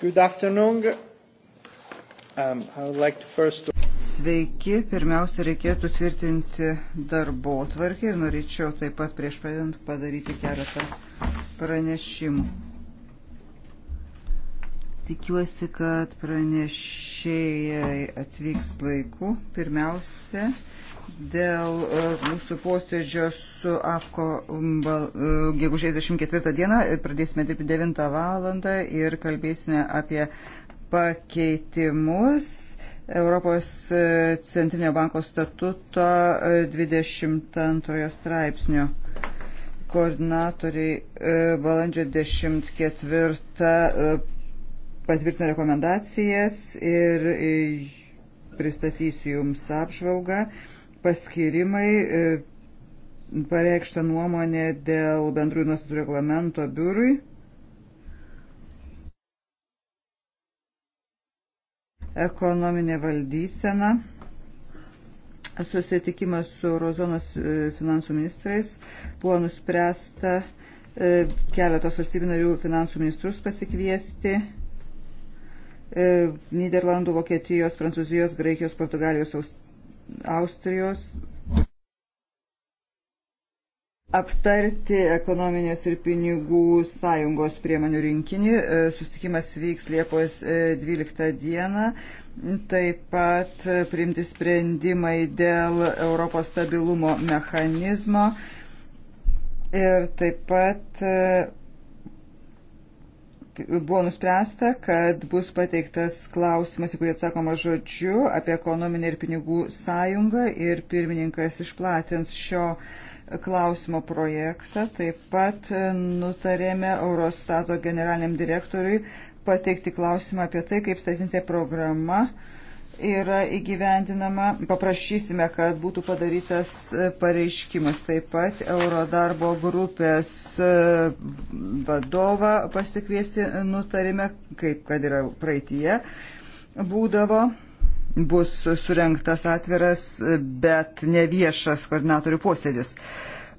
Good afternoon. Um, I would like to first... Sveiki, pirmiausia reikėtų tvirtinti darbo tvarkį ir norėčiau taip pat prieš pradedant padaryti keletą pranešimų. Tikiuosi, kad pranešėjai atvyks laiku. Pirmiausia, dėl e, mūsų posėdžio su AFKO e, gegužės 24 dieną. E, pradėsime dirbti 9 valandą ir kalbėsime apie pakeitimus Europos Centrinio banko statuto 22 straipsnio. Koordinatoriai balandžio 14 patvirtino rekomendacijas ir pristatysiu Jums apžvalgą paskirimai e, pareikšta nuomonė dėl bendrųjų nuostatų reglamento biurui. Ekonominė valdysena, susitikimas su Eurozonos e, finansų ministrais, buvo nuspręsta e, keletos valstybių narių finansų ministrus pasikviesti. Niderlandų, Vokietijos, Prancūzijos, Graikijos, Portugalijos, Austrijos Austrijos aptarti ekonominės ir pinigų sąjungos priemonių rinkinį. E, Sustikimas vyks Liepos 12 e, dieną. Taip pat e, priimti sprendimai dėl Europos stabilumo mechanizmo. Ir taip pat buvo nuspręsta, kad bus pateiktas klausimas, į kurį atsakoma žodžiu, apie ekonominę ir pinigų sąjungą ir pirmininkas išplatins šio klausimo projektą. Taip pat nutarėme Eurostato generaliniam direktoriui pateikti klausimą apie tai, kaip statinė programa uh, yra įgyvendinama. Paprašysime, kad būtų padarytas e, pareiškimas. Taip pat Eurodarbo grupės e, vadovą pasikviesti nutarime, kaip kad yra praeitie būdavo. Bus surinktas atviras, e, bet ne viešas koordinatorių posėdis.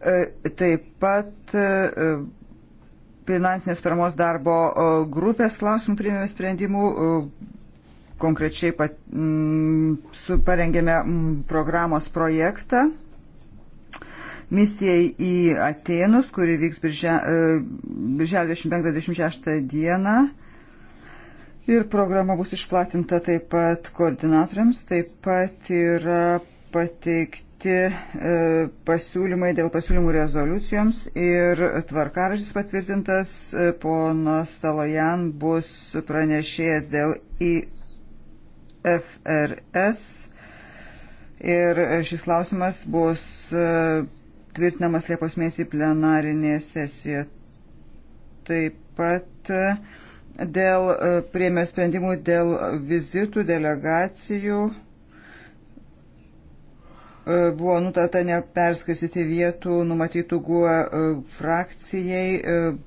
Taip pat finansinės paramos darbo grupės klausimų priėmėme sprendimų konkrečiai pat, m, mm, su, parengėme m, mm, programos projektą misijai į Atenus, kuri vyks e, birželio 25-26 dieną. Ir programa bus išplatinta taip pat koordinatoriams, taip pat yra pateikti e, pasiūlymai dėl pasiūlymų rezoliucijoms ir tvarkaražys patvirtintas, e, ponas Salojan bus pranešėjęs dėl į FRS. Ir šis klausimas bus e, tvirtinamas Liepos mėnesį plenarinėje sesijoje. Taip pat e, dėl e, priemė sprendimų dėl vizitų, delegacijų buvo nutarta neperskaisyti vietų numatytų guo frakcijai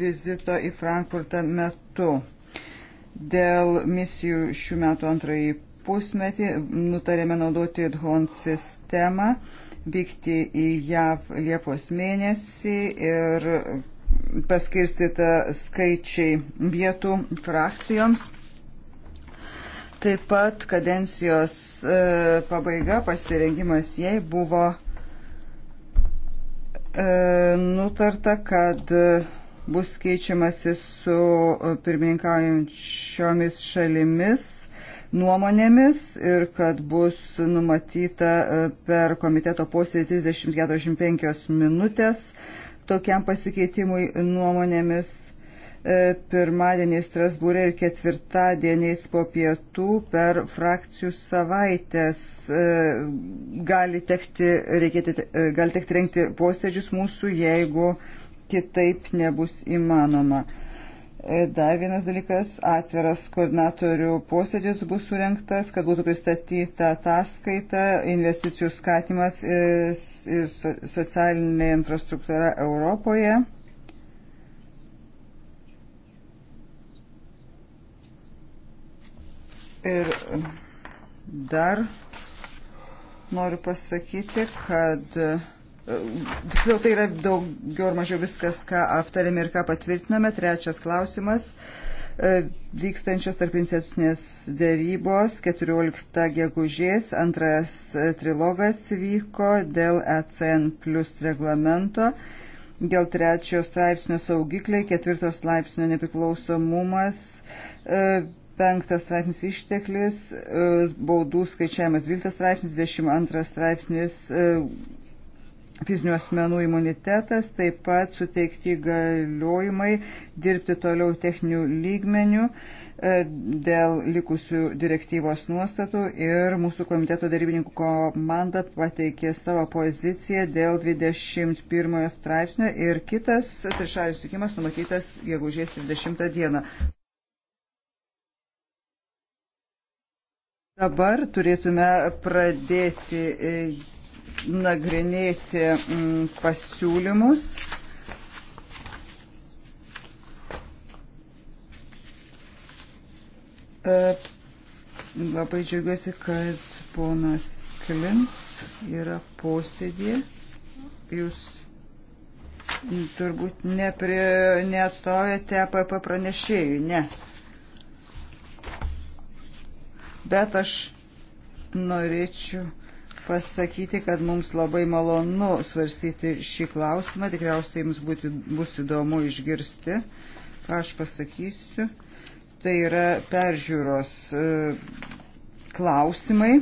vizito į Frankfurtą metu. Dėl misijų šių metų antrąjį pusmetį nutarėme naudoti DHON sistemą, vykti į JAV Liepos mėnesį ir paskirstita skaičiai vietų frakcijoms. Taip pat kadencijos e, pabaiga, pasirengimas jai buvo e, nutarta, kad bus keičiamasi su e, pirmininkaujančiomis šalimis nuomonėmis ir kad bus numatyta e, per komiteto posėdį 30-45 minutės tokiam pasikeitimui nuomonėmis e, pirmadienį Strasbūrė ir ketvirtadieniais po pietų per frakcijų savaitės gali tekti, reikėti, gali tekti rengti posėdžius mūsų, jeigu kitaip nebus įmanoma. E, dar vienas dalykas, atviras koordinatorių posėdis bus surinktas, kad būtų pristatyta ataskaita, investicijų skatimas e, ir socialinė infrastruktūra Europoje. Ir dar noriu pasakyti, kad Tiksliau, tai yra daugiau ar mažiau viskas, ką aptarėme ir ką patvirtiname. Trečias klausimas. E, vykstančios tarp institucinės dėrybos 14 gegužės antras e, trilogas vyko dėl ECN plus reglamento dėl trečiojo straipsnio saugikliai, ketvirtojo straipsnio nepriklausomumas, e, penktas straipsnis išteklis, baudų skaičiavimas, dvyliktas straipsnis, dešimt antras straipsnis fizinių asmenų imunitetas, taip pat suteikti galiojimai dirbti toliau techninių lygmenių e, dėl likusių direktyvos nuostatų ir mūsų komiteto darybininkų komanda pateikė savo poziciją dėl 21 straipsnio ir kitas trišalių sutikimas numatytas gegužės 30 dieną. Dabar turėtume pradėti e, nagrinėti mm, pasiūlymus. E, labai džiaugiuosi, kad ponas Klins yra posėdė. Jūs turbūt neprie, neatstovėte e PP pranešėjų, ne. Bet aš norėčiau pasakyti, kad mums labai malonu svarstyti šį klausimą. Tikriausiai jums būti, bus įdomu išgirsti, ką aš pasakysiu. Tai yra peržiūros e, klausimai,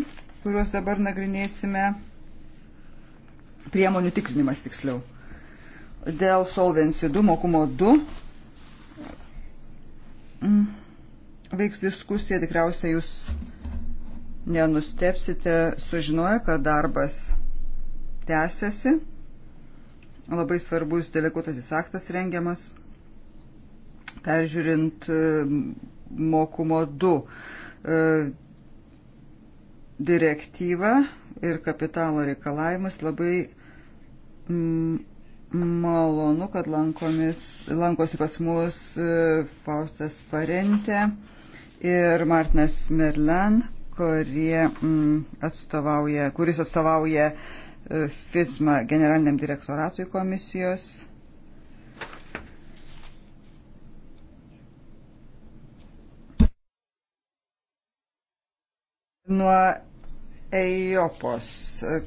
kuriuos dabar nagrinėsime. Priemonių tikrinimas tiksliau. Dėl Solvency 2, mokumo 2 mm, veiks diskusija, tikriausiai jūs nenustepsite sužinoję, kad darbas tęsiasi. Labai svarbus deleguotasis aktas rengiamas, peržiūrint e, mokumo 2 e, direktyvą ir kapitalo reikalavimus. Labai malonu, kad lankomis, lankosi pas mus e, Faustas Parentė ir Martinas Merlen, kurie, mm, atstovauja, kuris atstovauja e, FISMA generaliniam direktoratui komisijos. Nuo Ejopos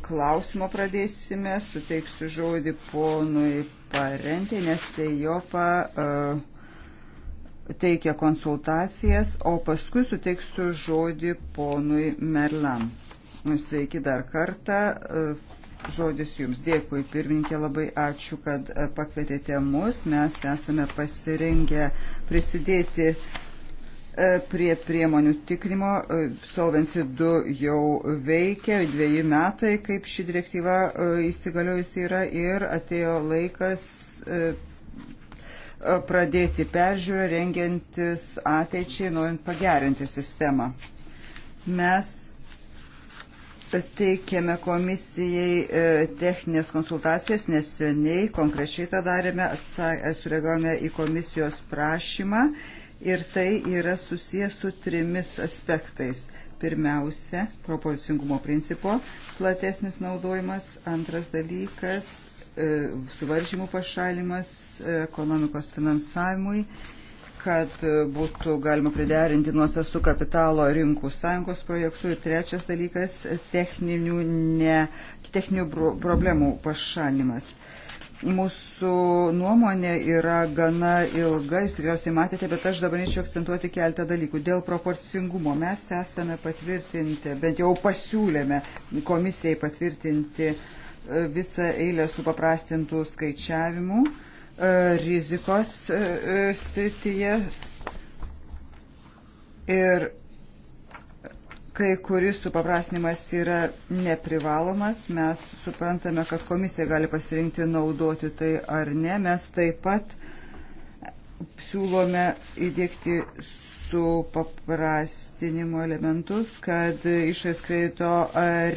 klausimo pradėsime, suteiksiu žodį ponui Parentė, nes Ejopa uh, teikia konsultacijas, o paskui suteiksiu žodį ponui Merlan. Sveiki dar kartą. E, žodis jums dėkui, pirmininkė, labai ačiū, kad e, pakvietėte mus. Mes esame pasirengę prisidėti e, prie priemonių tikrimo. Solvency 2 jau veikia, dviejai metai, kaip ši direktyva įsigaliojusi yra ir atėjo laikas pradėti peržiūrą, rengiantis ateičiai, norint pagerinti sistemą. Mes teikėme komisijai e, techninės konsultacijas, nes seniai konkrečiai tą darėme, sureagavome į komisijos prašymą ir tai yra susijęs su trimis aspektais. Pirmiausia, proporcingumo principo platesnis naudojimas, antras dalykas E, suvaržymų pašalimas e, ekonomikos finansavimui, kad e, būtų galima priderinti nuostas su kapitalo rinkų sąjungos projektu. Ir trečias dalykas - techninių, ne, techninių problemų pašalimas. Mūsų nuomonė yra gana ilga, jūs tikriausiai matėte, bet aš dabar norėčiau akcentuoti keletą dalykų. Dėl proporcingumo mes esame patvirtinti, bent jau pasiūlėme komisijai patvirtinti uh, visą eilę supaprastintų skaičiavimų e, rizikos e, e, srityje ir kai kuris supaprastinimas yra neprivalomas, mes suprantame, kad komisija gali pasirinkti naudoti tai ar ne. Mes taip pat siūlome įdėkti supaprastinimo elementus, kad išorės kredito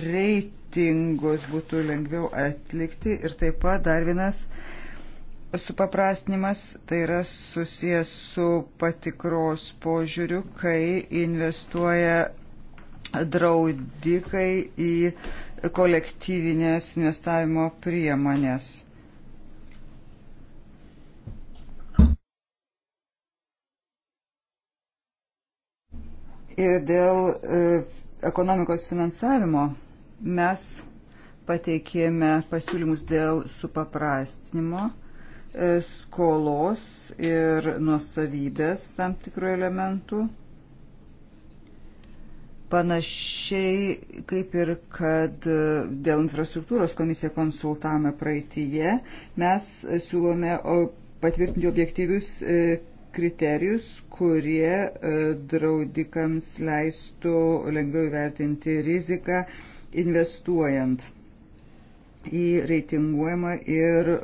reit reitingus būtų lengviau atlikti. Ir taip pat dar vienas supaprastinimas tai yra susijęs su patikros požiūriu, kai investuoja draudikai į kolektyvinės investavimo priemonės. ir dėl e, ekonomikos finansavimo Mes pateikėme pasiūlymus dėl supaprastinimo e, skolos ir nuosavybės tam tikrų elementų. Panašiai kaip ir kad e, dėl infrastruktūros komisija konsultavome praeitįje, mes siūlome patvirtinti objektyvius e, kriterijus, kurie draudikams leistų lengviau įvertinti riziką, investuojant į reitinguojamą ir e,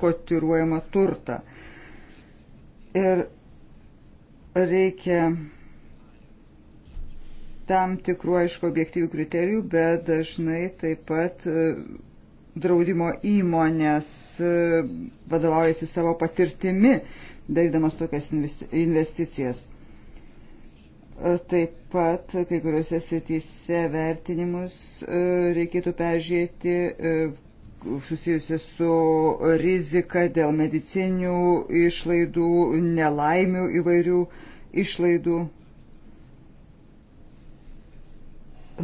kotiruojamą turtą. Ir reikia tam tikrų aišku objektyvių kriterijų, bet dažnai taip pat e, draudimo įmonės e, vadovaujasi savo patirtimi, darydamas tokias investicijas. Taip pat kai kuriuose srityse vertinimus e, reikėtų peržiūrėti e, susijusi su rizika dėl medicinių išlaidų, nelaimių įvairių išlaidų.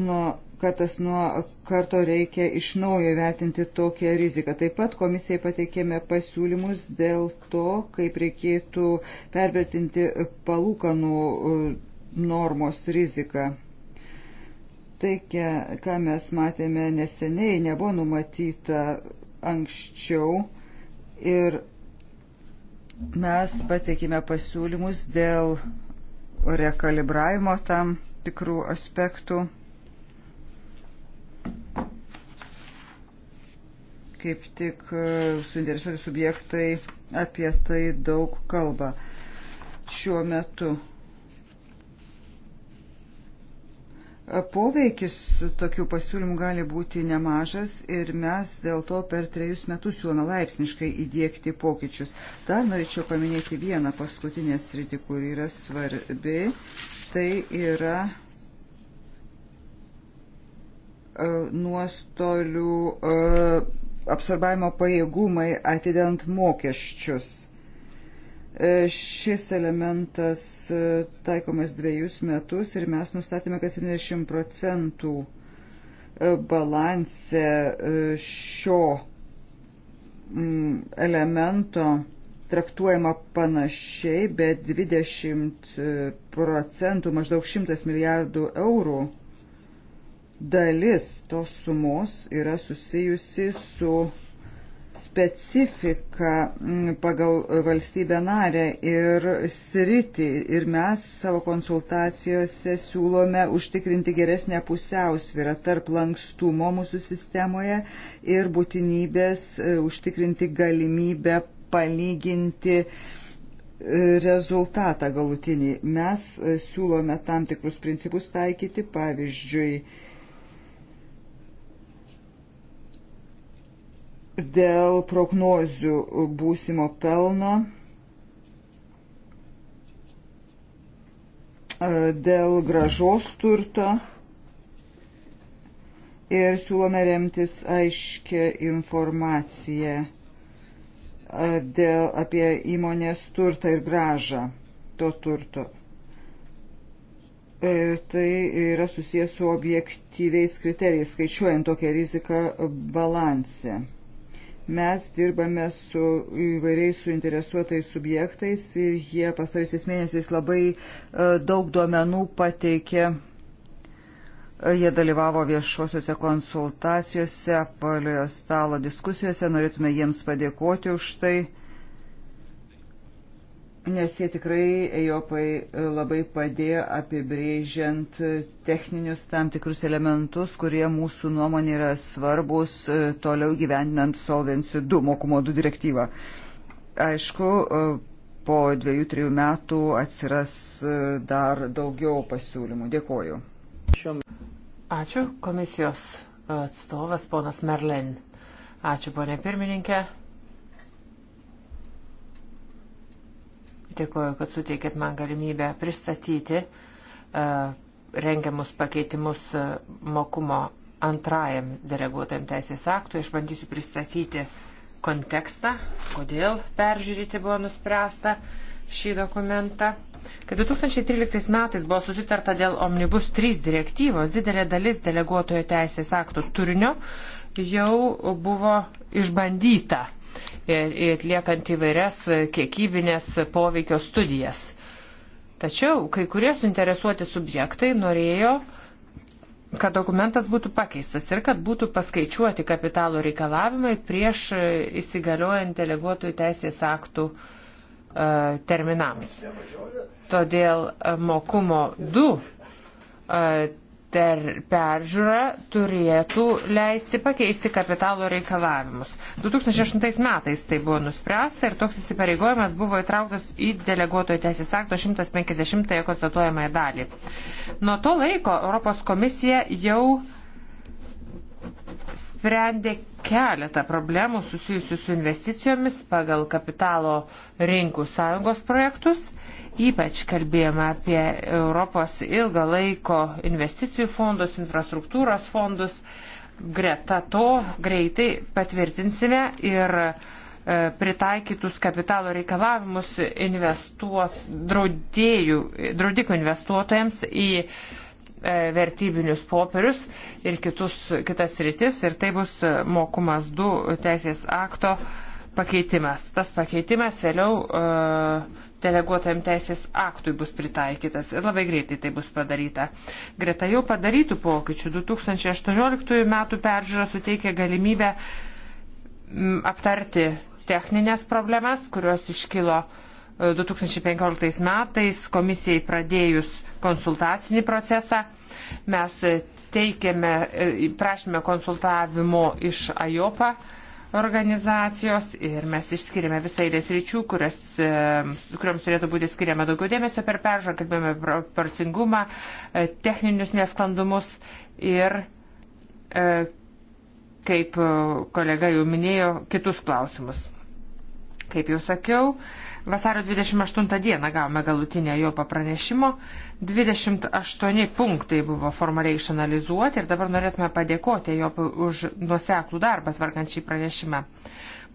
Nuo kartas nuo karto reikia iš naujo vertinti tokią riziką. Taip pat komisijai pateikėme pasiūlymus dėl to, kaip reikėtų pervertinti palūkanų normos rizika. Tai, ką mes matėme neseniai, nebuvo numatyta anksčiau ir mes pateikime pasiūlymus dėl rekalibravimo tam tikrų aspektų. Kaip tik e, suinteresuoti subjektai apie tai daug kalba šiuo metu. Poveikis tokių pasiūlymų gali būti nemažas ir mes dėl to per trejus metus siūlome laipsniškai įdėkti pokyčius. Dar norėčiau paminėti vieną paskutinę sritį, kur yra svarbi. Tai yra e, nuostolių e, absorbavimo pajėgumai atidant mokesčius E, šis elementas e, taikomas dviejus metus ir mes nustatėme, kad 70 procentų e, balanse šio mm, elemento traktuojama panašiai, bet 20 procentų, maždaug 100 milijardų eurų dalis tos sumos yra susijusi su specifiką mm, pagal valstybę narę ir sritį ir mes savo konsultacijose siūlome užtikrinti geresnę pusiausvyrą tarp lankstumo mūsų sistemoje ir būtinybės e, užtikrinti galimybę palyginti e, rezultatą galutinį. Mes e, siūlome tam tikrus principus taikyti, pavyzdžiui, dėl prognozių būsimo pelno, e, dėl gražos turto ir siūlome remtis aiškę informaciją e, dėl, apie įmonės turtą ir gražą to turto. Ir e, tai yra susijęs su objektyviais kriterijais, skaičiuojant tokią riziką balanse. Mes dirbame su įvairiais suinteresuotais subjektais ir jie pastarysiais mėnesiais labai e, daug duomenų pateikė. E, jie dalyvavo viešuosiuose konsultacijose, paliojo stalo diskusijose, norėtume jiems padėkoti už tai nes jie tikrai Ejopai labai padėjo apibrėžiant techninius tam tikrus elementus, kurie mūsų nuomonė yra svarbus e, toliau gyvendinant Solvency 2 mokumo 2 direktyvą. Aišku, e, po dviejų, trijų metų atsiras e, dar daugiau pasiūlymų. Dėkoju. Ačiū komisijos atstovas ponas Merlin. Ačiū ponė pirmininkė. Dėkuoju, kad suteikėt man galimybę pristatyti e, rengiamus pakeitimus e, mokumo antrajam deleguotam teisės aktui. Išbandysiu pristatyti kontekstą, kodėl peržiūrėti buvo nuspręsta šį dokumentą. Kad 2013 metais buvo susitarta dėl Omnibus 3 direktyvos, didelė dalis deleguotojo teisės aktų turinio jau buvo išbandyta atliekant įvairias kiekybinės poveikio studijas. Tačiau kai kurie suinteresuoti subjektai norėjo, kad dokumentas būtų pakeistas ir kad būtų paskaičiuoti kapitalo reikalavimai prieš įsigaliojant deleguotojų teisės aktų e, terminams. Todėl e, mokumo 2 per peržiūrą turėtų leisti pakeisti kapitalo reikalavimus. 2008 metais tai buvo nuspręsta ir toks įsipareigojimas buvo įtrauktas į deleguotojų teisės akto 150 konstatuojamąją dalį. Nuo to laiko Europos komisija jau sprendė keletą problemų susijusių su investicijomis pagal kapitalo rinkų sąjungos projektus Ypač kalbėjome apie Europos ilgą laiko investicijų fondus, infrastruktūros fondus. Greta to greitai patvirtinsime ir e, pritaikytus kapitalo reikalavimus draudėjų, draudikų investuotojams į e, vertybinius popierius ir kitus, kitas rytis ir tai bus mokumas 2 teisės akto pakeitimas. Tas pakeitimas vėliau uh, deleguotojam teisės aktui bus pritaikytas ir labai greitai tai bus padaryta. Greta jau padarytų pokyčių 2018 metų peržiūra suteikia galimybę mm, aptarti techninės problemas, kurios iškilo 2015 e, metais komisijai pradėjus konsultacinį procesą. Mes teikėme, e, prašėme konsultavimo iš AJOPA organizacijos ir mes išskiriame visą eilę sričių, kuriams e, turėtų būti skiriama daugiau dėmesio per peržą, kalbėjome proporcingumą, e, techninius nesklandumus ir, e, kaip kolega jau minėjo, kitus klausimus. Kaip jau sakiau, vasario 28 dieną gavome galutinę jo papranešimo. 28 punktai buvo formaliai išanalizuoti ir dabar norėtume padėkoti jo už nuoseklų darbą tvarkant šį pranešimą.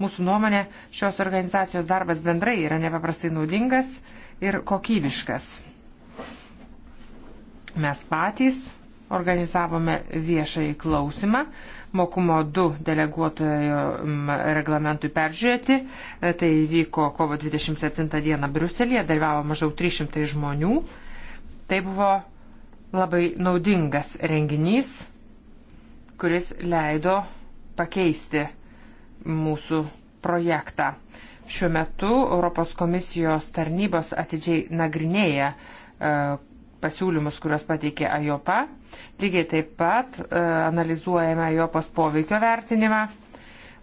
Mūsų nuomonė, šios organizacijos darbas bendrai yra nepaprastai naudingas ir kokybiškas. Mes patys organizavome viešąjį klausimą mokumo 2 deleguotojo mm, reglamentui peržiūrėti. E, tai vyko kovo 27 dieną Bruselėje, dalyvavo maždaug 300 žmonių. Tai buvo labai naudingas renginys, kuris leido pakeisti mūsų projektą. Šiuo metu Europos komisijos tarnybos atidžiai nagrinėja e, pasiūlymus, kuriuos pateikė AJOPA. Lygiai taip pat e, analizuojame AJOPAS poveikio vertinimą.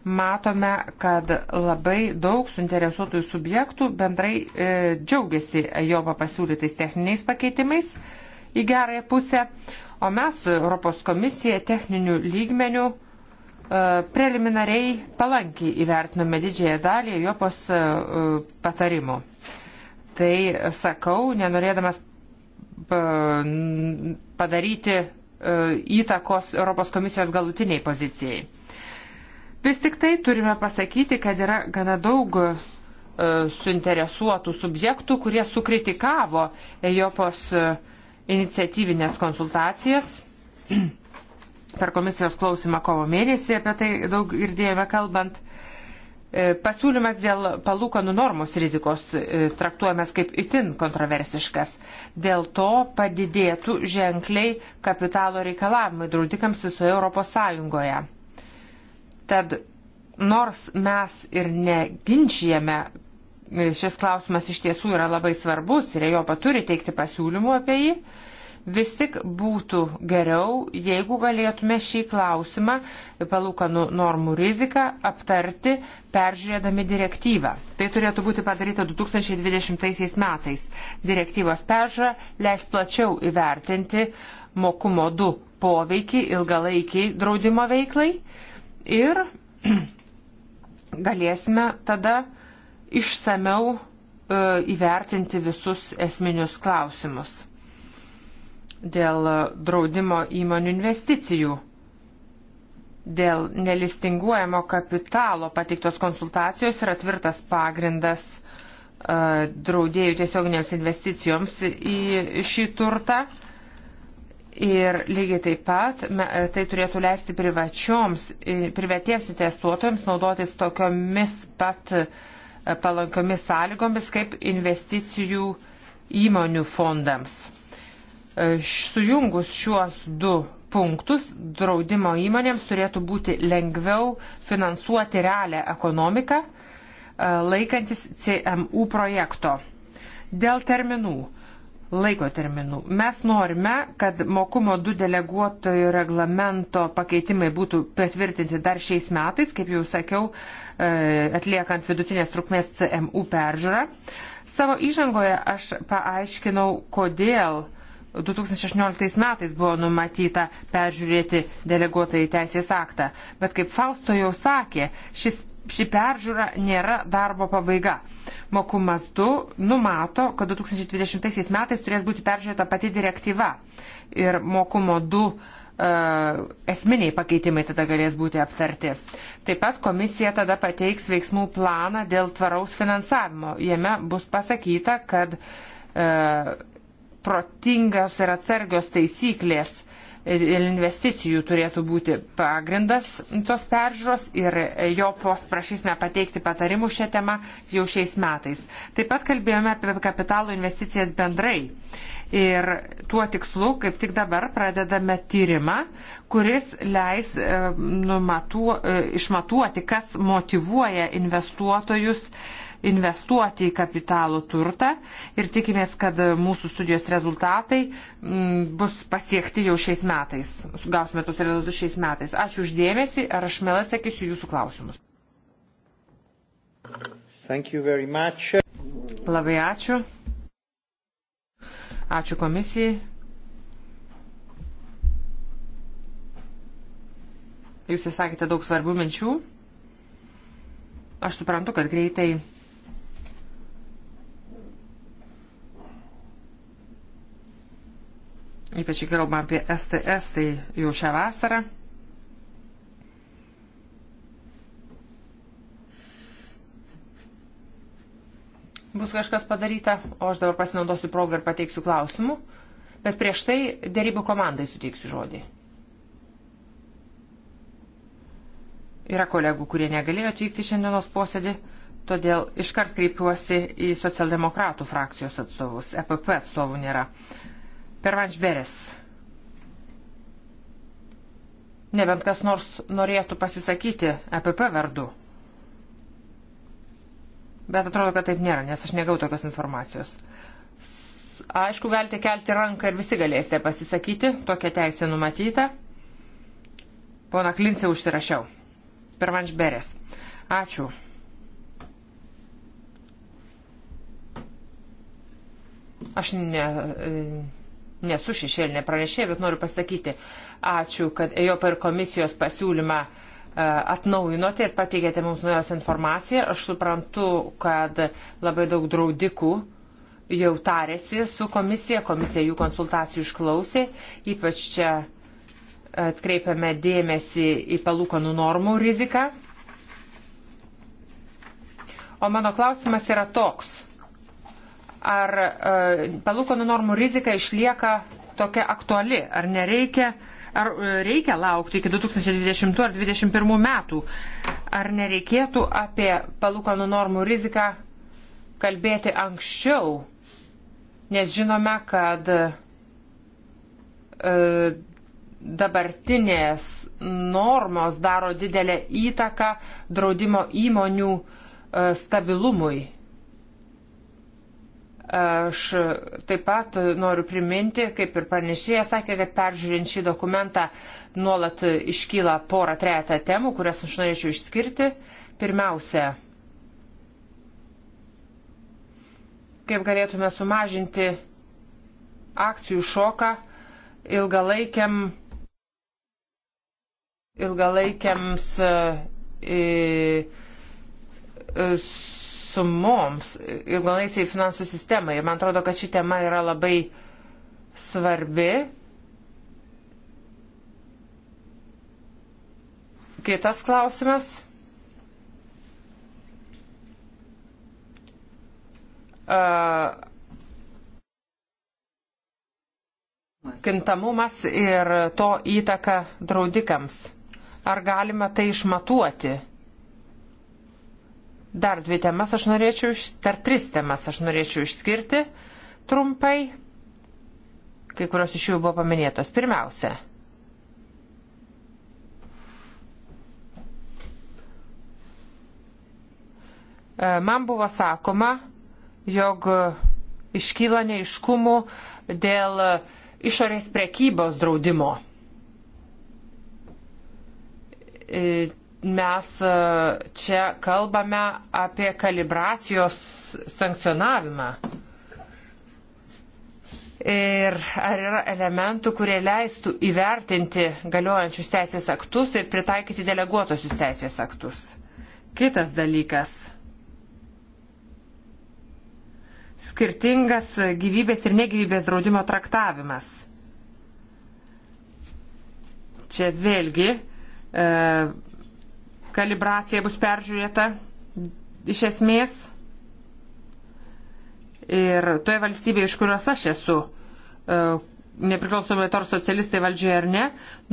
Matome, kad labai daug suinteresuotųjų subjektų bendrai e, džiaugiasi AJOPA pasiūlytais techniniais pakeitimais į gerąją pusę, o mes Europos komisija techninių lygmenių e, preliminariai palankiai įvertinome didžiąją dalį AJOPAS e, e, patarimų. Tai sakau, nenorėdamas padaryti e, įtakos Europos komisijos galutiniai pozicijai. Vis tik tai turime pasakyti, kad yra gana daug e, suinteresuotų subjektų, kurie sukritikavo Ejopos e, iniciatyvinės konsultacijas. Per komisijos klausimą kovo mėnesį apie tai daug girdėjome kalbant. E, pasiūlymas dėl palūkanų normos rizikos e, traktuojamas kaip itin kontroversiškas. Dėl to padidėtų ženkliai kapitalo reikalavimai draudikams visoje ES. Tad nors mes ir neginčijame, e, šis klausimas iš tiesų yra labai svarbus ir jo paturi teikti pasiūlymų apie jį, Vis tik būtų geriau, jeigu galėtume šį klausimą palūkanų normų riziką aptarti peržiūrėdami direktyvą. Tai turėtų būti padaryta 2020 metais. Direktyvos peržiūra leis plačiau įvertinti mokumo 2 poveikį ilgalaikiai draudimo veiklai ir galėsime tada išsameu e, įvertinti visus esminius klausimus dėl draudimo įmonių investicijų, dėl nelistinguojamo kapitalo pateiktos konsultacijos yra tvirtas pagrindas e, draudėjų tiesioginėms investicijoms į šį turtą. Ir lygiai taip pat tai turėtų leisti privačioms, e, privatiems investuotojams naudotis tokiomis pat e, palankiomis sąlygomis kaip investicijų įmonių fondams. E, sujungus šiuos du punktus draudimo įmonėms turėtų būti lengviau finansuoti realią ekonomiką e, laikantis CMU projekto. Dėl terminų, laiko terminų, mes norime, kad mokumo 2 deleguotojų reglamento pakeitimai būtų patvirtinti dar šiais metais, kaip jau sakiau, e, atliekant vidutinės trukmės CMU peržiūrą. Savo įžangoje aš paaiškinau, kodėl 2016 metais buvo numatyta peržiūrėti deleguotą į teisės aktą, bet kaip Fausto jau sakė, šis, ši peržiūra nėra darbo pabaiga. Mokumas 2 numato, kad 2020 metais turės būti peržiūrėta pati direktyva ir mokumo 2 uh, e, esminiai pakeitimai tada galės būti aptarti. Taip pat komisija tada pateiks veiksmų planą dėl tvaraus finansavimo. Jame bus pasakyta, kad uh, protingios ir atsargios taisyklės ir investicijų turėtų būti pagrindas tos peržiūros ir jo pos prašysime pateikti patarimų šią temą jau šiais metais. Taip pat kalbėjome apie kapitalo investicijas bendrai. Ir tuo tikslu, kaip tik dabar, pradedame tyrimą, kuris leis e, numatu, e, išmatuoti, kas motivuoja investuotojus uh, investuoti į kapitalų turtą ir tikimės, kad mūsų studijos rezultatai mm, bus pasiekti jau šiais metais. Gausime tos rezultatus šiais metais. Ačiū uždėmesi ir aš mielai sakysiu jūsų klausimus. Labai ačiū. Ačiū komisijai. Jūs įsakėte daug svarbių minčių. Aš suprantu, kad greitai ypač kai kalbam apie STS, tai jau šią vasarą. Bus kažkas padaryta, o aš dabar pasinaudosiu progą ir pateiksiu klausimų, bet prieš tai dėrybų komandai suteiksiu žodį. Yra kolegų, kurie negalėjo atvykti šiandienos posėdį, todėl iškart kreipiuosi į socialdemokratų frakcijos atstovus. EPP atstovų nėra. Pervanš Beres. Nebent kas nors norėtų pasisakyti EPP vardu. Bet atrodo, kad taip nėra, nes aš negau tokios informacijos. Aišku, galite kelti ranką ir visi galėsite pasisakyti, tokia teisė numatyta. Pona Klinsė užsirašiau. Pervanš Beres. Ačiū. Aš ne. E, nesu šešėlinė pranešė, bet noriu pasakyti ačiū, kad ėjo per komisijos pasiūlymą e, atnaujinote ir pateikėte mums naujausią informaciją. Aš suprantu, kad labai daug draudikų jau tarėsi su komisija, komisija jų konsultacijų išklausė, ypač čia atkreipiame dėmesį į palūkanų normų riziką. O mano klausimas yra toks ar e, palūkanų normų rizika išlieka tokia aktuali, ar nereikia, ar e, reikia laukti iki 2020 ar 2021 metų, ar nereikėtų apie palūkanų normų riziką kalbėti anksčiau, nes žinome, kad e, dabartinės normos daro didelę įtaką draudimo įmonių stabilumui Aš taip pat noriu priminti, kaip ir pranešėja sakė, kad peržiūrint šį dokumentą nuolat iškyla porą trejata temų, kurias aš norėčiau išskirti. Pirmiausia, kaip galėtume sumažinti akcijų šoką ilgalaikiam, ilgalaikiams. E, e, sumoms, ilgalaisiai finansų sistemai. Man atrodo, kad ši tema yra labai svarbi. Kitas klausimas. Kintamumas ir to įtaka draudikams. Ar galima tai išmatuoti? Dar dvi temas aš norėčiau, dar tris temas aš norėčiau išskirti trumpai. Kai kurios iš jų buvo paminėtos. Pirmiausia. E, man buvo sakoma, jog iškyla neiškumų dėl išorės prekybos draudimo. E, mes e, čia kalbame apie kalibracijos sankcionavimą. Ir ar yra elementų, kurie leistų įvertinti galiojančius teisės aktus ir pritaikyti deleguotosius teisės aktus. Kitas dalykas. Skirtingas gyvybės ir negyvybės draudimo traktavimas. Čia vėlgi e, kalibracija bus peržiūrėta iš esmės. Ir toje valstybėje, iš kurios aš esu, e, nepriklausomai to ar socialistai valdžioje ar ne,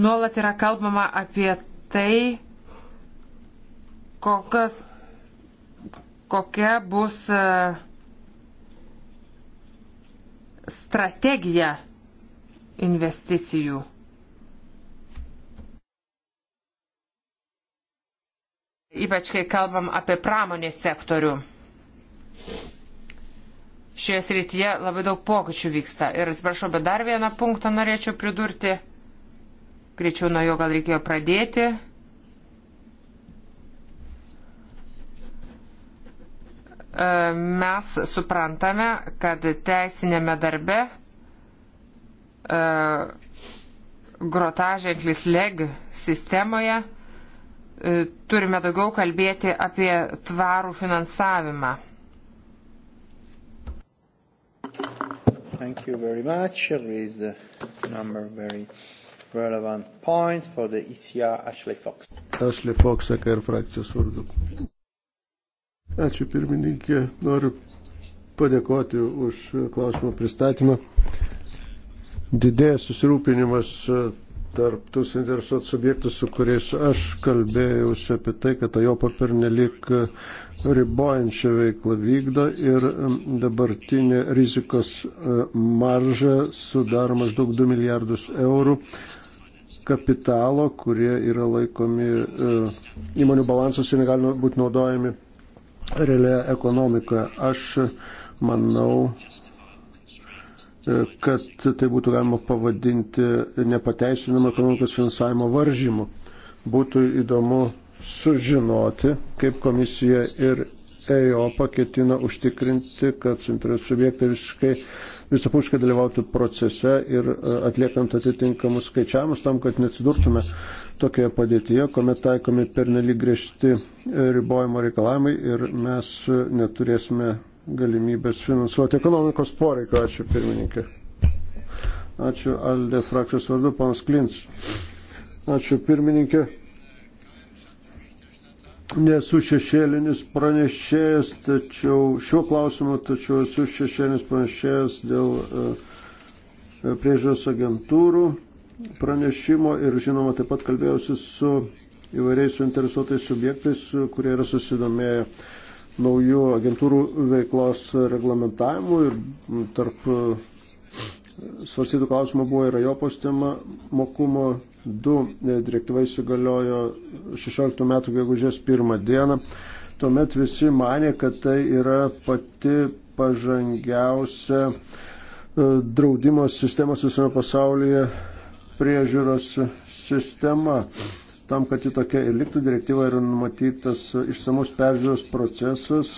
nuolat yra kalbama apie tai, kokios, kokia bus e, strategija investicijų. ypač kai kalbam apie pramonės sektorių. Šioje srityje labai daug pokyčių vyksta. Ir atsiprašau, bet dar vieną punktą norėčiau pridurti. Greičiau nuo jo gal reikėjo pradėti. E, mes suprantame, kad teisinėme darbe e, grotaženklis leg sistemoje E, turime daugiau kalbėti apie tvarų finansavimą. Thank you very much. Raised a number of very relevant points for the ECR Ashley Fox. Ashley Fox, AKR frakcijos vardu. Ačiū pirmininkė, noriu padėkoti už klausimą pristatymą. Didėja susirūpinimas tarp tų suinteresuotų subjektų, su kuriais aš kalbėjausi apie tai, kad Ajopa pernelik ribojančią veiklą vykdo ir um, dabartinė rizikos e, marža sudaro maždaug 2 milijardus eurų kapitalo, kurie yra laikomi e, įmonių balansus ir negalima būti naudojami realioje ekonomikoje. Aš manau, kad tai būtų galima pavadinti nepateisinamu ekonomikos finansavimo varžymu. Būtų įdomu sužinoti, kaip komisija ir EIOPA ketina užtikrinti, kad suinteresuoti subjektai visiškai visapuškai dalyvautų procese ir e, atliekant atitinkamus skaičiavimus tam, kad neatsidurtume tokioje padėtyje, kuomet taikomi pernelyg griežti ribojimo reikalavimai ir mes neturėsime galimybės finansuoti ekonomikos poreikio. Ačiū pirmininkė. Ačiū Alde frakcijos vardu, panas Klins. Ačiū pirmininkė. Nesu šešėlinis pranešėjas, tačiau šiuo klausimu, tačiau esu šešėlinis pranešėjas dėl e, priežiūros agentūrų pranešimo ir žinoma taip pat kalbėjausi su įvairiais suinteresuotais subjektais, kurie yra susidomėję uh, naujų agentūrų veiklos reglamentavimu ir tarp e, svarstytų klausimų buvo ir Ajopos tema mokumo 2 e, direktyva įsigaliojo 16 metų gegužės 1 dieną. Tuomet visi mane, kad tai yra pati pažangiausia e, draudimo sistemos visame pasaulyje priežiūros sistema. Tam, kad ji tokia ir liktų direktyva, yra numatytas išsamus peržiūros procesas.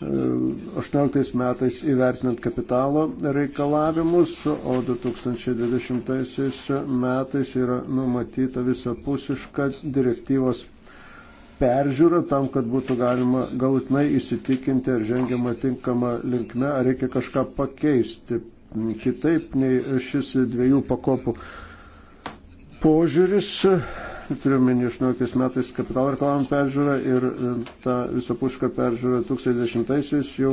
18 e, e, metais įvertinant kapitalo reikalavimus, o 2020 metais yra numatyta visapusiška direktyvos peržiūra tam, kad būtų galima galutinai įsitikinti, ar žengiama tinkama linkme, ar reikia kažką pakeisti kitaip nei šis dviejų pakopų požiūris, turiu minį išnokis metais kapitalo reklamą peržiūrą ir e, tą visą pušką peržiūrą 2010-aisiais jau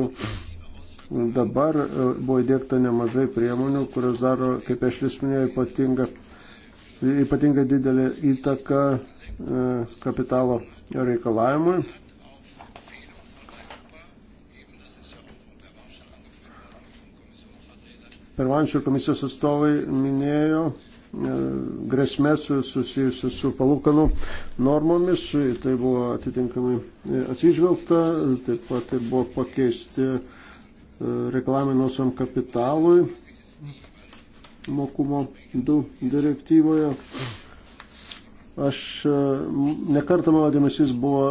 dabar e, buvo įdėkta nemažai priemonių, kurios daro, kaip aš vis minėjau, ypatingą, ypatingą didelį įtaką e, kapitalo reikalavimui. Pervančių komisijos atstovai minėjo, E, grėsmės susijusius su palūkanų normomis. Tai buvo atitinkamai e, atsižvelgta, taip pat tai buvo pakeisti e, reklaminusiam kapitalui mokumo 2 direktyvoje. Aš nekartą mano dėmesys buvo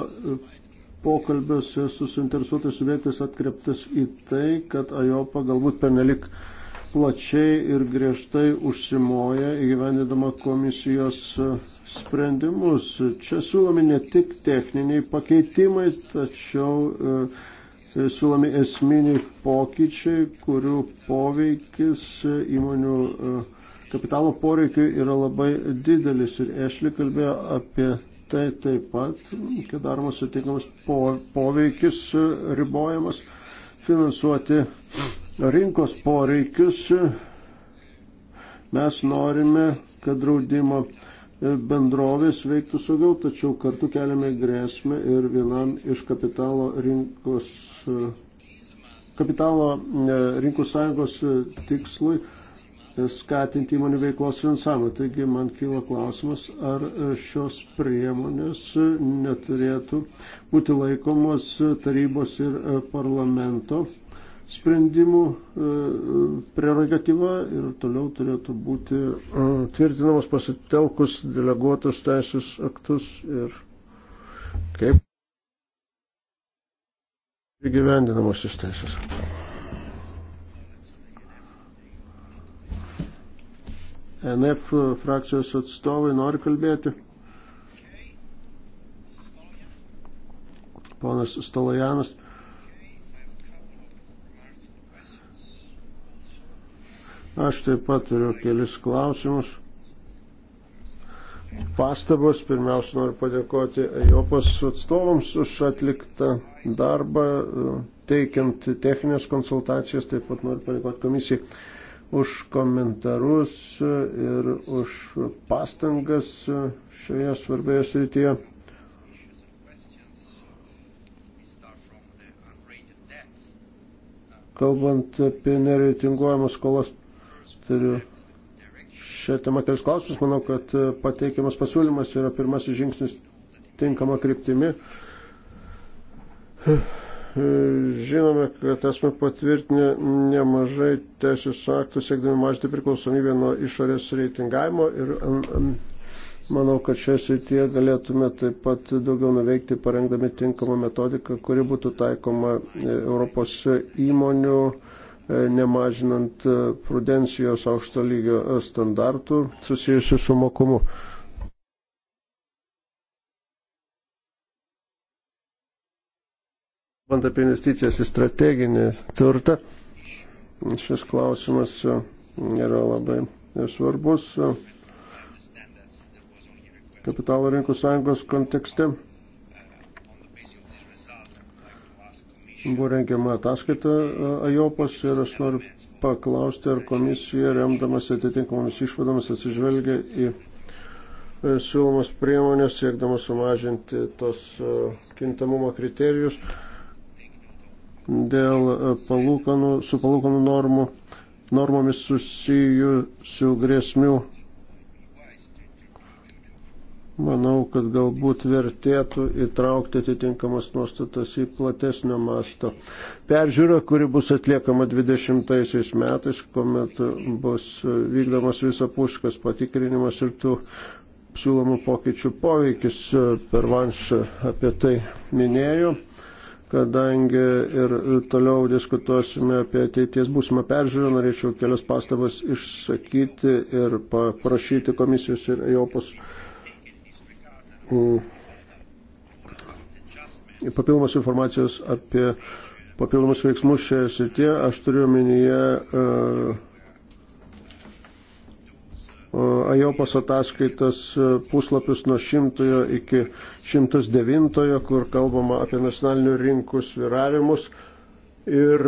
pokalbiuose su suinteresuotais subjektais atkreptas į tai, kad AJOPA galbūt pernelik plačiai ir griežtai užsimoja įgyvendinama komisijos sprendimus. Čia siūlomi ne tik techniniai pakeitimai, tačiau e, siūlomi esminiai pokyčiai, kurių poveikis įmonių e, kapitalo poreikiu yra labai didelis. Ir Ešli kalbėjo apie tai taip pat, kad daromas atitinkamas po, poveikis e, ribojamas finansuoti rinkos poreikius, mes norime, kad draudimo bendrovės veiktų saugiau, tačiau kartu keliame grėsmę ir vienam iš kapitalo rinkos, kapitalo e, rinkų sąjungos tikslui skatinti įmonių veiklos finansavimą. Taigi man kyla klausimas, ar šios priemonės neturėtų būti laikomos tarybos ir parlamento sprendimų e, e, prerogatyva ir toliau turėtų būti e, tvirtinamas pasitelkus deleguotus teisės aktus ir kaip įgyvendinamos šis teisės. NF frakcijos atstovai nori kalbėti. Ponas Stalojanas. Aš taip pat turiu kelis klausimus. Pastabos. Pirmiausia, noriu padėkoti Europos atstovams už atliktą darbą, teikiant techninės konsultacijas. Taip pat noriu padėkoti komisijai už komentarus ir už pastangas šioje svarbioje srityje. kalbant apie nereitinguojamas skolas turiu šią temą kelis klausimus. Manau, kad e, pateikiamas pasiūlymas yra pirmasis žingsnis tinkama kryptimi. E, žinome, kad esame patvirtinę nemažai teisės aktų, siekdami mažinti priklausomybę nuo išorės reitingavimo ir manau, kad šioje srityje galėtume taip pat daugiau nuveikti, parengdami tinkamą metodiką, kuri būtų taikoma e, Europos įmonių E, nemažinant e, prudencijos aukšto lygio e, standartų susijusių su mokumu. Kalbant apie investicijas į strateginį turtą, šis klausimas yra labai svarbus kapitalo rinkų sąjungos kontekste. buvo rengiama ataskaita e, Ajopos ir aš noriu paklausti, ar komisija, remdamas atitinkamomis išvadomis, atsižvelgia į e, siūlomas priemonės, siekdamas sumažinti tos e, kintamumo kriterijus dėl palūkanų, su palūkanų normų, normomis susijusių grėsmių Manau, kad galbūt vertėtų įtraukti atitinkamas nuostatas į platesnio masto peržiūrą, kuri bus atliekama 20 metais, kuomet bus vykdomas visapuškas patikrinimas ir tų siūlomų pokyčių poveikis. Per vanšą apie tai minėjau kadangi ir toliau diskutuosime apie ateities būsimą peržiūrą, norėčiau kelias pastabas išsakyti ir paprašyti komisijos ir Europos papildomos informacijos apie papildomus veiksmus šioje srityje. Aš turiu minyje e, Ajopos ataskaitas e, puslapius nuo 100 iki 109, kur kalbama apie nacionalinių rinkų sviravimus. Ir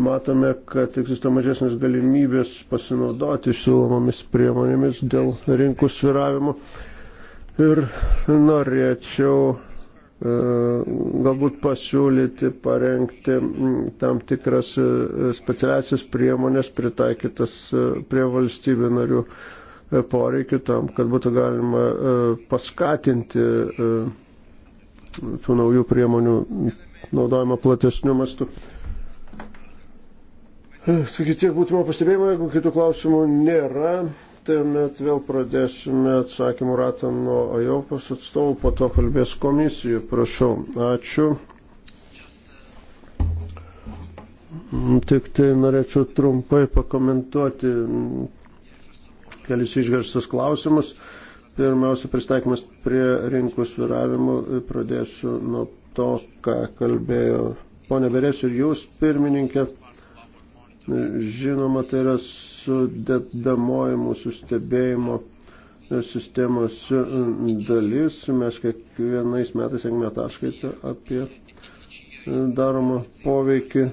matome, kad egzistuoja mažesnės galimybės pasinaudoti siūlomomis priemonėmis dėl rinkų sviravimo. Ir norėčiau e, galbūt pasiūlyti parengti tam tikras e, specialiasias priemonės pritaikytas e, prie valstybių narių poreikių tam, kad būtų galima paskatinti tų naujų priemonių naudojimą platesniu mastu. Taigi tiek būtumo pastebėjimo, jeigu kitų klausimų nėra, tuomet vėl pradėsime atsakymų ratą nuo Ajopos atstovų, po to kalbės komisijų. Prašau, ačiū. Tik tai norėčiau trumpai pakomentuoti kelis išgarstus klausimus. Pirmiausia, pristaikymas prie rinkų sviravimų. Pradėsiu nuo to, ką kalbėjo ponė Berės ir jūs, pirmininkė Žinoma, tai yra sudėdamoji mūsų stebėjimo sistemos dalis. Mes kiekvienais metais sėkmė ataskaitą apie daromą poveikį.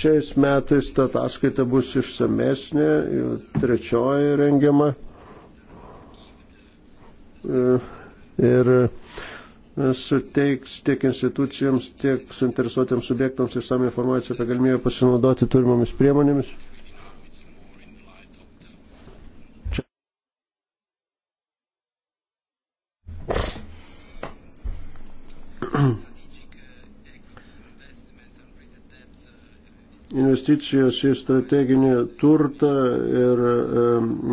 Šiais metais ta ataskaita bus išsamesnė, trečioji rengiama. E, ir suteiks tiek institucijoms, tiek suinteresuotiems subjektams išsame informaciją apie galimybę pasinaudoti turimomis priemonėmis. Čia. Investicijos į strateginį turtą ir e,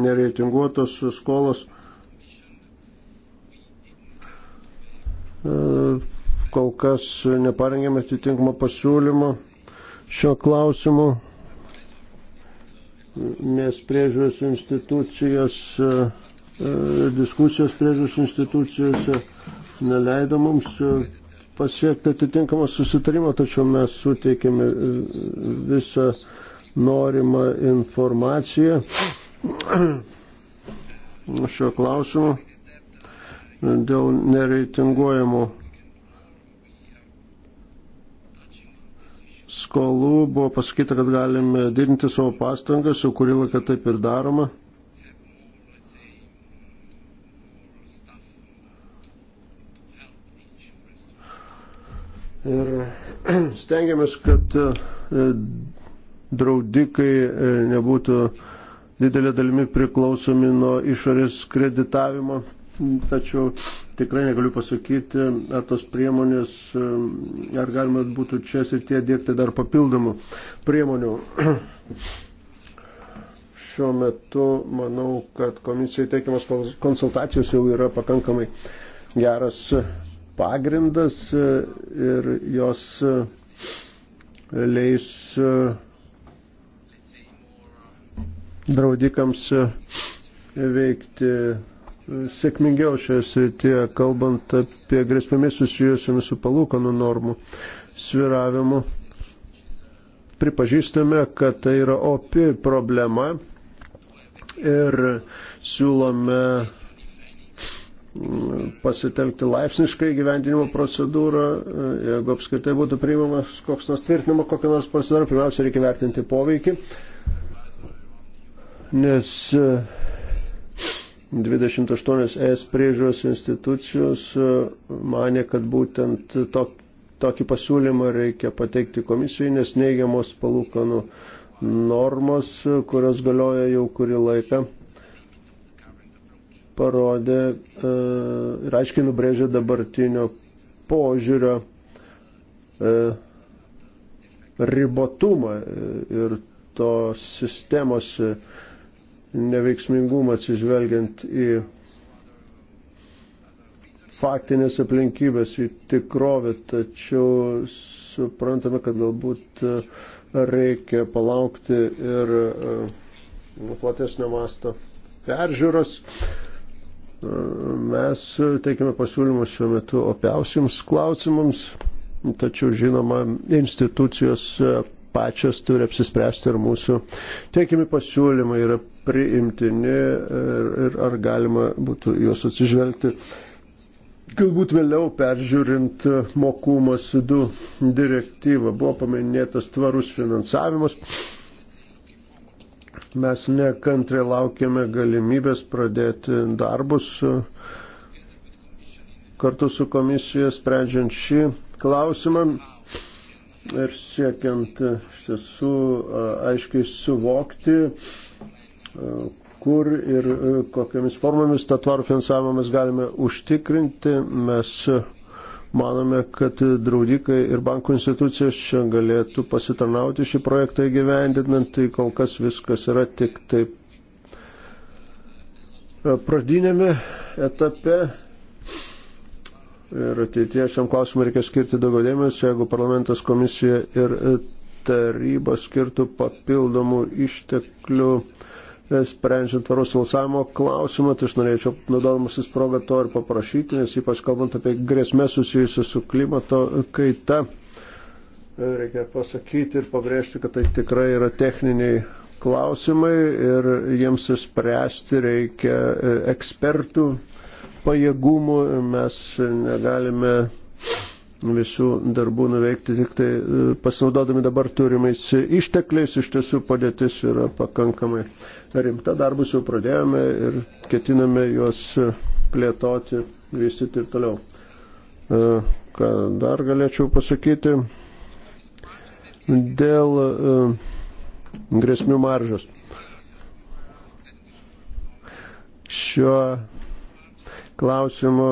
nereitinguotos skolos E, kol kas neparengėme atitinkamą pasiūlymą šio klausimu, nes priežiūros institucijos, e, e, diskusijos priežiūros institucijose neleido mums pasiekti atitinkamą susitarimą, tačiau mes suteikėme visą norimą informaciją šio klausimu dėl nereitinguojamų skolų buvo pasakyta, kad galime didinti savo pastangas, jau kurį laiką taip ir daroma. Ir stengiamės, kad e, draudikai e, nebūtų didelė dalimi priklausomi nuo išorės kreditavimo tačiau tikrai negaliu pasakyti, ar tos priemonės, e, ar galima būtų čia ir tie dėkti dar papildomų priemonių. Šiuo metu manau, kad komisijai teikiamas konsultacijos jau yra pakankamai geras pagrindas e, ir jos e, leis draudikams veikti sėkmingiau šioje srityje, kalbant apie grėsmėmis susijusiamis su palūkanų normų sviravimu. Pripažįstame, kad tai yra opi problema ir siūlome mm, pasitelkti laipsniškai gyvendinimo procedūrą, jeigu apskritai būtų priimamas koks nors tvirtinimo kokią nors procedūrą, pirmiausia reikia vertinti poveikį, nes uh, 28 ES priežiūros institucijos e, mane, kad būtent tok, tokį pasiūlymą reikia pateikti komisijai, nes neigiamos palūkanų normos, e, kurios galioja jau kurį laiką, parodė e, ir aiškiai nubrėžė dabartinio požiūrio ribotumą ir tos sistemos neveiksmingumą atsižvelgiant į faktinės aplinkybės, į tikrovę, tačiau suprantame, kad galbūt e, reikia palaukti ir e, nu, platesnio masto peržiūros. E, mes teikime pasiūlymus šiuo metu opiausiams klausimams, tačiau žinoma, institucijos pačios turi apsispręsti, ar mūsų teikiami pasiūlymai yra priimtini ir, ir ar galima būtų juos atsižvelgti. Galbūt vėliau peržiūrint mokumas 2 direktyvą buvo paminėtas tvarus finansavimas. Mes nekantrai laukiame galimybės pradėti darbus kartu su komisija sprendžiant šį klausimą ir siekiant iš tiesų aiškiai suvokti, kur ir kokiamis formomis tą tvarų finansavimą mes galime užtikrinti. Mes manome, kad draudikai ir bankų institucijos čia galėtų pasitarnauti šį projektą įgyvendinant, tai kol kas viskas yra tik taip pradinėme etape Ir ateitie šiam klausimui reikia skirti daugiau dėmesio, jeigu parlamentas, komisija ir taryba skirtų papildomų išteklių e, sprendžiant tvaros valsavimo klausimą, tai aš norėčiau, naudodamasis progą, to ir paprašyti, nes ypač kalbant apie grėsmę susijusią su klimato kaita, e, reikia pasakyti ir pabrėžti, kad tai tikrai yra techniniai klausimai ir jiems spręsti reikia e, ekspertų pajėgumų ir mes negalime visų darbų nuveikti tik tai e, pasinaudodami dabar turimais ištekliais. Iš tiesų padėtis yra pakankamai rimta. Darbus jau pradėjome ir ketiname juos plėtoti, vystyti ir toliau. E, ką dar galėčiau pasakyti dėl e, grėsmių maržos. Šiuo klausimų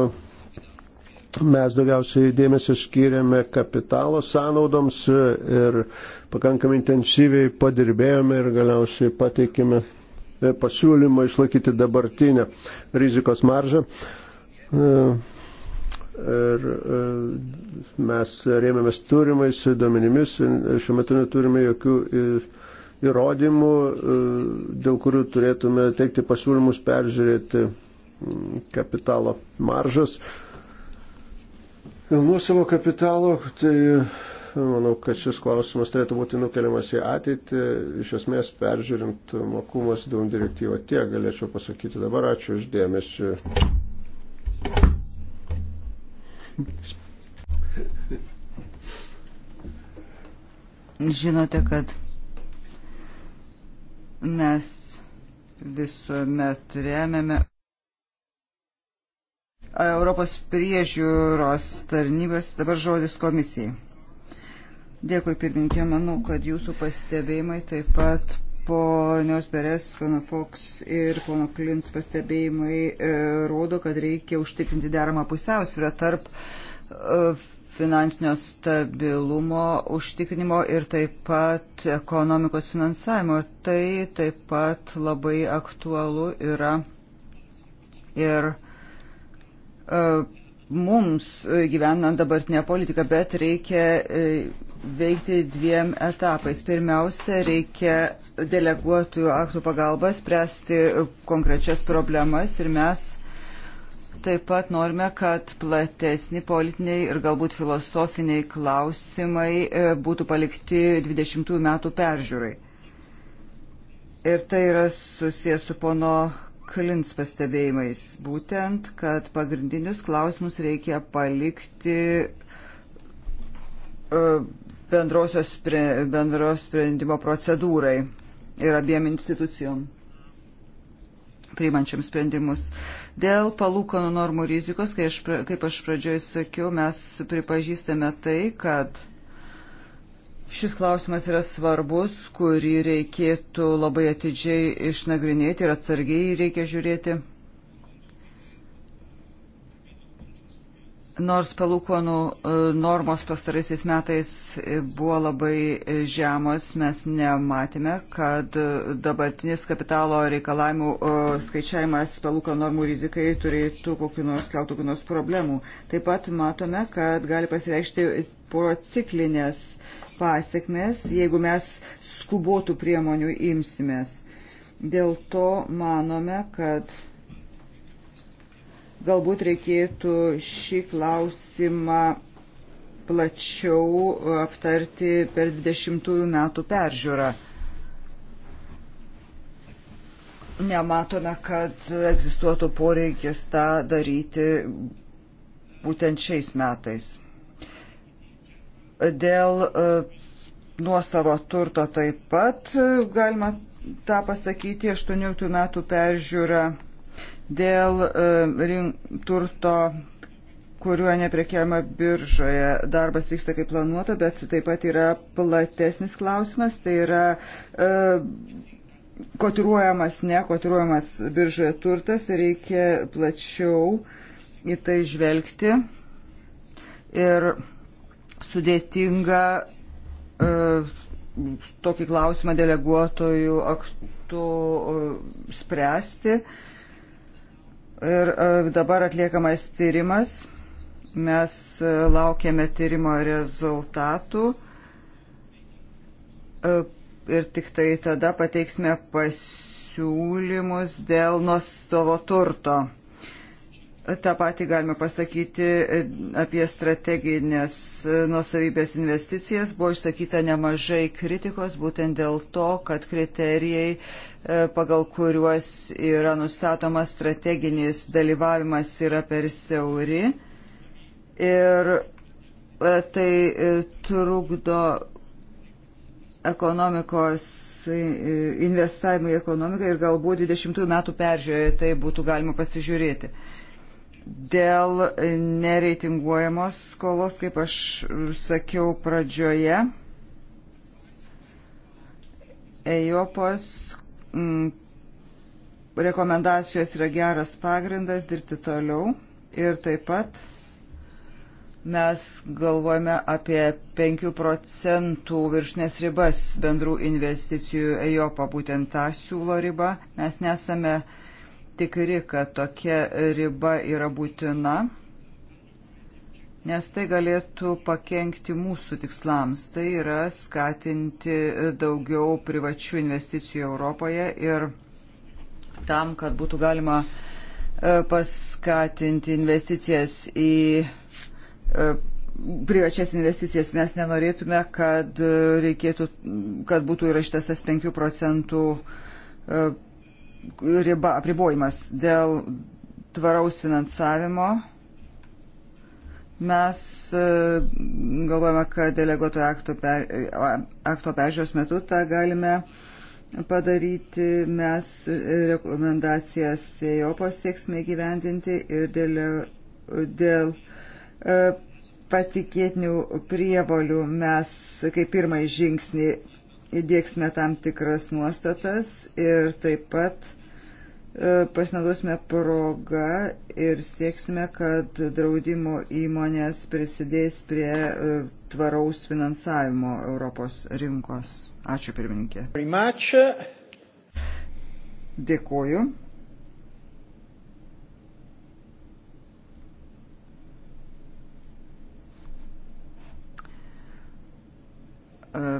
mes daugiausiai dėmesio skiriame kapitalo sąnaudoms ir pakankamai intensyviai padirbėjome ir galiausiai pateikėme e, pasiūlymą išlaikyti dabartinę rizikos maržą. E, ir e, mes rėmėmės turimais duomenimis, šiuo metu neturime jokių įrodymų, dėl kurių turėtume teikti pasiūlymus peržiūrėti kapitalo maržas. Dėl nuosavo kapitalo, tai manau, kad šis klausimas turėtų būti nukeliamas į ateitį. Iš esmės, peržiūrint mokumas dėl direktyvą, tiek galėčiau pasakyti dabar. Ačiū uždėmesi. Žinote, kad mes visuomet remiame Europos priežiūros tarnybas. Dabar žodis komisijai. Dėkui, pirmininkė. Manau, kad jūsų pastebėjimai taip pat ponios Beres, pono Fox ir pono Klins pastebėjimai e, rodo, kad reikia užtikrinti deramą pusiausvyrą tarp e, finansinio stabilumo užtikrinimo ir taip pat ekonomikos finansavimo. Tai taip pat labai aktualu yra ir E, mums e, gyvenant dabartinę politiką, bet reikia e, veikti dviem etapais. Pirmiausia, reikia deleguotų aktų pagalba spręsti konkrečias problemas ir mes taip pat norime, kad platesni politiniai ir galbūt filosofiniai klausimai būtų palikti 20 metų peržiūrai. Ir tai yra susijęs su pono Klins pastebėjimais, būtent, kad pagrindinius klausimus reikia palikti e, bendrosios, bendros sprendimo procedūrai ir abiem institucijom priimančiam sprendimus. Dėl palūkanų normų rizikos, kai aš, kaip aš pradžioj sakiau, mes pripažįstame tai, kad Šis klausimas yra svarbus, kurį reikėtų labai atidžiai išnagrinėti ir atsargiai reikia žiūrėti. Nors palūkonų e, normos pastaraisiais metais buvo labai žemos, mes nematėme, kad dabartinis kapitalo reikalavimų e, skaičiavimas palūkonų normų rizikai turėtų kokiu nors keltų kokiu nors problemų. Taip pat matome, kad gali pasireikšti prociklinės pasiekmes, jeigu mes skubotų priemonių imsimės. Dėl to manome, kad galbūt reikėtų šį klausimą plačiau aptarti per 20 metų peržiūrą. Nematome, kad egzistuotų poreikis tą daryti būtent šiais metais. Dėl e, nuosavo turto taip pat e, galima tą pasakyti 18 metų peržiūra dėl e, turto kuriuo neprekiama biržoje. Darbas vyksta kaip planuota, bet taip pat yra platesnis klausimas, tai yra e, kotiruojamas, ne kotiruojamas biržoje turtas, reikia plačiau į tai žvelgti. Ir sudėtinga uh, tokį klausimą deleguotojų aktų uh, spręsti. Ir uh, dabar atliekamas tyrimas. Mes uh, laukiame tyrimo rezultatų. Uh, ir tik tai tada pateiksime pasiūlymus dėl nuosavo turto. Ta pati galima pasakyti e, apie strateginės e, nuosavybės investicijas. Buvo išsakyta nemažai kritikos būtent dėl to, kad kriterijai, e, pagal kuriuos yra nustatomas strateginis dalyvavimas, yra per siauri. Ir tai trukdo ekonomikos investavimui į ekonomiką ir galbūt 20 metų peržiūrėje tai būtų galima pasižiūrėti dėl nereitinguojamos skolos, kaip aš sakiau pradžioje, EJOPOS mm, rekomendacijos yra geras pagrindas dirbti toliau ir taip pat mes galvojame apie 5 procentų viršnės ribas bendrų investicijų EJOPA, būtent tą siūlo ribą. Mes nesame uh, tikri, kad tokia riba yra būtina, nes tai galėtų pakengti mūsų tikslams. Tai yra skatinti daugiau privačių investicijų Europoje ir tam, kad būtų galima e, paskatinti investicijas į e, privačias investicijas mes nenorėtume, kad e, reikėtų, kad būtų įrašytas tas 5 procentų riba, apribojimas dėl tvaraus finansavimo. Mes e, galvojame, kad deleguoto akto, per, e, akto peržiūros metu tą galime padaryti. Mes rekomendacijas jo pasieksime gyvendinti ir dėl, dėl e, patikėtinių prievolių mes kaip pirmąjį žingsnį įdėksime tam tikras nuostatas ir taip pat E, pasinaudosime progą ir sieksime, kad draudimo įmonės prisidės prie e, tvaraus finansavimo Europos rinkos. Ačiū pirmininkė. Dėkuoju. Uh,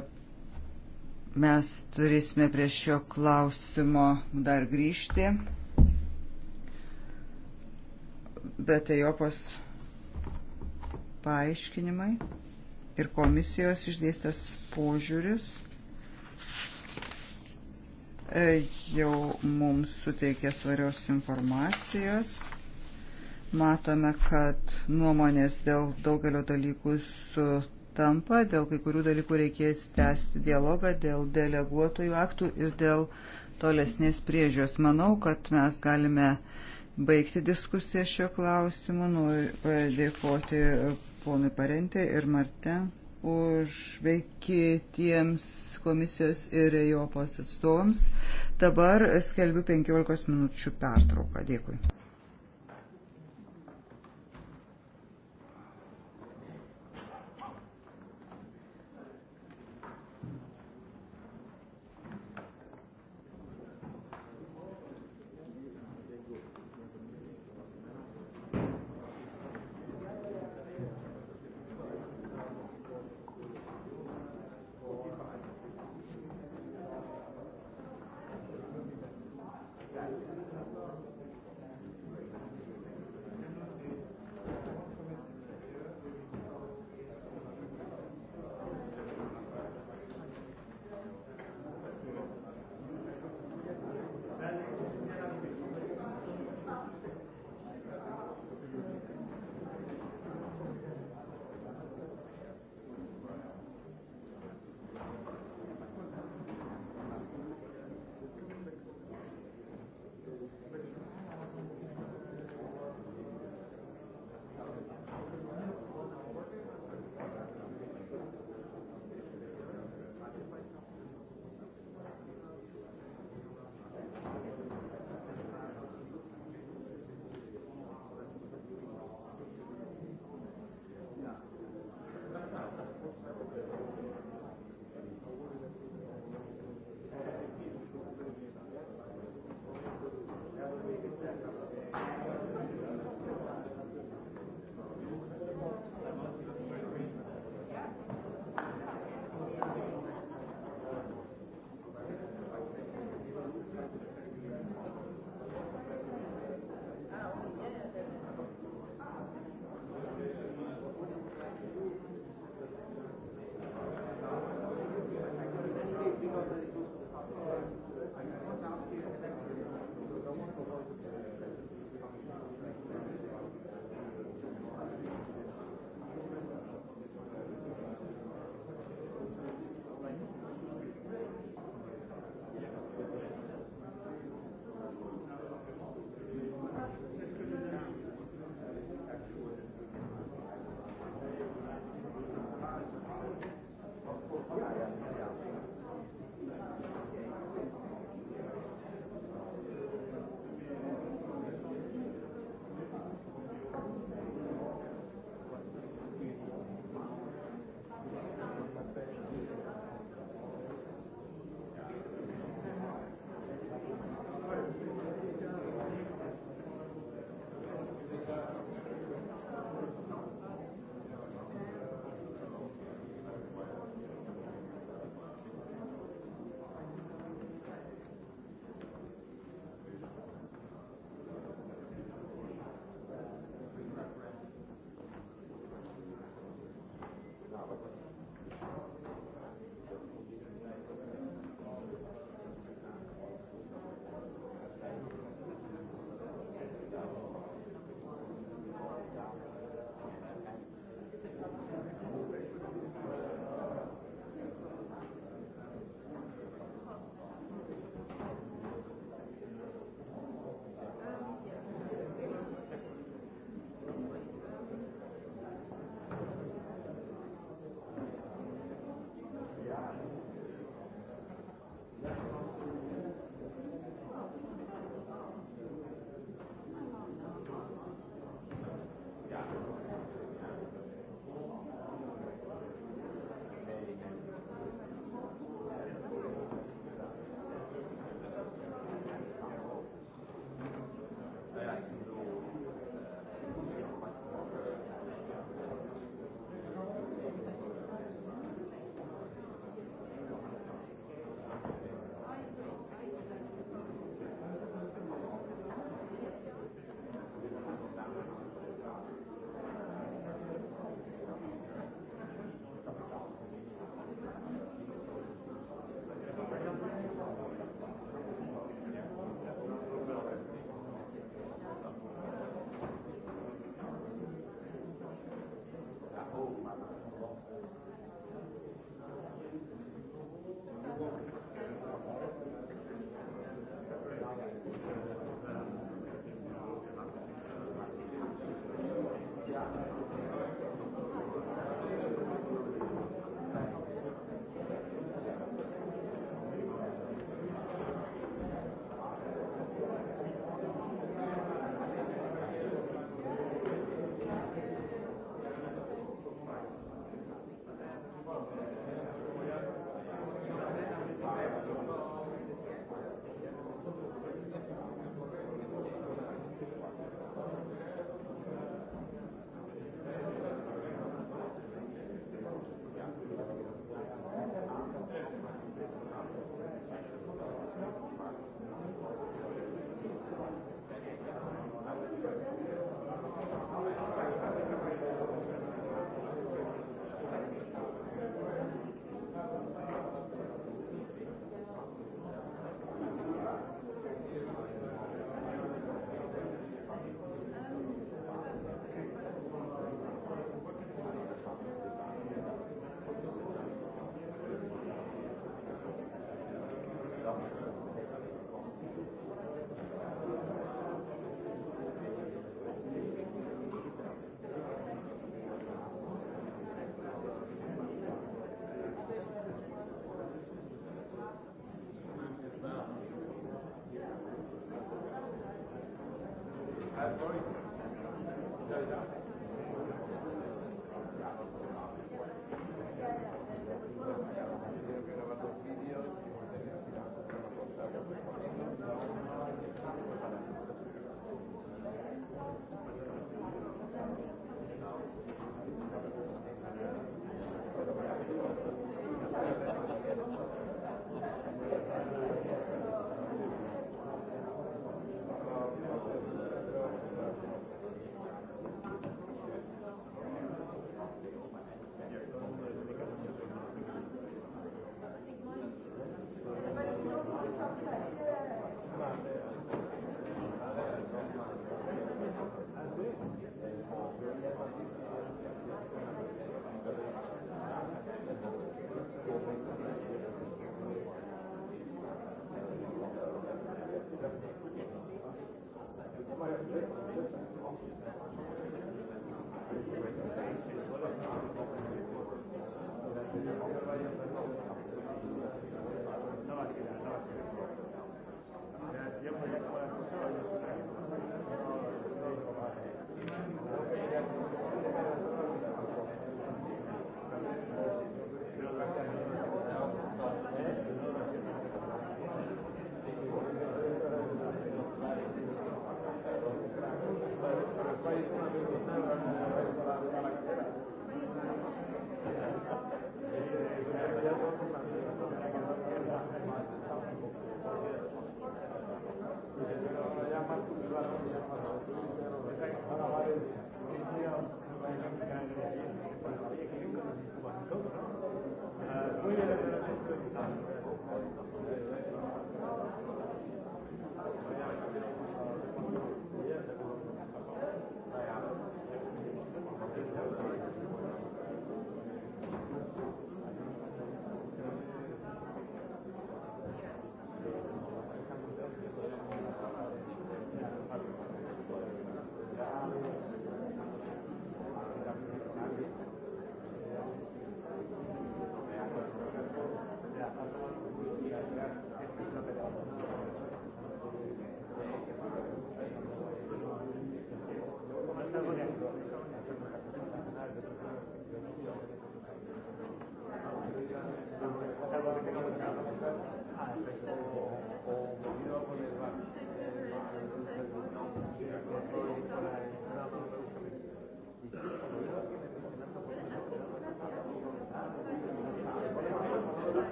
Mes turėsime prie šio klausimo dar grįžti. Bet Ejopos tai paaiškinimai ir komisijos išdėstas požiūris e, jau mums suteikė svarios informacijos. Matome, kad nuomonės dėl daugelio dalykų su tampa, dėl kai kurių dalykų reikės tęsti dialogą, dėl deleguotojų aktų ir dėl tolesnės priežios. Manau, kad mes galime baigti diskusiją šio klausimu. Noriu padėkoti e, e, ponui Parentė ir Marte už veikėtiems komisijos ir Europos atstovams. Dabar skelbiu 15 minučių pertrauką. Dėkui.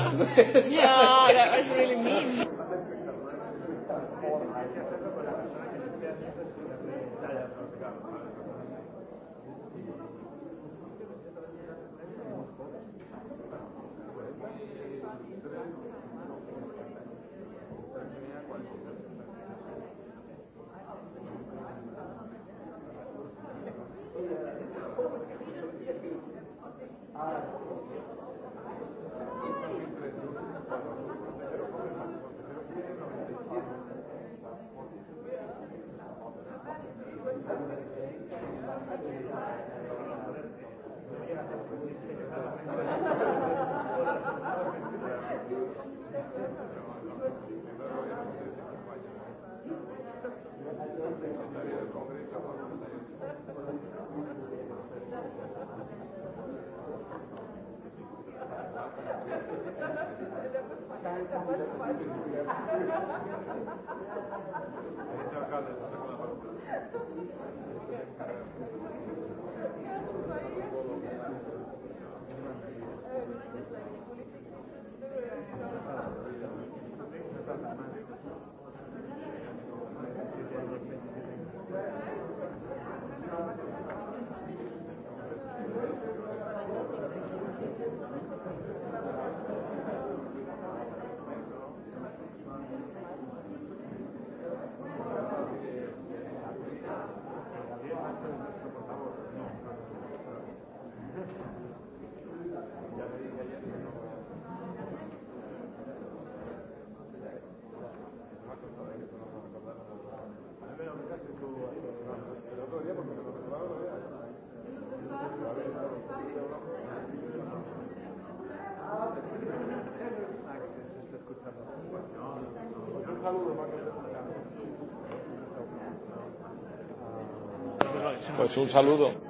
yeah, that was really mean. Pues un saludo.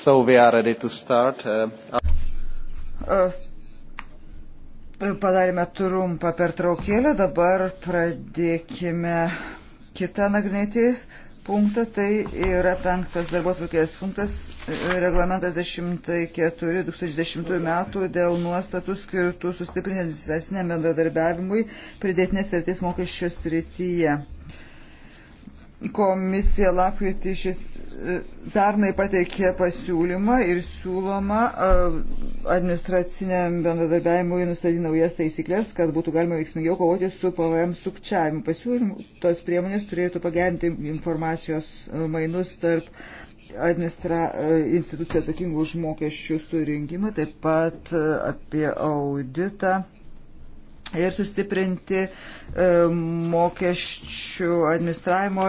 So we are ready to start. Uh, uh, Padarėme trumpą pertraukėlę, dabar pradėkime kitą nagrinėti punktą. Tai yra penktas darbo trukės punktas, uh, reglamentas 104-2010 metų dėl nuostatų skirtų sustiprinti administraciniam bendradarbiavimui pridėtinės vertės mokesčio srityje. Komisija lapkritį šis pernai pateikė pasiūlymą ir siūloma e, administraciniam bendradarbiavimui nustatyti naujas taisyklės, kad būtų galima veiksmingiau kovoti su PVM sukčiavimu. Pasiūlymų tos priemonės turėtų pagerinti informacijos e, mainus tarp administra, e, institucijų atsakingų už mokesčių surinkimą, taip pat apie auditą ir sustiprinti e, mokesčių administravimo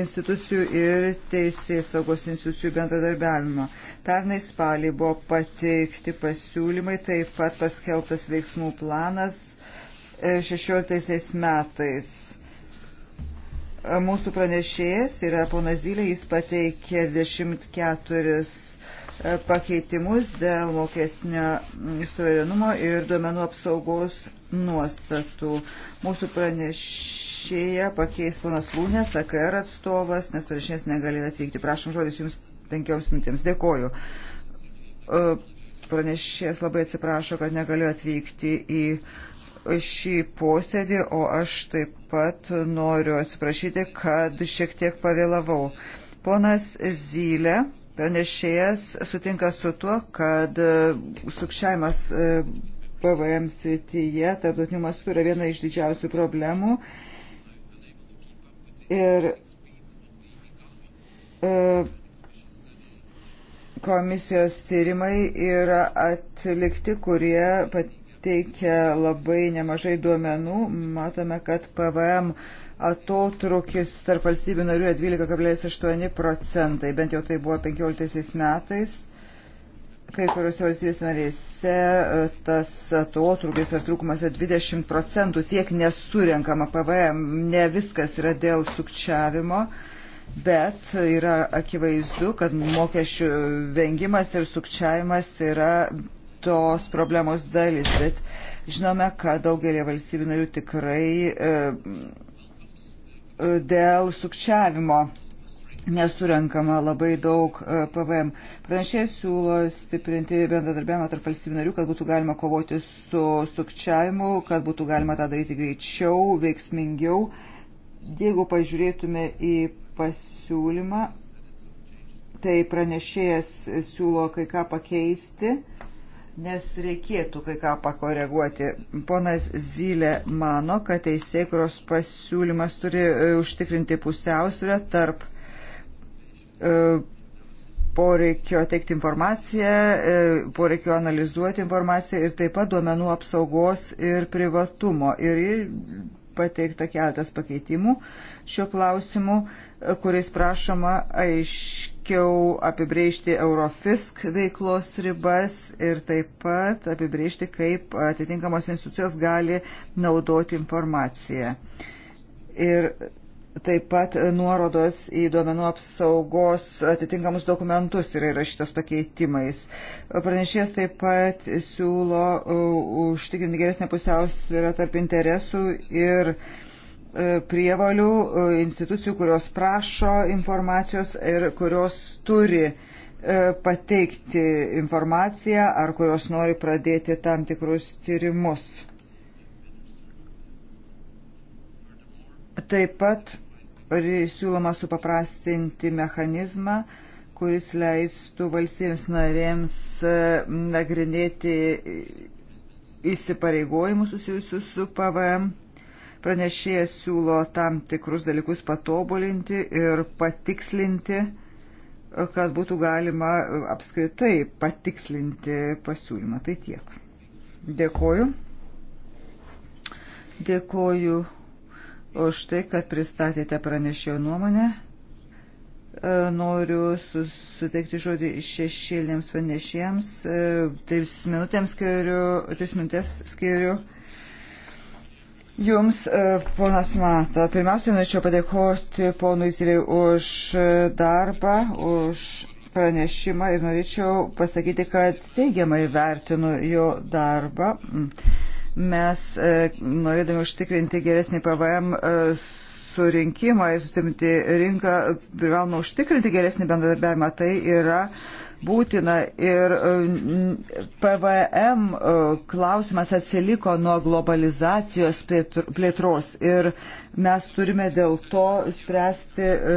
institucijų ir teisės saugos institucijų bendradarbiavimą. Pernai spalį buvo pateikti pasiūlymai, taip pat paskelbtas veiksmų planas 16 e, metais. E, mūsų pranešėjas yra ponas Zylė, jis pateikė 24 pakeitimus dėl mokestinio suverenumo ir duomenų apsaugos nuostatų. Mūsų pranešėja pakeis ponas Lūnės, AKR atstovas, nes pranešėjas negalėjo atvykti. Prašom žodis jums penkioms minutėms. Dėkoju. E, pranešėjas labai atsiprašo, kad negalėjo atvykti į šį posėdį, o aš taip pat noriu atsiprašyti, kad šiek tiek pavėlavau. Ponas Zylė pranešėjas sutinka su tuo, kad sukčiavimas e, PVM srityje, tarptautinių mastų yra viena iš didžiausių problemų. Ir e, komisijos tyrimai yra atlikti, kurie pateikia labai nemažai duomenų. Matome, kad PVM atotrukis tarp valstybių narių yra 12,8 procentai, bent jau tai buvo 15 metais Kai kuriuose valstybės narėse e, tas atotrukis ar trūkumas yra 20 procentų, tiek nesurenkama PVM, ne viskas yra dėl sukčiavimo, bet yra akivaizdu, kad mokesčių vengimas ir sukčiavimas yra tos problemos dalis, bet žinome, kad daugelį valstybių narių tikrai e, dėl sukčiavimo nesurenkama labai daug e, PVM. Pranešėjas siūlo stiprinti bendradarbiavimą tarp valstybių narių, kad būtų galima kovoti su sukčiavimu, kad būtų galima tą daryti greičiau, veiksmingiau. Jeigu pažiūrėtume į pasiūlymą, tai pranešėjas siūlo kai ką pakeisti, nes reikėtų kai ką pakoreguoti. Ponas Zylė mano, kad teisėkros pasiūlymas turi e, užtikrinti pusiausvyrę tarp E, poreikio teikti informaciją, e, poreikio analizuoti informaciją ir taip pat duomenų apsaugos ir privatumo. Ir pateikta keletas pakeitimų šiuo klausimu, e, kuriais prašoma aiškiau apibrėžti Eurofisk veiklos ribas ir taip pat apibrėžti, kaip atitinkamos institucijos gali naudoti informaciją. Ir Taip pat e, nuorodos į duomenų apsaugos atitinkamus dokumentus yra įrašytos pakeitimais. Pranešėjas taip pat siūlo e, užtikrinti geresnę pusiausvyrą tarp interesų ir e, prievalių institucijų, kurios prašo informacijos ir kurios turi pateikti informaciją ar kurios nori pradėti tam tikrus tyrimus Taip pat siūloma supaprastinti mechanizmą, kuris leistų valstybėms narėms e, nagrinėti įsipareigojimus susijusius su PVM. Pranešėjas siūlo tam tikrus dalykus patobulinti ir patikslinti, kad būtų galima apskritai patikslinti pasiūlymą. Tai tiek. Dėkoju. Dėkoju už tai, kad pristatėte pranešėjo nuomonę. E, noriu suteikti žodį šešėlėms pranešėjams. E, tris minutėms skiriu, tris minutės skiriu. Jums, e, ponas Mato, pirmiausia, norėčiau padėkoti ponui Ziliai už darbą, už pranešimą ir norėčiau pasakyti, kad teigiamai vertinu jo darbą. Mm. Mes, e, norėdami užtikrinti geresnį PVM e, surinkimą ir sustimti rinką, privalome užtikrinti geresnį bendradarbiavimą. Tai yra būtina ir e, PVM klausimas atsiliko nuo globalizacijos plėtros ir Mes turime dėl to spręsti e,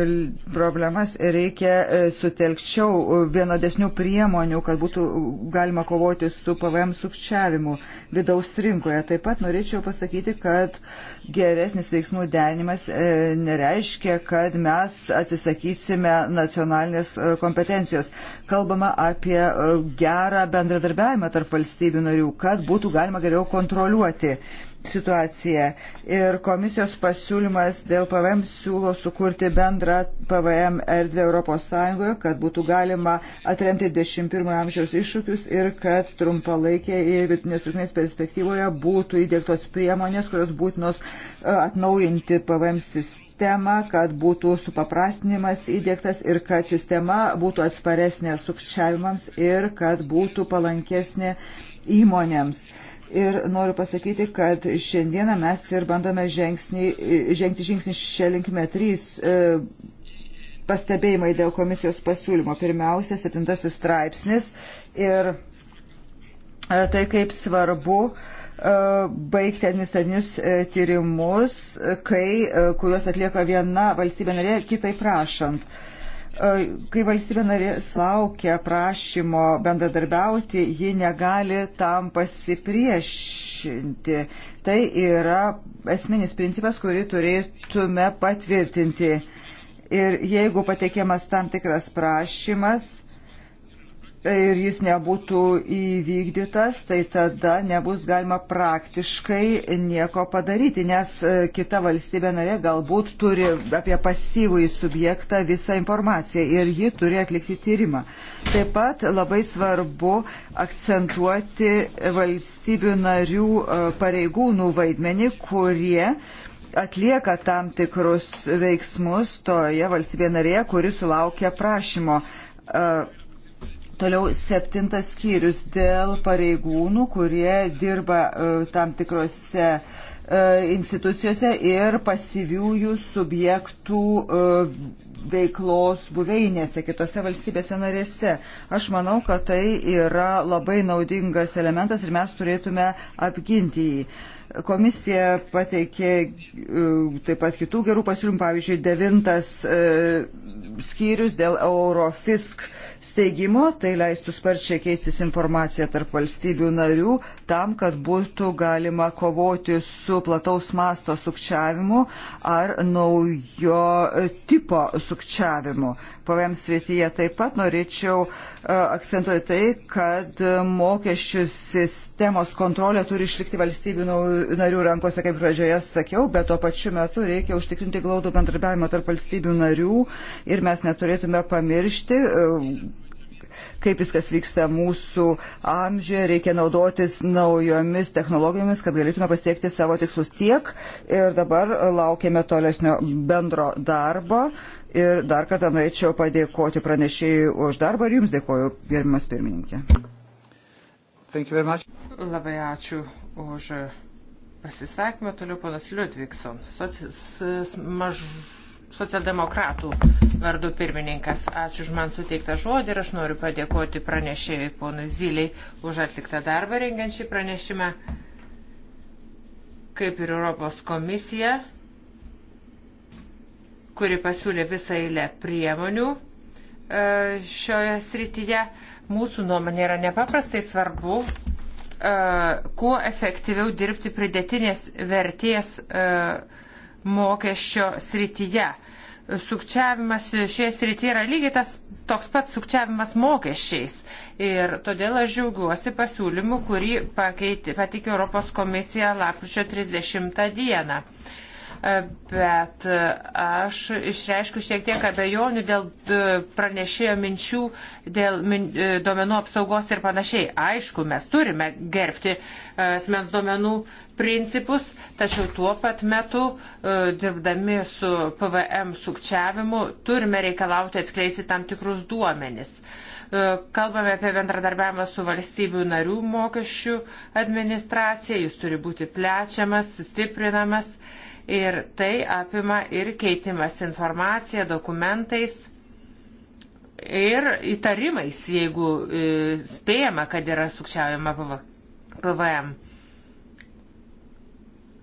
problemas ir reikia e, sutelkčiau e, vienodesnių priemonių, kad būtų galima kovoti su PVM sukčiavimu vidaus rinkoje. Taip pat norėčiau pasakyti, kad geresnis veiksmų derinimas nereiškia, kad mes atsisakysime nacionalinės kompetencijos. Kalbama apie gerą bendradarbiavimą tarp valstybių narių, kad būtų galima geriau kontroliuoti situacija. Ir komisijos pasiūlymas dėl PVM siūlo sukurti bendrą PVM erdvę ES, kad būtų galima atremti 21 amžiaus iššūkius ir kad trumpalaikė ir vidutinės trukmės perspektyvoje būtų įdėktos priemonės, kurios būtinos e, atnaujinti PVM sistemą, kad būtų supaprastinimas įdėktas ir kad sistema būtų atsparesnė sukčiavimams ir kad būtų palankesnė įmonėms. Ir noriu pasakyti, kad šiandieną mes ir bandome žingsnį, žengti žingsnį šią linkmę. Trys e, pastebėjimai dėl komisijos pasiūlymo. Pirmiausia, septintasis straipsnis ir e, tai kaip svarbu e, baigti administratinius e, tyrimus, kai, e, kuriuos atlieka viena valstybė narė, kitai prašant. E, E, kai valstybė narė sulaukia prašymo bendradarbiauti, ji negali tam pasipriešinti. Tai yra esminis principas, kurį turėtume patvirtinti. Ir jeigu pateikiamas tam tikras prašymas, ir jis nebūtų įvykdytas, tai tada nebus galima praktiškai nieko padaryti, nes e, kita valstybė narė galbūt turi apie pasyvųjį subjektą visą informaciją ir ji turi atlikti tyrimą. Taip pat labai svarbu akcentuoti valstybių narių e, pareigūnų vaidmenį, kurie atlieka tam tikrus veiksmus toje valstybėje narėje, kuri sulaukia prašymo. Uh, Toliau septintas skyrius dėl pareigūnų, kurie dirba e, tam tikrose e, institucijose ir pasyviųjų subjektų e, veiklos buveinėse kitose valstybėse narėse. Aš manau, kad tai yra labai naudingas elementas ir mes turėtume apginti jį. Komisija pateikė taip pat kitų gerų pasiūlymų, pavyzdžiui, devintas skyrius dėl Eurofisk steigimo, tai leistų sparčiai keistis informacija tarp valstybių narių tam, kad būtų galima kovoti su plataus masto sukčiavimu ar naujo tipo sukčiavimu. PVM srityje taip pat norėčiau e, akcentuoti tai, kad mokesčių sistemos kontrolė turi išlikti valstybių narių rankose, kaip pradžioje sakiau, bet tuo pačiu metu reikia užtikrinti glaudų bendradarbiavimą tarp valstybių narių ir mes neturėtume pamiršti e, kaip viskas vyksta mūsų amžiuje, reikia naudotis naujomis technologijomis, kad galėtume pasiekti savo tikslus tiek. Ir dabar laukiame tolesnio bendro darbo. Ir dar kartą norėčiau padėkoti pranešėjui už darbą ir jums dėkoju, gerbimas pirmininkė. Labai ačiū už pasisakymą. Toliau ponas Liudvikson, socis mažų socialdemokratų vardu pirmininkas. Ačiū už man suteiktą žodį ir aš noriu padėkoti pranešėjai ponui Ziliai už atliktą darbą rengiant šį pranešimą. Kaip ir Europos komisija, kuri pasiūlė visą eilę priemonių e, šioje srityje, mūsų nuomonė yra nepaprastai svarbu e, kuo efektyviau dirbti pridėtinės vertės uh, mokesčio srityje. Sukčiavimas šioje srityje yra lygiai tas toks pat sukčiavimas mokesčiais. Ir todėl aš žiaugiuosi pasiūlymu, kurį pakeiti, patikė Europos komisija lapkričio 30 dieną bet aš išreiškiu šiek tiek abejonių dėl e, pranešėjo minčių, dėl min, e, duomenų apsaugos ir panašiai. Aišku, mes turime gerbti e, asmens duomenų principus, tačiau tuo pat metu, dirbdami su PVM sukčiavimu, turime reikalauti atskleisti tam tikrus duomenis. Kalbame apie bendradarbiavimą su valstybių narių mokesčių administracija, jis turi būti plečiamas, stiprinamas ir tai apima ir keitimas informacija, dokumentais ir įtarimais, jeigu e, spėjama, kad yra sukčiaujama PVM.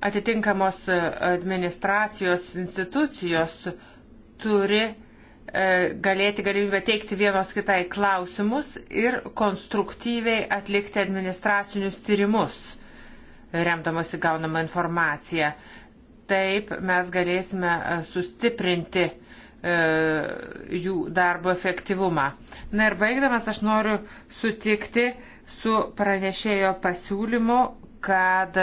Atitinkamos e, administracijos institucijos turi e, galėti galimybę teikti vienos kitai klausimus ir konstruktyviai atlikti administracinius tyrimus, remdamosi gaunamą informaciją. Taip mes galėsime e, sustiprinti e, jų darbo efektyvumą. Na ir baigdamas aš noriu sutikti su pranešėjo pasiūlymu, kad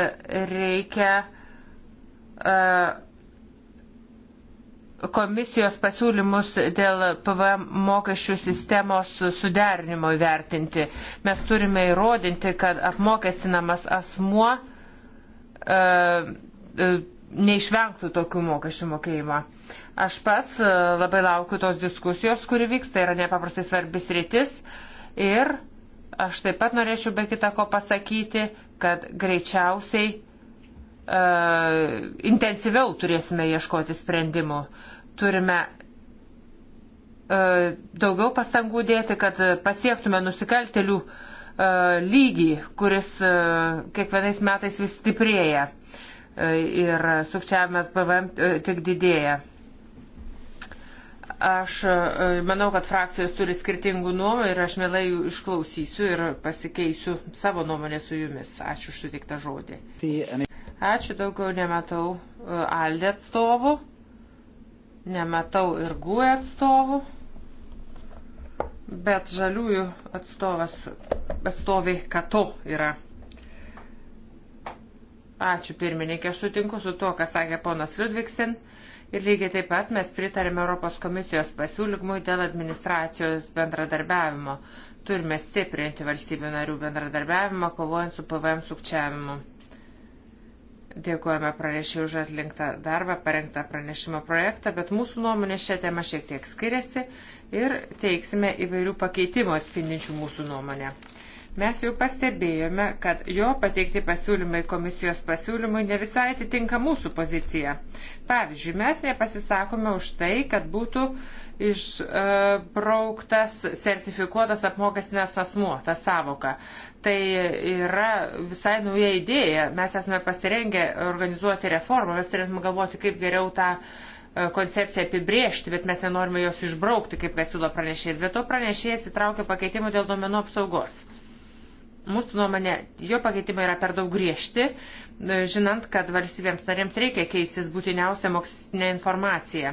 reikia e, komisijos pasiūlymus dėl PVM mokesčių sistemos suderinimo įvertinti. Mes turime įrodinti, kad apmokestinamas asmuo uh, uh, neišvengtų tokių mokesčių mokėjimo. Aš pats e, labai laukiu tos diskusijos, kuri vyksta, tai yra nepaprastai svarbis rytis ir aš taip pat norėčiau be kita ko pasakyti, kad greičiausiai uh, intensyviau turėsime ieškoti sprendimų. Turime uh, daugiau pastangų dėti, kad pasiektume nusikaltelių uh, lygį, kuris uh, kiekvienais metais vis stiprėja ir sukčiavimas PVM e, tik didėja. Aš e, manau, kad frakcijos turi skirtingų nuomonių ir aš mielai jų išklausysiu ir pasikeisiu savo nuomonę su jumis. Ačiū už sutiktą žodį. Ačiū, daugiau nematau e, Aldė atstovų, nematau ir GUE atstovų, bet žaliųjų atstovas, atstovai Kato yra. Ačiū pirmininkė, aš sutinku su tuo, ką sakė ponas Ludviksen. Ir lygiai taip pat mes pritarėme Europos komisijos pasiūlymui dėl administracijos bendradarbiavimo. Turime stiprinti valstybių narių bendradarbiavimą, kovojant su PVM sukčiavimu. Dėkojame pranešiai už atlinktą darbą, parengtą pranešimo projektą, bet mūsų nuomonė šią temą šiek tiek skiriasi ir teiksime įvairių pakeitimų atspindinčių mūsų nuomonę. Mes jau pastebėjome, kad jo pateikti pasiūlymai komisijos pasiūlymui ne visai atitinka mūsų poziciją. Pavyzdžiui, mes nepasisakome už tai, kad būtų išbrauktas e, sertifikuotas apmokestinės asmuo, ta savoka. Tai yra visai nauja idėja. Mes esame pasirengę organizuoti reformą, mes turėtume galvoti, kaip geriau tą e, koncepciją apibriežti, bet mes nenorime jos išbraukti, kaip kad siūlo pranešėjas. Bet to pranešėjas įtraukia pakeitimų dėl domenų apsaugos. Mūsų nuomonė, jo pakeitimai yra per daug griežti, e, žinant, kad valstybėms narėms reikia keistis būtiniausia mokslinė informacija.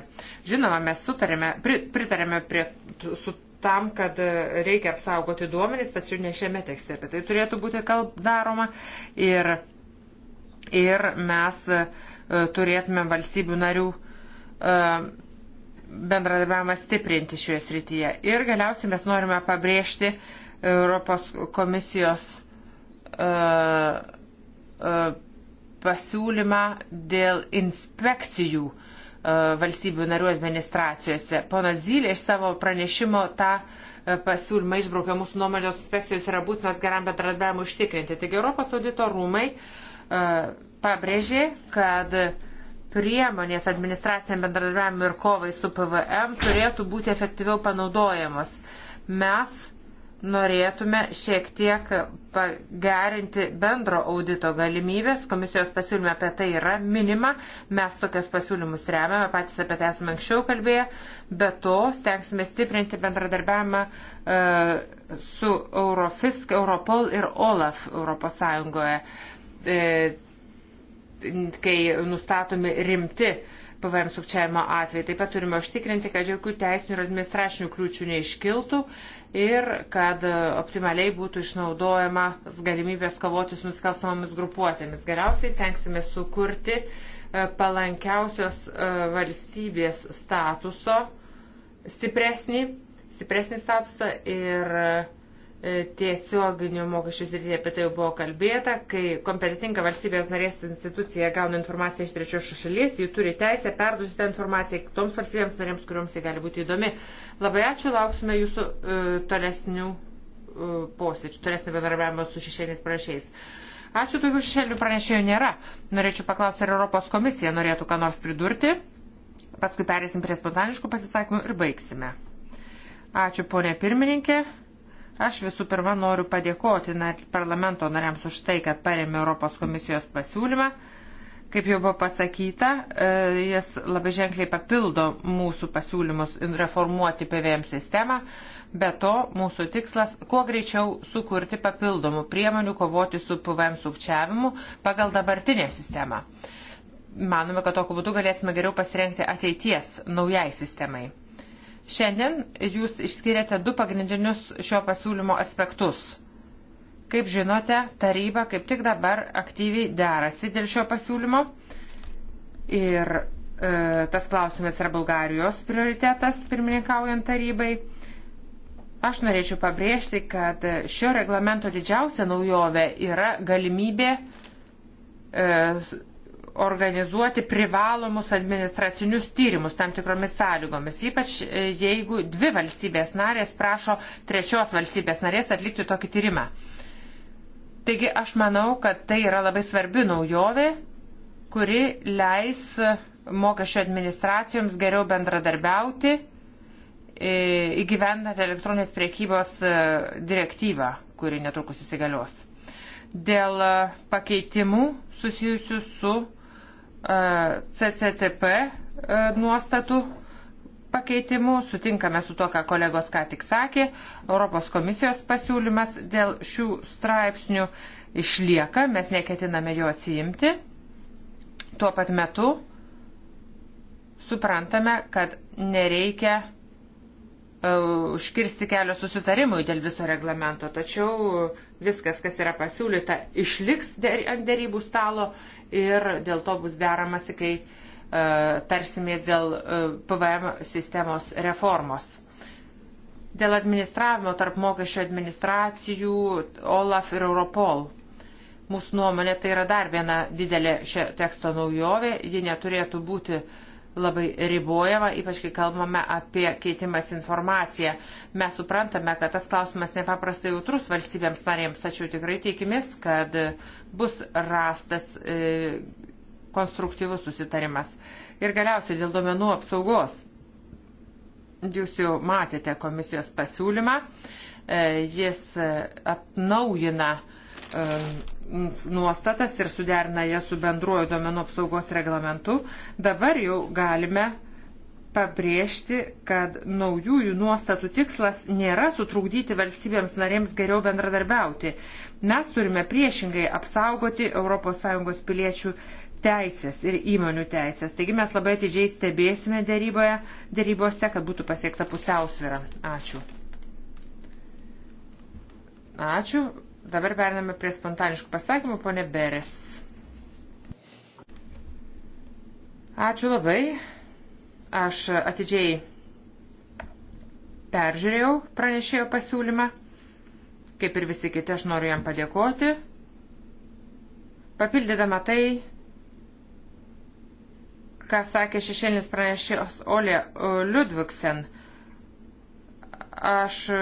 Žinoma, mes sutarėme, pritarėme prie, su tam, kad e, reikia apsaugoti duomenys, tačiau ne šiame tekste apie tai turėtų būti kalb daroma. Ir, ir mes e, turėtume valstybių narių bendradarbiavimą stiprinti šioje srityje. Ir galiausiai mes norime pabrėžti, uh, Europos komisijos uh, uh, pasiūlymą dėl inspekcijų uh, valstybių narių administracijose. Ponas Zylė iš savo pranešimo tą pasiūlymą išbraukė mūsų nuomonės inspekcijos yra būtinas geram bendradarbiavimui užtikrinti. Taigi Europos audito rūmai pabrėžė, kad priemonės administraciniam bendradarbiavimui ir kovai su PVM turėtų būti efektyviau panaudojamos. Mes norėtume šiek tiek pagerinti bendro audito galimybės. Komisijos pasiūlyme apie tai yra minima. Mes tokias pasiūlymus remiame, patys apie tai esame anksčiau kalbėję. Be to, stengsime stiprinti bendradarbiavimą e, su Eurofisk, Europol ir OLAF ES. E, kai nustatomi rimti PVM sukčiavimo atvejai. Taip pat turime užtikrinti, kad jokių teisinių ir administracinių kliūčių neiškiltų ir kad optimaliai būtų išnaudojamas galimybės kovoti su nusikalstamomis grupuotėmis. Geriausiai tenksime sukurti e, palankiausios e, valstybės statuso stipresnį, stipresnį statusą ir E, tiesioginių mokesčių srityje apie tai jau buvo kalbėta, kai kompetitinga valstybės narės institucija gauna informaciją iš trečios šalies, ji turi teisę perduoti tą informaciją toms valstybėms narėms, kuriuoms ji gali būti įdomi. Labai ačiū, lauksime jūsų uh, tolesnių uh, posėdžių, tolesnio bendradarbiavimo su šešėliais prašiais. Ačiū, tokių šešėlių pranešėjų nėra. Norėčiau paklausti, ar Europos komisija norėtų ką nors pridurti. Paskui perėsim prie spontaniškų pasisakymų ir baigsime. Ačiū, ponė pirmininkė. Aš visų pirma noriu padėkoti parlamento nariams už tai, kad paremė Europos komisijos pasiūlymą. Kaip jau buvo pasakyta, e, jis labai ženkliai papildo mūsų pasiūlymus reformuoti PVM sistemą. Be to, mūsų tikslas - kuo greičiau sukurti papildomų priemonių kovoti su PVM sukčiavimu pagal dabartinę sistemą. Manome, kad tokiu būdu galėsime geriau pasirengti ateities naujai sistemai. Šiandien jūs išskiriate du pagrindinius šio pasiūlymo aspektus. Kaip žinote, taryba kaip tik dabar aktyviai derasi dėl šio pasiūlymo ir e, tas klausimas yra Bulgarijos prioritetas pirmininkaujant tarybai. Aš norėčiau pabrėžti, kad šio reglamento didžiausia naujovė yra galimybė e, organizuoti privalomus administracinius tyrimus tam tikromis sąlygomis, ypač e, jeigu dvi valstybės narės prašo trečios valstybės narės atlikti tokį tyrimą. Taigi aš manau, kad tai yra labai svarbi naujovė, kuri leis mokesčio administracijoms geriau bendradarbiauti e, įgyvendant elektroninės priekybos e, direktyvą, kuri netrukus įsigalios. Dėl pakeitimų susijusių su E, CCTP e, nuostatų pakeitimu, sutinkame su to, ką kolegos ką tik sakė, Europos komisijos pasiūlymas dėl šių straipsnių išlieka, mes neketiname jo atsiimti. Tuo pat metu suprantame, kad nereikia E, užkirsti kelio susitarimui dėl viso reglamento. Tačiau viskas, kas yra pasiūlyta, išliks ant dėrybų stalo ir dėl to bus deramasi, kai e, tarsimės dėl e, PVM sistemos reformos. Dėl administravimo tarp mokesčio administracijų OLAF ir Europol. Mūsų nuomonė tai yra dar viena didelė šio teksto naujovė. Ji neturėtų būti uh, labai ribojama, ypač kai kalbame apie keitimas informaciją. Mes suprantame, kad tas klausimas nepaprastai jautrus valstybėms narėms, tačiau tikrai tikimės, kad bus rastas e, konstruktyvus susitarimas. Ir galiausiai dėl duomenų apsaugos. Jūs jau matėte komisijos pasiūlymą. E, jis e, atnaujina e, nuostatas ir suderina jas su bendruoju domenų apsaugos reglamentu, dabar jau galime pabrėžti, kad naujųjų nuostatų tikslas nėra sutrukdyti valstybėms narėms geriau bendradarbiauti. Mes turime priešingai apsaugoti ES piliečių teisės ir įmonių teisės. Taigi mes labai atidžiai stebėsime dėryboje, dėrybose, kad būtų pasiekta pusiausvėra. Ačiū. Ačiū. Dabar periname prie spontaniškų pasakymų, ponė Beres. Ačiū labai. Aš atidžiai peržiūrėjau pranešėjo pasiūlymą. Kaip ir visi kiti, aš noriu jam padėkoti. Papildydama tai, ką sakė šešėlinis pranešėjos Olė Ludviksen, Aš e,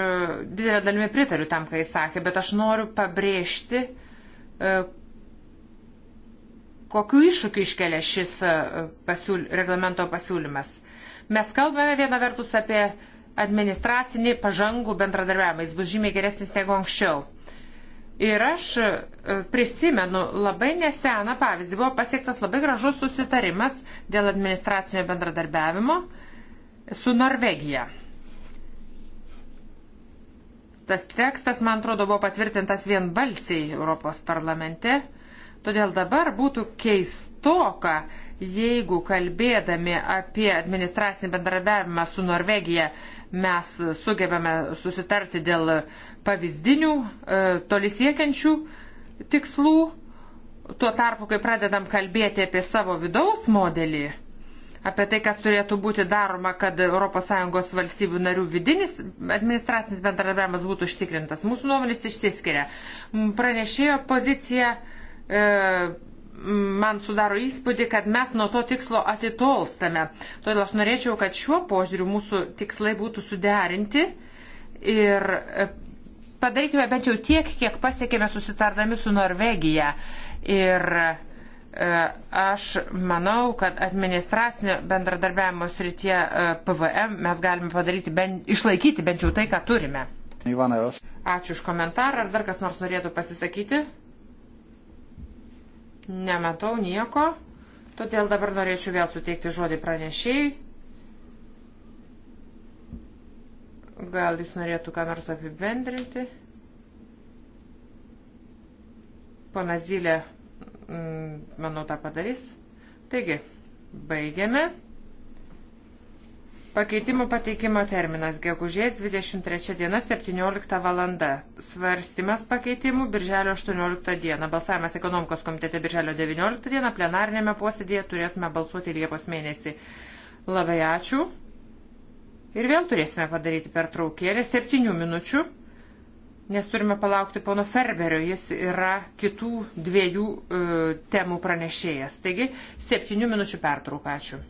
didelė dalimi pritariu tam, ką jis sakė, bet aš noriu pabrėžti, e, kokiu iššūkiu iškelia šis e, pasiūl reglamento pasiūlymas. Mes kalbame vieną vertus apie administracinį pažangų bendradarbiavimą. Jis bus žymiai geresnis negu anksčiau. Ir aš prisimenu labai neseną pavyzdį. Buvo pasiektas labai gražus susitarimas dėl administracinio bendradarbiavimo su Norvegija. Tas tekstas, man atrodo, buvo patvirtintas vienbalsiai Europos parlamente. Todėl dabar būtų keistoka, jeigu kalbėdami apie administracinį bendradarbiavimą su Norvegija mes sugebame susitarti dėl pavyzdinių, e, toli siekiančių tikslų, tuo tarpu, kai pradedam kalbėti apie savo vidaus modelį, apie tai, kas turėtų būti daroma, kad ES valstybių narių vidinis administracinis bendradarbiavimas būtų užtikrintas. Mūsų nuomonės išsiskiria. Pranešėjo pozicija e, man sudaro įspūdį, kad mes nuo to tikslo atitolstame. Todėl aš norėčiau, kad šiuo požiūriu mūsų tikslai būtų suderinti ir e, padarykime bent jau tiek, kiek pasiekėme susitardami su Norvegija. Ir E, aš manau, kad administracinio bendradarbiavimo srityje e, PVM mes galime padaryti, ben, išlaikyti bent jau tai, ką turime. Ivanovas. Ačiū už komentarą. Ar dar kas nors norėtų pasisakyti? Nematau nieko. Todėl dabar norėčiau vėl suteikti žodį pranešėjai. Gal jis norėtų ką nors apibendrinti? Pana Zylė Mm, manau, tą padarys. Taigi, baigiame. Pakeitimų pateikimo terminas gegužės 23 diena 17 valanda. Svarstymas pakeitimų birželio 18 diena. Balsavimas ekonomikos komitete birželio 19 diena. Plenarinėme posėdėje turėtume balsuoti Liepos mėnesį. Labai ačiū. Ir vėl turėsime padaryti pertraukėlę 7 minučių nes turime palaukti pono Ferberio, jis yra kitų dviejų e, temų pranešėjas. Taigi, septynių minučių pertrauką, ačiū.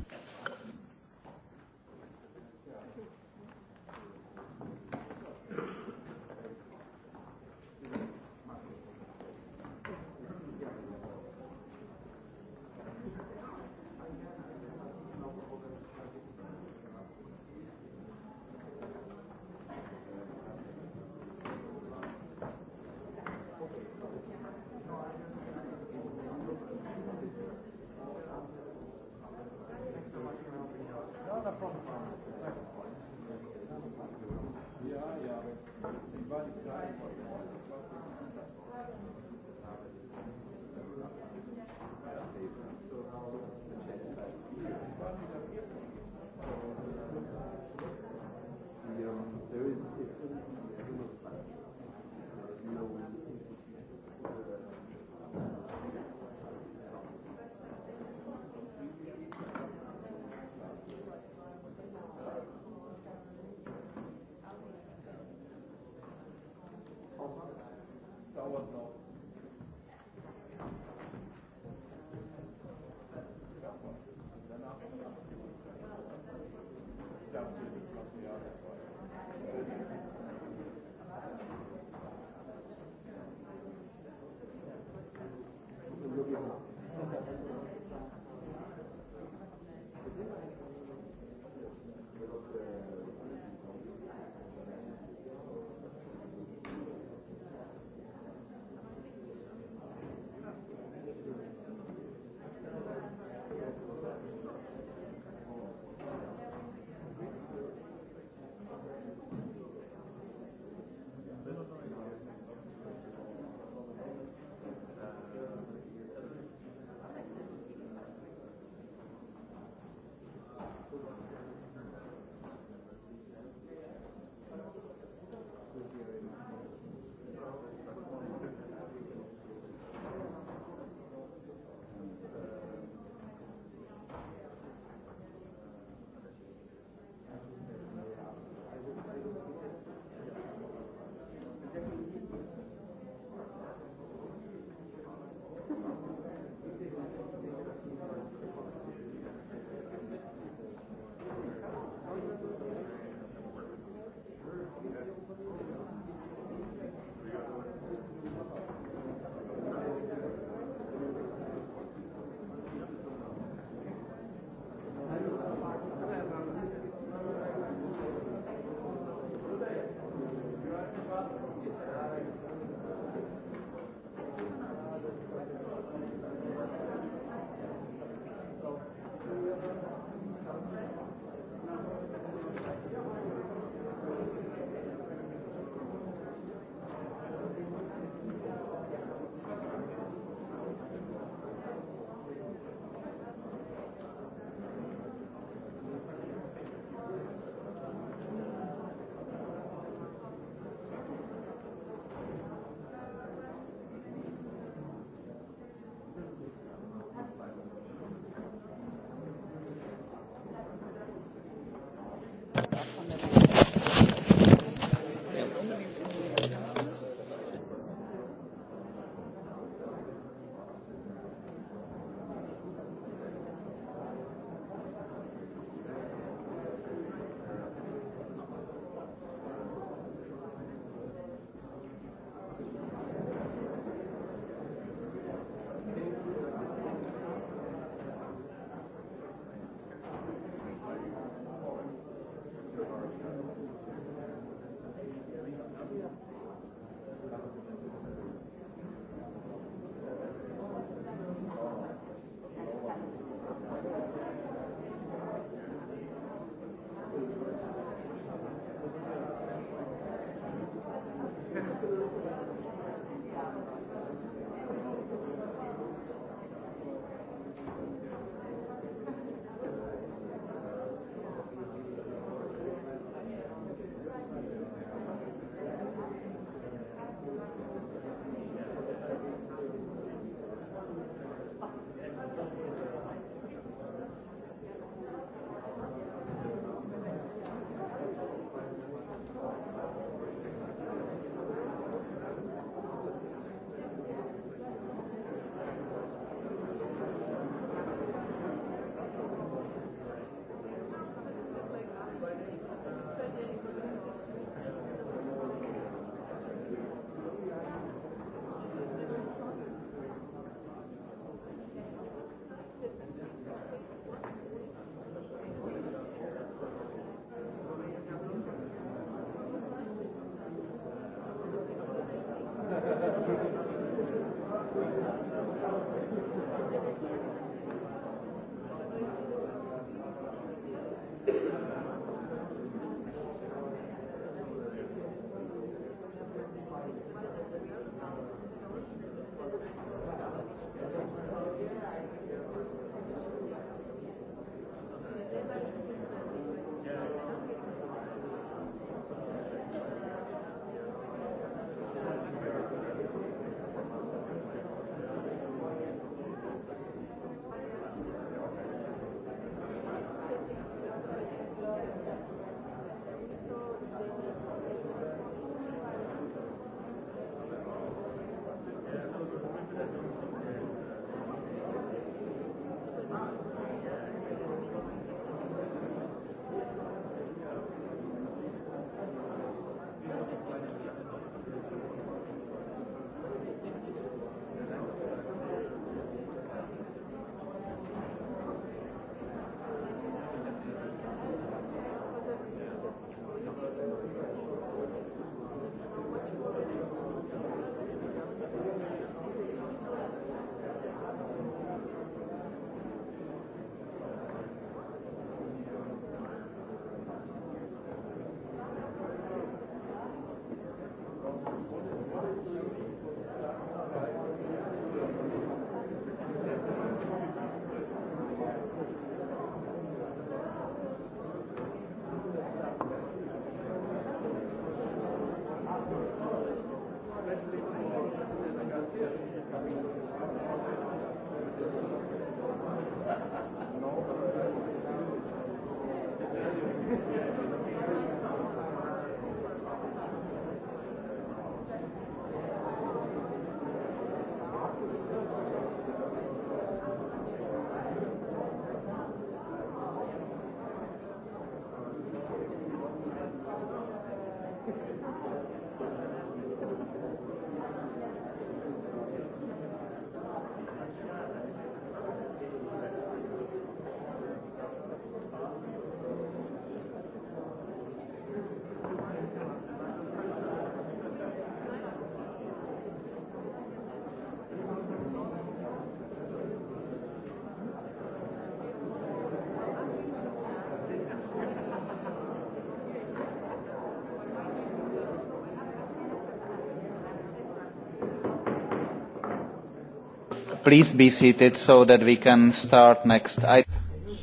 Please be seated so that we can start next item.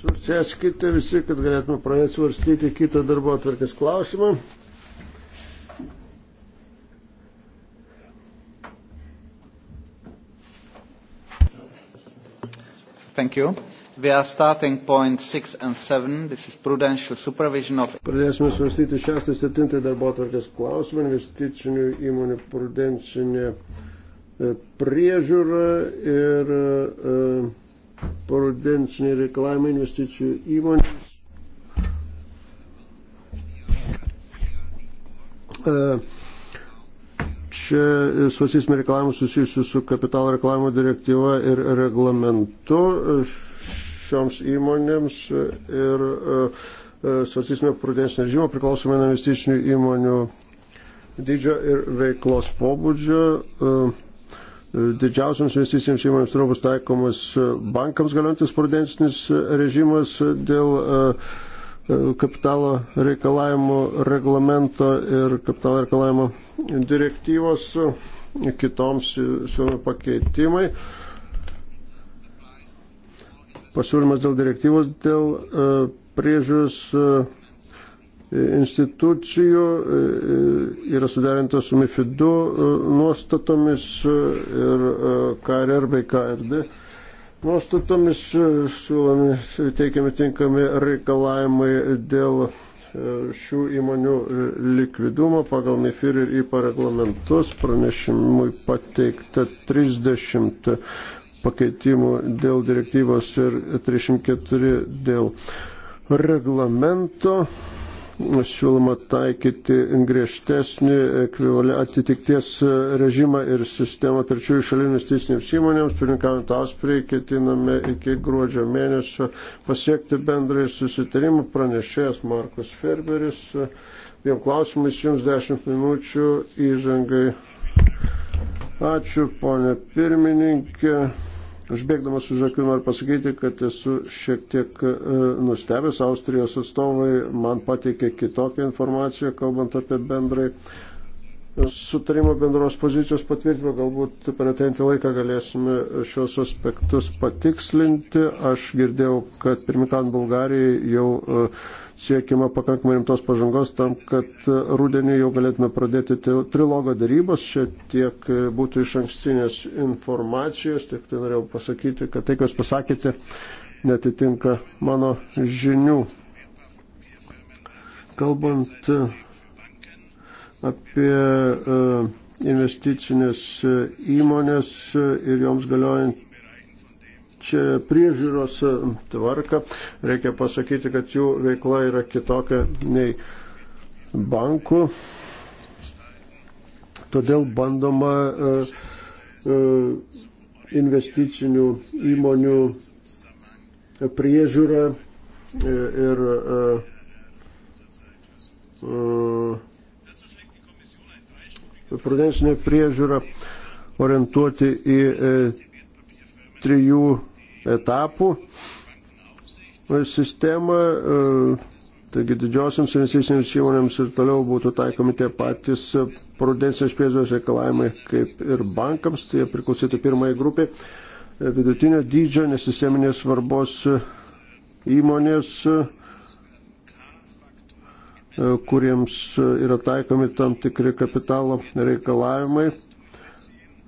Susėskite visi, kad galėtume pradėti svarstyti kitą darbo atvarkės klausimą. Thank you. We are starting point 6 and 7. This is prudential supervision of. Pradėsime svarstyti 6 ir 7 darbo atvarkės klausimą, investicinių įmonių prudencinė E, priežiūra ir e, prudenciniai reikalavimai investicijų įmonės. E, čia svarstysime reikalavimus susijusius su kapitalo reklamų direktyva ir reglamentu šioms įmonėms ir svarstysime prudencinį režimą priklausomai nuo investicinių įmonių dydžio ir veiklos pobūdžio. Uh, Didžiausiams investicijams įmonėms toliau bus taikomas e, bankams galiantis prudencinis e, režimas e, dėl kapitalo reikalavimo reglamento ir kapitalo reikalavimo direktyvos kitoms siūlomi pakeitimai pasiūlymas dėl direktyvos dėl priežiūros institucijų e, e, yra suderinta su MIFID 2 e, nuostatomis ir KRR bei KRD. Nuostatomis siūlomi teikiami tinkami reikalavimai dėl šių įmonių likvidumo pagal MIFIR ir IPA reglamentus pranešimui pateikta 30 pakeitimų dėl direktyvos ir 34 dėl reglamento siūloma taikyti griežtesnį atitikties režimą ir sistemą trečiųjų šalių investicinėms įmonėms. Pirmininkaujant Ausprijai ketiname iki gruodžio mėnesio pasiekti bendrąjį susitarimą. Pranešėjas Markus Ferberis. Dviem klausimais jums 10 minučių įžangai. Ačiū, ponė pirmininkė. Užbėgdamas už akių noriu pasakyti, kad esu šiek tiek e, nustebęs. Austrijos atstovai man pateikė kitokią informaciją, kalbant apie bendrai e, sutarimo bendros pozicijos patvirtinimą. Galbūt per ateinti laiką galėsime šios aspektus patikslinti. Aš girdėjau, kad pirmikant Bulgarijai jau uh, siekiama pakankamai rimtos pažangos tam, kad rudenį jau galėtume pradėti trilogo darybos. Čia tiek būtų iš ankstinės informacijos, tiek tai norėjau pasakyti, kad tai, kas pasakėte, netitinka mano žinių. Kalbant e, apie e, investicinės e, įmonės ir joms galiojant priežiūros e, tvarką. Reikia pasakyti, kad jų veikla yra kitokia nei bankų. Todėl bandoma e, e, investicinių įmonių priežiūra ir prudensinė priežiūra orientuoti į trijų etapų sistemą. E, taigi didžiosiams investicinėms įmonėms ir toliau būtų taikomi tie patys prudencijos priežiūros reikalavimai kaip ir bankams, tai jie priklausytų pirmai grupiai e, vidutinio dydžio nesisteminės svarbos e, įmonės kuriems yra taikomi tam tikri kapitalo reikalavimai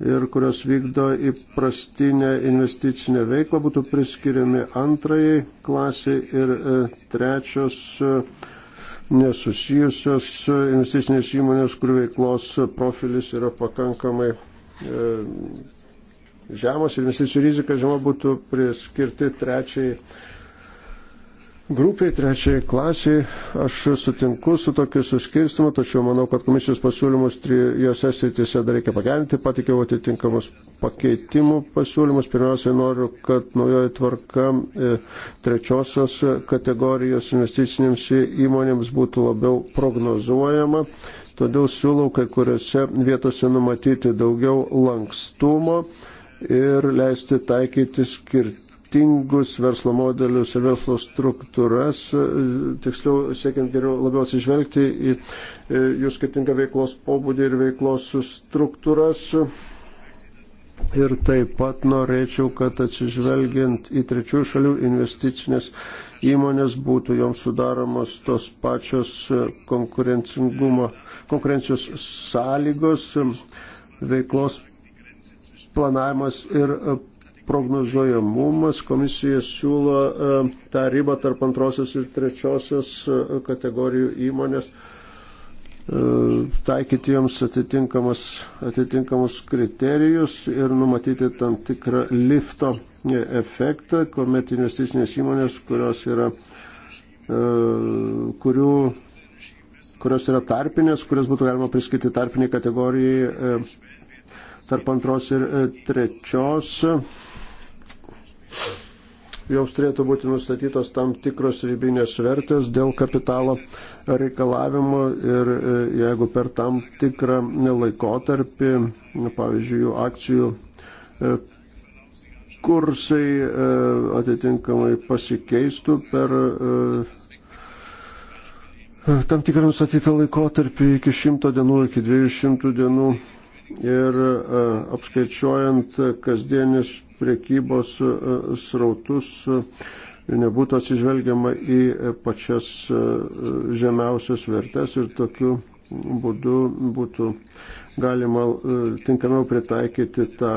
ir kurios vykdo įprastinę investicinę veiklą, būtų priskiriami antrajai klasiai ir e, trečios e, nesusijusios e, investicinės įmonės, kurių veiklos profilis yra pakankamai žemas ir investicijų rizika žema būtų priskirti trečiai grupiai, trečiai klasiai. Aš sutinku su tokiu suskirstimu, tačiau manau, kad komisijos pasiūlymus trijose srityse dar reikia pagerinti. Patikiau atitinkamus pakeitimų pasiūlymus. Pirmiausiai noriu, kad naujoji tvarka e, trečiosios kategorijos investicinėms įmonėms būtų labiau prognozuojama. Todėl siūlau kai kuriuose vietose numatyti daugiau lankstumo ir leisti taikyti skirti skirtingus verslo modelius ir verslo struktūras, e, tiksliau siekiant geriau labiau atsižvelgti į e, jų skirtingą veiklos pobūdį ir veiklos struktūras. Ir taip pat norėčiau, kad atsižvelgiant į trečių šalių investicinės įmonės būtų joms sudaromos tos pačios e, konkurencijos sąlygos, veiklos planavimas ir prognozuojamumas. Komisija siūlo e, tą ribą tarp antrosios ir trečiosios e, kategorijų įmonės e, taikyti joms atitinkamus, atitinkamus kriterijus ir numatyti tam tikrą lifto efektą, kuomet investicinės įmonės, kurios yra, kurių, kurios yra tarpinės, kurias būtų galima priskirti tarpiniai kategorijai tarp antros ir trečios joms turėtų būti nustatytos tam tikros ribinės vertės dėl kapitalo reikalavimo ir e, jeigu per tam tikrą laikotarpį, pavyzdžiui, jų akcijų e, kursai e, atitinkamai pasikeistų per tam tikrą nustatytą laikotarpį iki 100 dienų, iki 200 dienų ir apskaičiuojant kasdienis priekybos e, srautus e, nebūtų atsižvelgiama į pačias e, žemiausias vertes ir tokiu būdu būtų galima tinkamiau pritaikyti tą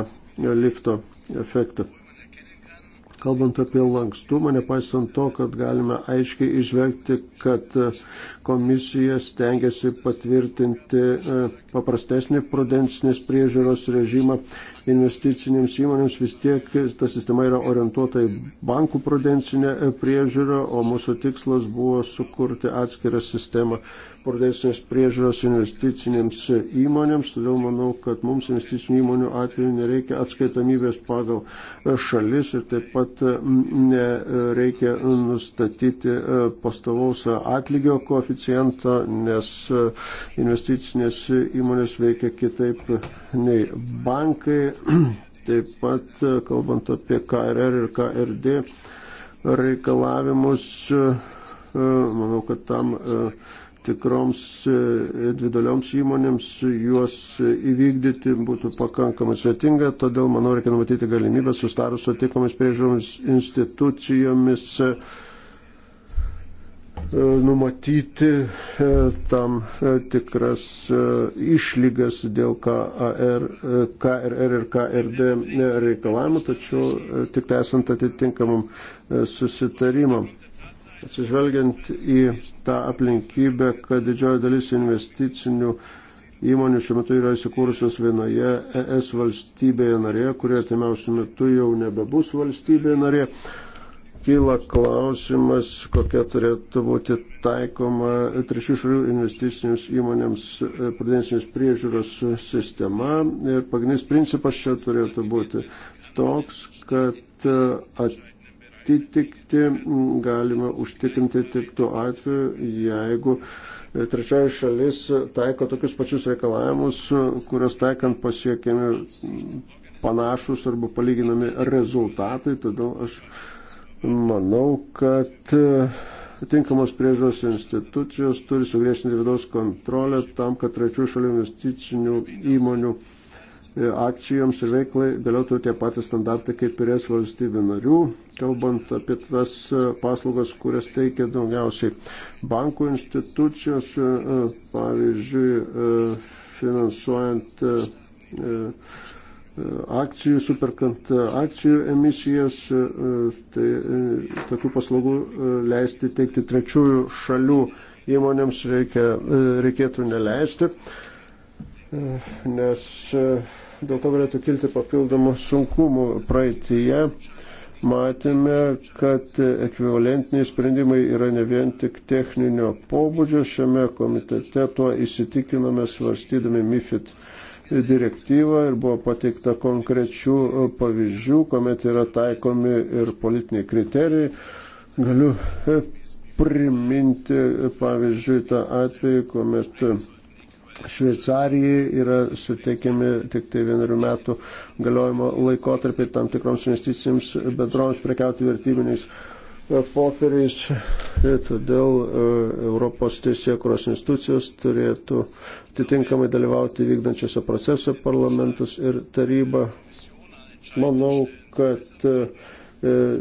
lifto efektą. Kalbant apie lankstumą, nepaisant to, kad galime aiškiai išvelgti, kad komisija stengiasi patvirtinti e, paprastesnį prudencinės priežiūros režimą investicinėms įmonėms. Vis tiek ta sistema yra orientuota į bankų prudencinę e, priežiūrą, o mūsų tikslas buvo sukurti atskirą sistemą prudencinės priežiūros investicinėms įmonėms. Todėl manau, kad mums investicinių įmonių atveju nereikia atskaitomybės pagal e, šalis ir taip pat nereikia nustatyti pastovaus atlygio koeficientą koeficiento, nes e, investicinės įmonės veikia kitaip nei bankai. Taip pat, e, kalbant apie KRR ir KRD reikalavimus, e, manau, kad tam tikroms individualioms įmonėms juos įvykdyti būtų pakankamai svetinga, todėl, manau, reikia numatyti galimybę sustarus su atikomis priežiūromis institucijomis E, numatyti e, tam e, tikras išlygas dėl KR, KRR ir KRD reikalavimų, tačiau tik tai esant atitinkamam susitarimam. Atsižvelgiant į tą aplinkybę, kad didžioji dalis investicinių įmonių šiuo metu yra įsikūrusios vienoje ES valstybėje narėje, kurie atimiausių metų jau nebebus valstybėje narėje kyla klausimas, kokia turėtų būti taikoma trečių šalių investicinius įmonėms e, prudensinės priežiūros sistema. Ir pagrindinis principas čia turėtų būti toks, kad e, atitikti galima užtikrinti tik tuo atveju, jeigu e, trečioji šalis taiko tokius pačius reikalavimus, kurios taikant pasiekiami panašus arba palyginami rezultatai. Todėl aš Manau, kad atitinkamos e, priežos institucijos turi sugriešinti vidaus kontrolę tam, kad trečių šalių investicinių įmonių e, akcijoms ir veiklai galėtų tie patys standartai kaip ir es valstybių narių, kalbant apie tas e, paslaugas, kurias teikia daugiausiai bankų institucijos, pavyzdžiui, finansuojant akcijų, superkant e, akcijų emisijas, e, tai e, tokių paslaugų leisti teikti trečiųjų šalių įmonėms reikia, reikėtų neleisti, nes dėl to galėtų kilti papildomų sunkumų praeitįje. Matėme, kad ekvivalentiniai sprendimai yra ne vien tik techninio pobūdžio, šiame komitete tuo įsitikinome svarstydami MIFID direktyvą ir buvo pateikta konkrečių e, pavyzdžių, kuomet yra taikomi ir politiniai kriterijai. Galiu e, priminti, e, pavyzdžiui, tą atvejį, kuomet Šveicarijai yra suteikiami tik tai vienerių metų galiojimo laikotarpiai tam tikroms investicijoms bendroms prekiauti vertybiniais popieriais, e, todėl e, Europos teisėkuros institucijos turėtų atitinkamai dalyvauti vykdančiose procese parlamentus ir taryba. Manau, kad e,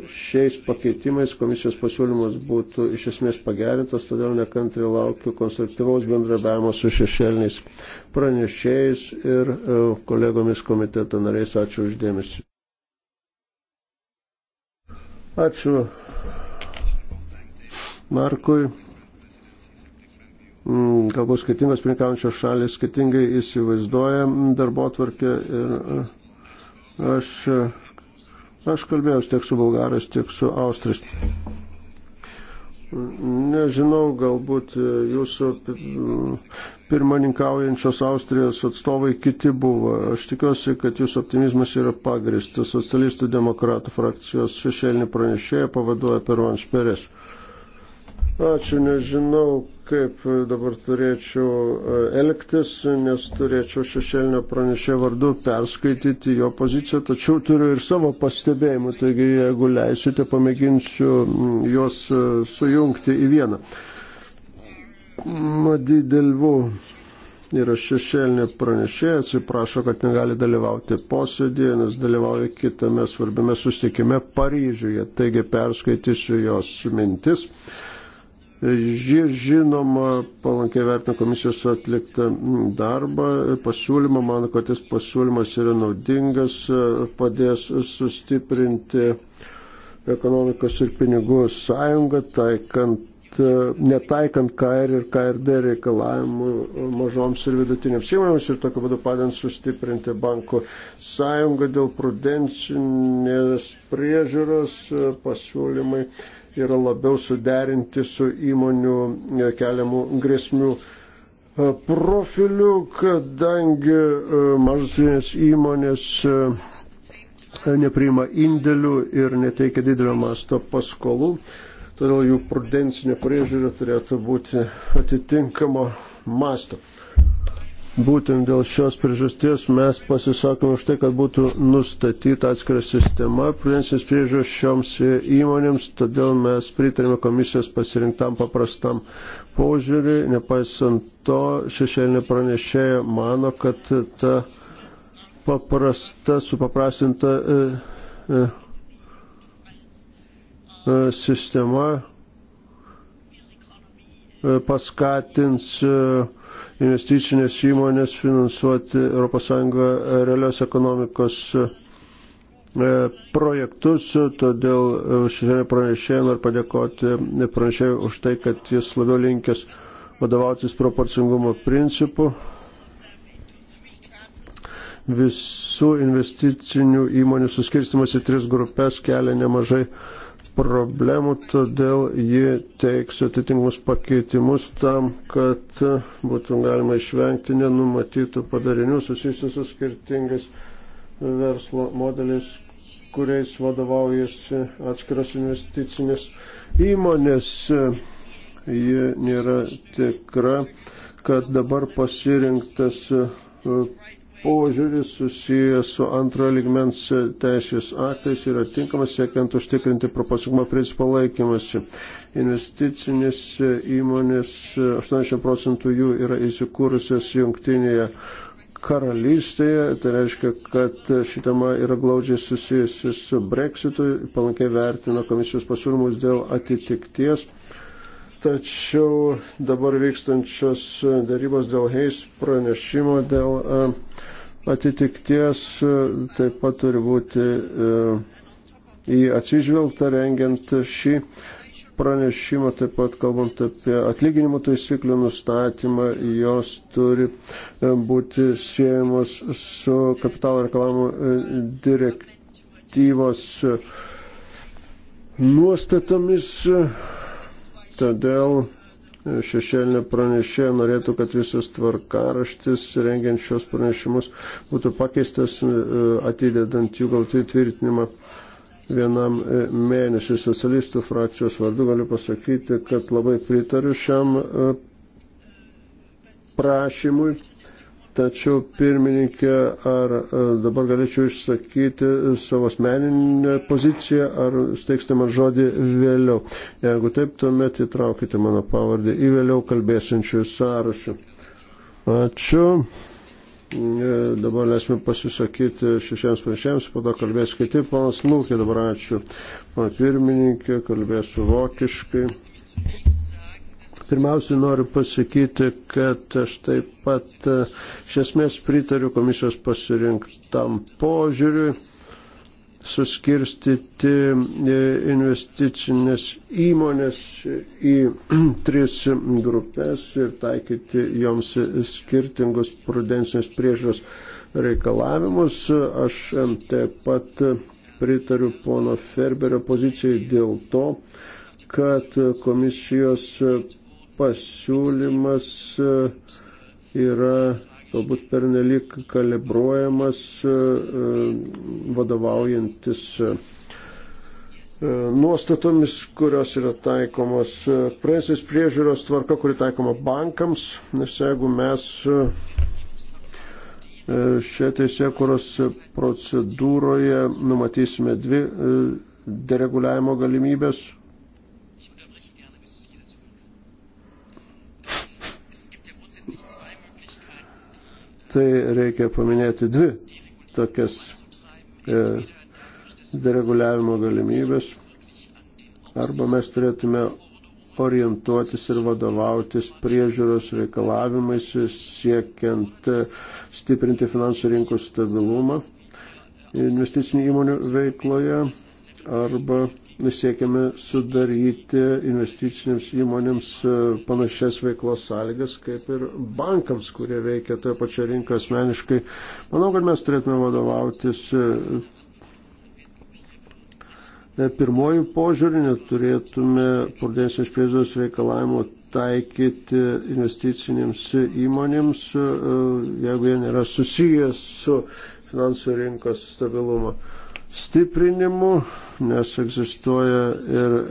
šiais pakeitimais komisijos pasiūlymas būtų iš esmės pagerintas, todėl nekantri laukiu konstruktyvaus bendrabiavimo su šešėliniais pranešėjais ir kolegomis komiteto nariais. Ačiū uždėmesi. Ačiū Markui. Mm, galbūt skirtingos pirmininkaujančios šalis skirtingai įsivaizduoja darbo tvarkę ir e, aš, e, aš kalbėjau tiek su bulgarais, tiek su austrais. Nežinau, galbūt e, jūsų pirmaninkaujančios Austrijos atstovai kiti buvo. Aš tikiuosi, kad jūsų optimizmas yra pagristas. Socialistų demokratų frakcijos šešėlinį pranešėją pavaduoja Pervanš Perės. Ačiū, nežinau, kaip dabar turėčiau e, elgtis, nes turėčiau šešėlinio pranešėjo vardu perskaityti jo poziciją, tačiau turiu ir savo pastebėjimų, taigi jeigu leisite, pamėginsiu juos e, sujungti į vieną. Madi Delvu yra šešėlinė pranešėja, atsiprašo, kad negali dalyvauti posėdėje, nes dalyvauja kitame svarbiame susitikime Paryžiuje. Taigi perskaitysiu jos mintis. Jie žinoma palankiai vertina komisijos atliktą darbą, pasiūlymą, mano, kad jis pasiūlymas yra naudingas, padės sustiprinti ekonomikos ir pinigų sąjungą, taikant E, netaikant KR ir KRD reikalavimų mažoms ir vidutinėms įmonėms ir tokiu būdu padant sustiprinti bankų sąjungą dėl prudencinės priežiūros e, pasiūlymai yra labiau suderinti su įmonių e, keliamų grėsmių profiliu, kadangi mažos įmonės nepriima indėlių ir neteikia didelio masto paskolų todėl jų prudencinė priežiūra turėtų būti atitinkamo masto. Būtent dėl šios priežasties mes pasisakome už tai, kad būtų nustatyta atskira sistema prudensinės priežiūros šioms įmonėms, todėl mes pritarėme komisijos pasirinktam paprastam požiūriui, nepaisant to šešėlinė pranešėja mano, kad ta paprasta, supaprastinta e, e, E, sistema e, paskatins e, investicinės įmonės finansuoti ES realios ekonomikos projektus, todėl šiandien pranešėjai noriu padėkoti pranešėjai už tai, kad jis labiau linkęs vadovautis proporcingumo principu. Visų investicinių įmonių suskirstimas į tris grupės kelia nemažai uh, problemų, todėl ji teiks atitinkamus pakeitimus tam, kad būtų galima išvengti nenumatytų padarinių susijusių su skirtingais verslo modeliais, kuriais vadovaujasi atskiros investicinės įmonės. Ji nėra tikra, kad dabar pasirinktas požiūris susijęs su antrojo ligmens teisės aktais yra tinkamas siekiant užtikrinti proporcingumo principą laikymasi. Investicinės įmonės 80 procentų jų yra įsikūrusios jungtinėje karalystėje, tai reiškia, kad ši tema yra glaudžiai susijusi su breksitu, palankiai vertina komisijos pasiūlymus dėl atitikties. Tačiau dabar vykstančios darybos dėl Heis pranešimo dėl uh, atitikties e, taip pat turi būti e, į atsižvelgtą rengiant šį pranešimą, taip pat kalbant apie atlyginimų taisyklių nustatymą, jos turi e, būti siejamos su kapitalo reklamų direktyvos nuostatomis. Todėl šešėlinė pranešėja norėtų, kad visas tvarkaraštis rengiant šios pranešimus būtų pakeistas e, atidedant jų gautų įtvirtinimą vienam e, mėnesiui. Socialistų frakcijos vardu galiu pasakyti, kad labai pritariu šiam e, prašymui Tačiau, pirmininkė, ar e, dabar galėčiau išsakyti e, savo asmeninę poziciją, ar steiksite man žodį vėliau? Jeigu taip, tuomet įtraukite mano pavardę į vėliau kalbėsinčių sąrašą. Ačiū. E, dabar leisime pasisakyti šešiems priešiems, po to kalbės kiti. Panas Lūkė, dabar ačiū. Pana pirmininkė, kalbėsiu vokiškai. Pirmiausia, noriu pasakyti, kad aš taip pat e, iš esmės pritariu komisijos pasirinktam požiūriui suskirstyti e, investicinės įmonės į tris grupės ir taikyti joms skirtingus prudensinės priežiūros reikalavimus. Aš e, taip pat pritariu pono Ferberio pozicijai dėl to, kad komisijos pasiūlymas e, yra galbūt pernelik kalibruojamas e, e, vadovaujantis nuostatomis, kurios yra taikomos presės priežiūros tvarka, kuri taikoma bankams, nes jeigu mes šią teisėkuros procedūroje numatysime dvi dereguliavimo galimybės, tai reikia paminėti dvi tokias e, dereguliavimo galimybės. Arba mes turėtume orientuotis ir vadovautis priežiūros reikalavimais, siekiant e, stiprinti finansų rinkų stabilumą investicinių įmonių veikloje arba siekiame sudaryti investicinėms įmonėms e, panašias veiklos sąlygas kaip ir bankams, kurie veikia toje pačioje rinkoje asmeniškai. Manau, kad mes turėtume vadovautis e, e, pirmojų požiūrį, neturėtume prudensinės priežiūros reikalavimo taikyti investicinėms įmonėms, jeigu jie nėra susijęs su finansų rinkos stabilumu stiprinimu, nes egzistuoja ir e,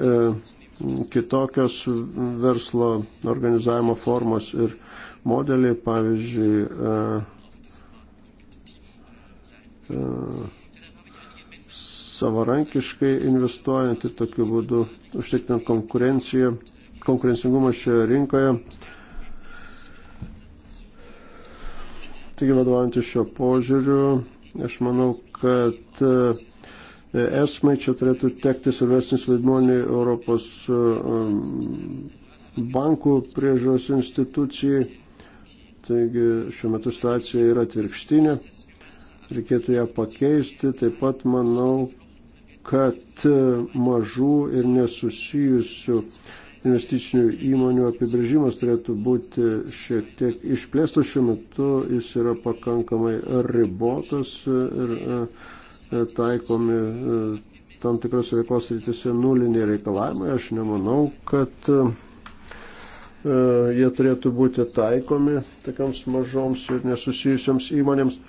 kitokios verslo organizavimo formos ir modeliai, pavyzdžiui, e, e, savarankiškai investuojant ir tokiu būdu užtikrinant konkurenciją, konkurencingumą šioje rinkoje. Taigi, vadovantis šio požiūriu, aš manau, kad e, esmai čia turėtų tekti svarbesnis vaidmuo nei Europos e, bankų priežiūros institucijai. Taigi šiuo metu situacija yra atvirkštinė, reikėtų ją pakeisti. Taip pat manau, kad e, mažų ir nesusijusių investicinių įmonių apibrėžimas turėtų būti šiek tiek išplėstas šiuo metu, jis yra pakankamai ribotas ir e, taikomi e, tam tikros veiklos rytise nuliniai reikalavimai. Aš nemanau, kad e, jie turėtų būti taikomi tokiams mažoms ir nesusijusiams įmonėms,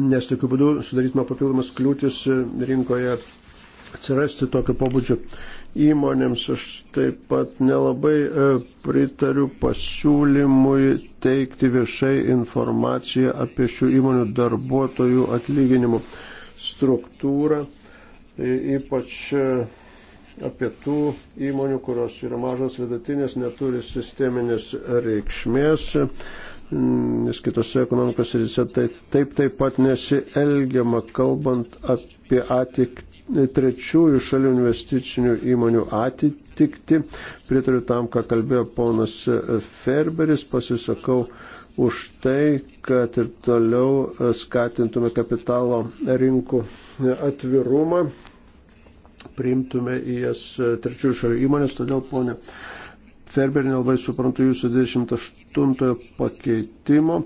nes tokiu būdu sudarytume papildomas kliūtis rinkoje atsirasti tokio pobūdžio įmonėms. Aš taip pat nelabai e, pritariu pasiūlymui teikti viešai informaciją apie šių įmonių darbuotojų atlyginimų struktūrą, e, ypač e, apie tų įmonių, kurios yra mažos vidutinės, neturi sisteminės reikšmės, nes kitose ekonomikos ryse tai, taip taip pat nesielgiama, kalbant apie atik, trečiųjų šalių investicinių įmonių atitikti. Pritariu tam, ką kalbėjo ponas Ferberis, pasisakau už tai, kad ir toliau skatintume kapitalo rinkų atvirumą, priimtume į jas trečiųjų šalių įmonės, todėl ponė Ferber nelabai suprantu jūsų 28 pakeitimo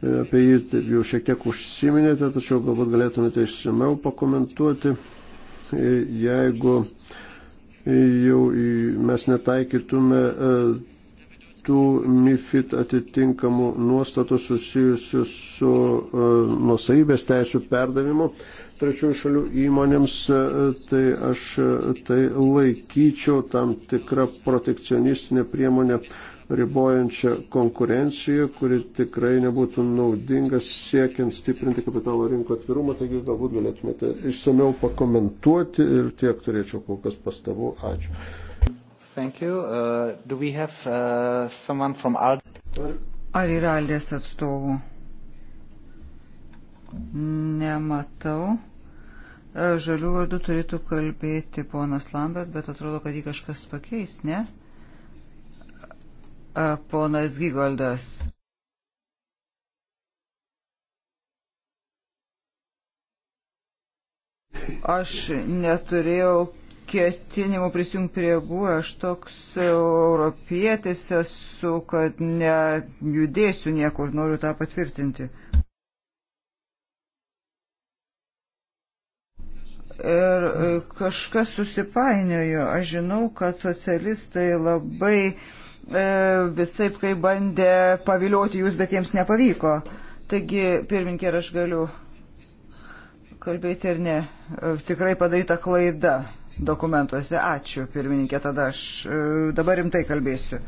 apie jį jau šiek tiek užsiminėte, tačiau galbūt galėtumėte išsameu pakomentuoti jeigu jau mes netaikytume e, tų MIFID atitinkamų nuostatų susijusių su e, nusaibės teisų perdavimu trečiųjų šalių įmonėms, e, tai aš tai laikyčiau tam tikrą protekcionistinę priemonę ribojančią konkurenciją, kuri tikrai nebūtų naudinga siekiant stiprinti kapitalo rinko atvirumą, taigi galbūt galėtumėte išsameu pakomentuoti ir tiek turėčiau kol kas pastabų. Ačiū. Thank you. Uh, do we have uh, someone from Alde? Ar yra Aldės atstovų? Nematau. Uh, žalių vardu turėtų kalbėti ponas Lambert, bet atrodo, kad jį kažkas pakeis, ne? ponas Gygoldas. Aš neturėjau ketinimų prisijungti prie guo, aš toks europietis esu, kad nejudėsiu niekur, noriu tą patvirtinti. Ir e, kažkas susipainiojo, aš žinau, kad socialistai labai uh, E, visai kaip bandė pavilioti jūs, bet jiems nepavyko. Taigi, pirminkė, aš galiu kalbėti ir ne. E, tikrai padaryta klaida dokumentuose. Ačiū, pirmininkė, tada aš e, dabar rimtai kalbėsiu.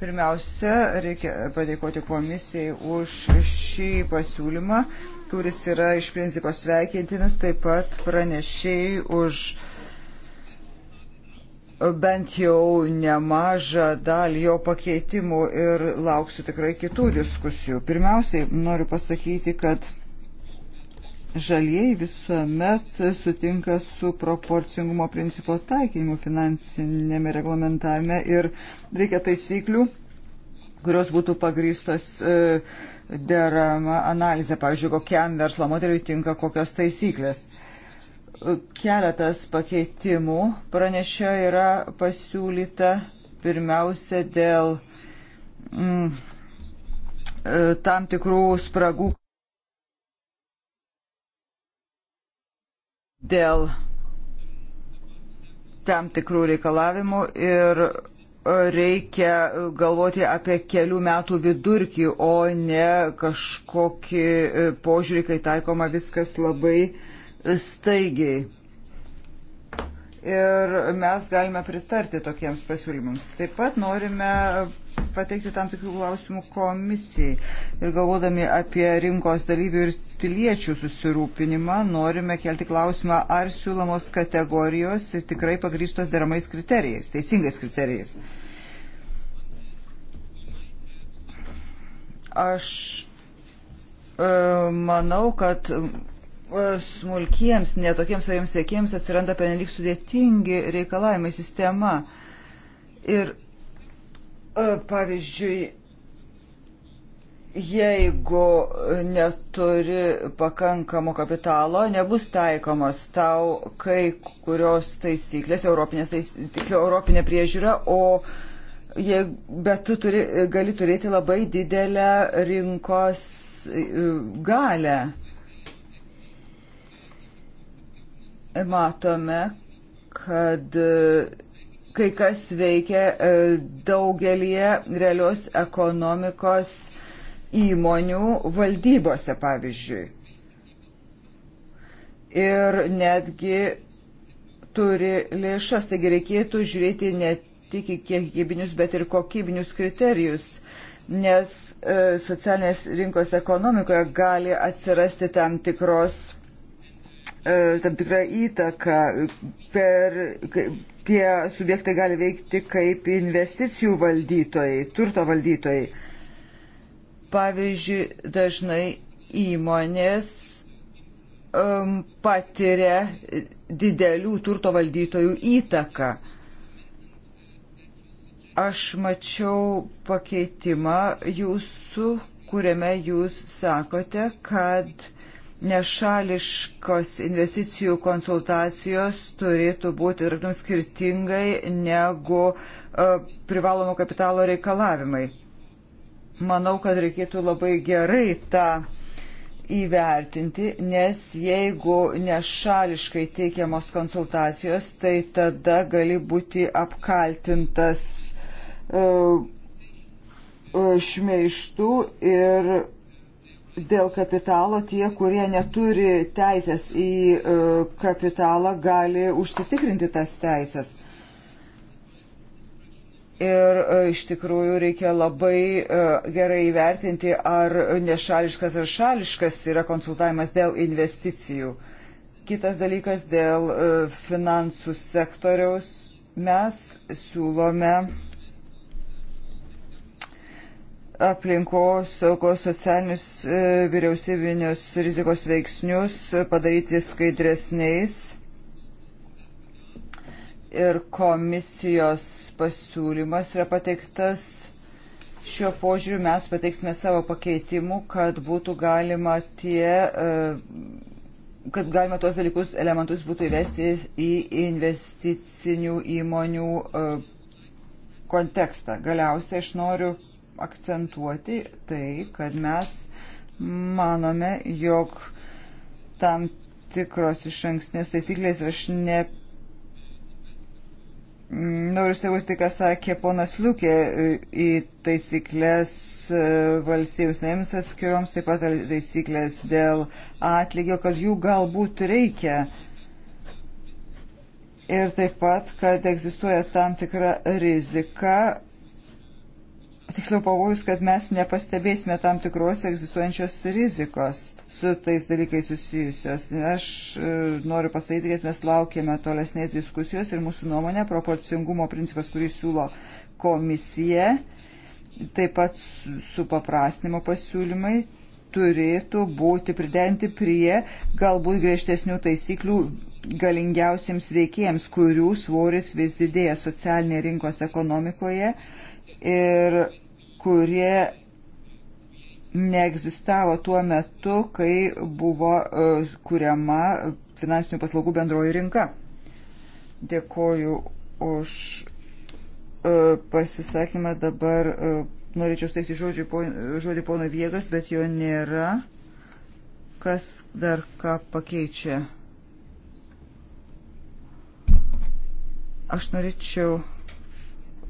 Pirmiausia, reikia padėkoti komisijai už šį pasiūlymą, kuris yra iš principo sveikintinas, taip pat pranešėjai už uh, bent jau nemažą dalį jo pakeitimų ir lauksiu tikrai kitų diskusijų. Pirmiausiai noriu pasakyti, kad žalieji visuomet sutinka su proporcingumo principo taikymu finansinėme reglamentavime ir reikia taisyklių, kurios būtų pagrįstos. E, derama analizė, pavyzdžiui, kokiam verslo modeliui tinka kokios taisyklės. Keletas pakeitimų pranešio yra pasiūlyta pirmiausia dėl mm, e, tam tikrų spragų dėl tam tikrų reikalavimų ir e, reikia galvoti apie kelių metų vidurkį, o ne kažkokį e, požiūrį, kai taikoma viskas labai uh, staigiai. Ir mes galime pritarti tokiems pasiūlymams. Taip pat norime pateikti tam tikrų klausimų komisijai. Ir galvodami apie rinkos dalyvių ir piliečių susirūpinimą, norime kelti klausimą, ar siūlomos kategorijos ir tikrai pagrįstos deramais kriterijais, teisingais kriterijais. Aš e, manau, kad E, smulkiems, netokiems saviems veikiems atsiranda penelik sudėtingi reikalavimai sistema. Ir e, pavyzdžiui, jeigu neturi pakankamo kapitalo, nebus taikomos tau kai kurios taisyklės, europinės taisyklės, tiksliau, europinė priežiūra, o jie, bet tu turi, gali turėti labai didelę rinkos e, galę. matome, kad e, kai kas veikia e, daugelie realios ekonomikos įmonių valdybose, pavyzdžiui. Ir netgi turi lėšas, taigi reikėtų žiūrėti ne tik į kiekybinius, bet ir kokybinius kriterijus, nes e, socialinės rinkos ekonomikoje gali atsirasti tam tikros E, tam tikrą įtaką. Per, tie subjektai gali veikti kaip investicijų valdytojai, turto valdytojai. Pavyzdžiui, dažnai įmonės um, patiria didelių turto valdytojų įtaką. Aš mačiau pakeitimą jūsų, kuriame jūs sakote, kad uh, nešališkos investicijų konsultacijos turėtų būti ir skirtingai negu e, privalomo kapitalo reikalavimai. Manau, kad reikėtų labai gerai tą įvertinti, nes jeigu nešališkai teikiamos konsultacijos, tai tada gali būti apkaltintas e, e, šmeištų ir dėl kapitalo tie, kurie neturi teisės į e, kapitalą, gali užsitikrinti tas teisės. Ir e, iš tikrųjų reikia labai e, gerai įvertinti, ar nešališkas ar šališkas yra konsultavimas dėl investicijų. Kitas dalykas dėl finansų sektoriaus mes siūlome aplinkos saugos socialinius e, vyriausybinius rizikos veiksnius padaryti skaidresniais ir komisijos pasiūlymas yra pateiktas šiuo požiūriu mes pateiksime savo pakeitimų, kad būtų galima tie, e, kad galima tuos dalykus, elementus būtų įvesti į investicinių įmonių e, kontekstą. Galiausiai aš noriu akcentuoti tai, kad mes manome, jog tam tikros iš ankstinės taisyklės ir aš ne. Noriu įsivaizduoti, tai, ką sakė ponas Liukė e, į taisyklės e, valstybės naims atskiroms, taip pat taisyklės dėl atlygio, kad jų galbūt reikia. Ir taip pat, kad egzistuoja tam tikra rizika tiksliau pavojus, kad mes nepastebėsime tam tikros egzistuojančios rizikos su tais dalykais susijusios. Aš e, noriu pasakyti, kad mes laukiame tolesnės diskusijos ir mūsų nuomonė, proporcingumo principas, kurį siūlo komisija, taip pat su paprastinimo pasiūlymai turėtų būti pridenti prie galbūt griežtesnių taisyklių galingiausiems veikėjams, kurių svoris vis didėja socialinėje rinkos ekonomikoje ir kurie neegzistavo tuo metu, kai buvo e, kuriama finansinių paslaugų bendroji rinka. Dėkoju už e, pasisakymą. Dabar e, norėčiau steigti žodį, žodį pono Viegas, bet jo nėra. Kas dar ką pakeičia? Aš norėčiau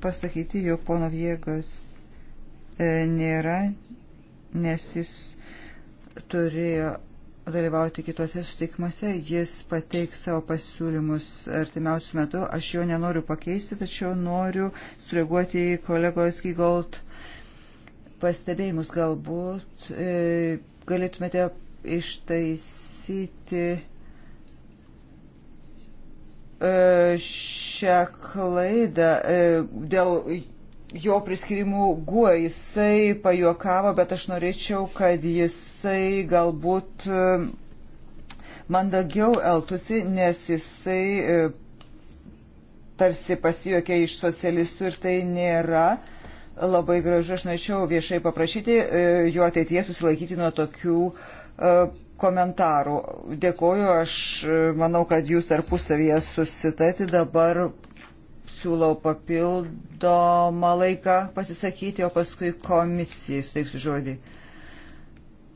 pasakyti, jog pono Viegas e, nėra, nes jis turėjo dalyvauti kitose sutikimuose, jis pateiks savo pasiūlymus artimiausių metų. Aš jo nenoriu pakeisti, tačiau noriu sureaguoti į kolegos Gigold pastebėjimus. Galbūt e, galėtumėte ištaisyti E, šią klaidą e, dėl jo priskirimų guo. Jisai pajokavo, bet aš norėčiau, kad jisai galbūt e, mandagiau eltusi, nes jisai tarsi pasijokė iš socialistų ir tai nėra labai gražu. Aš norėčiau viešai paprašyti jo ateityje susilaikyti nuo tokių komentarų. Dėkoju, aš e, manau, kad jūs tarpusavyje susitati dabar siūlau papildomą laiką pasisakyti, o paskui komisijai suteiksiu žodį.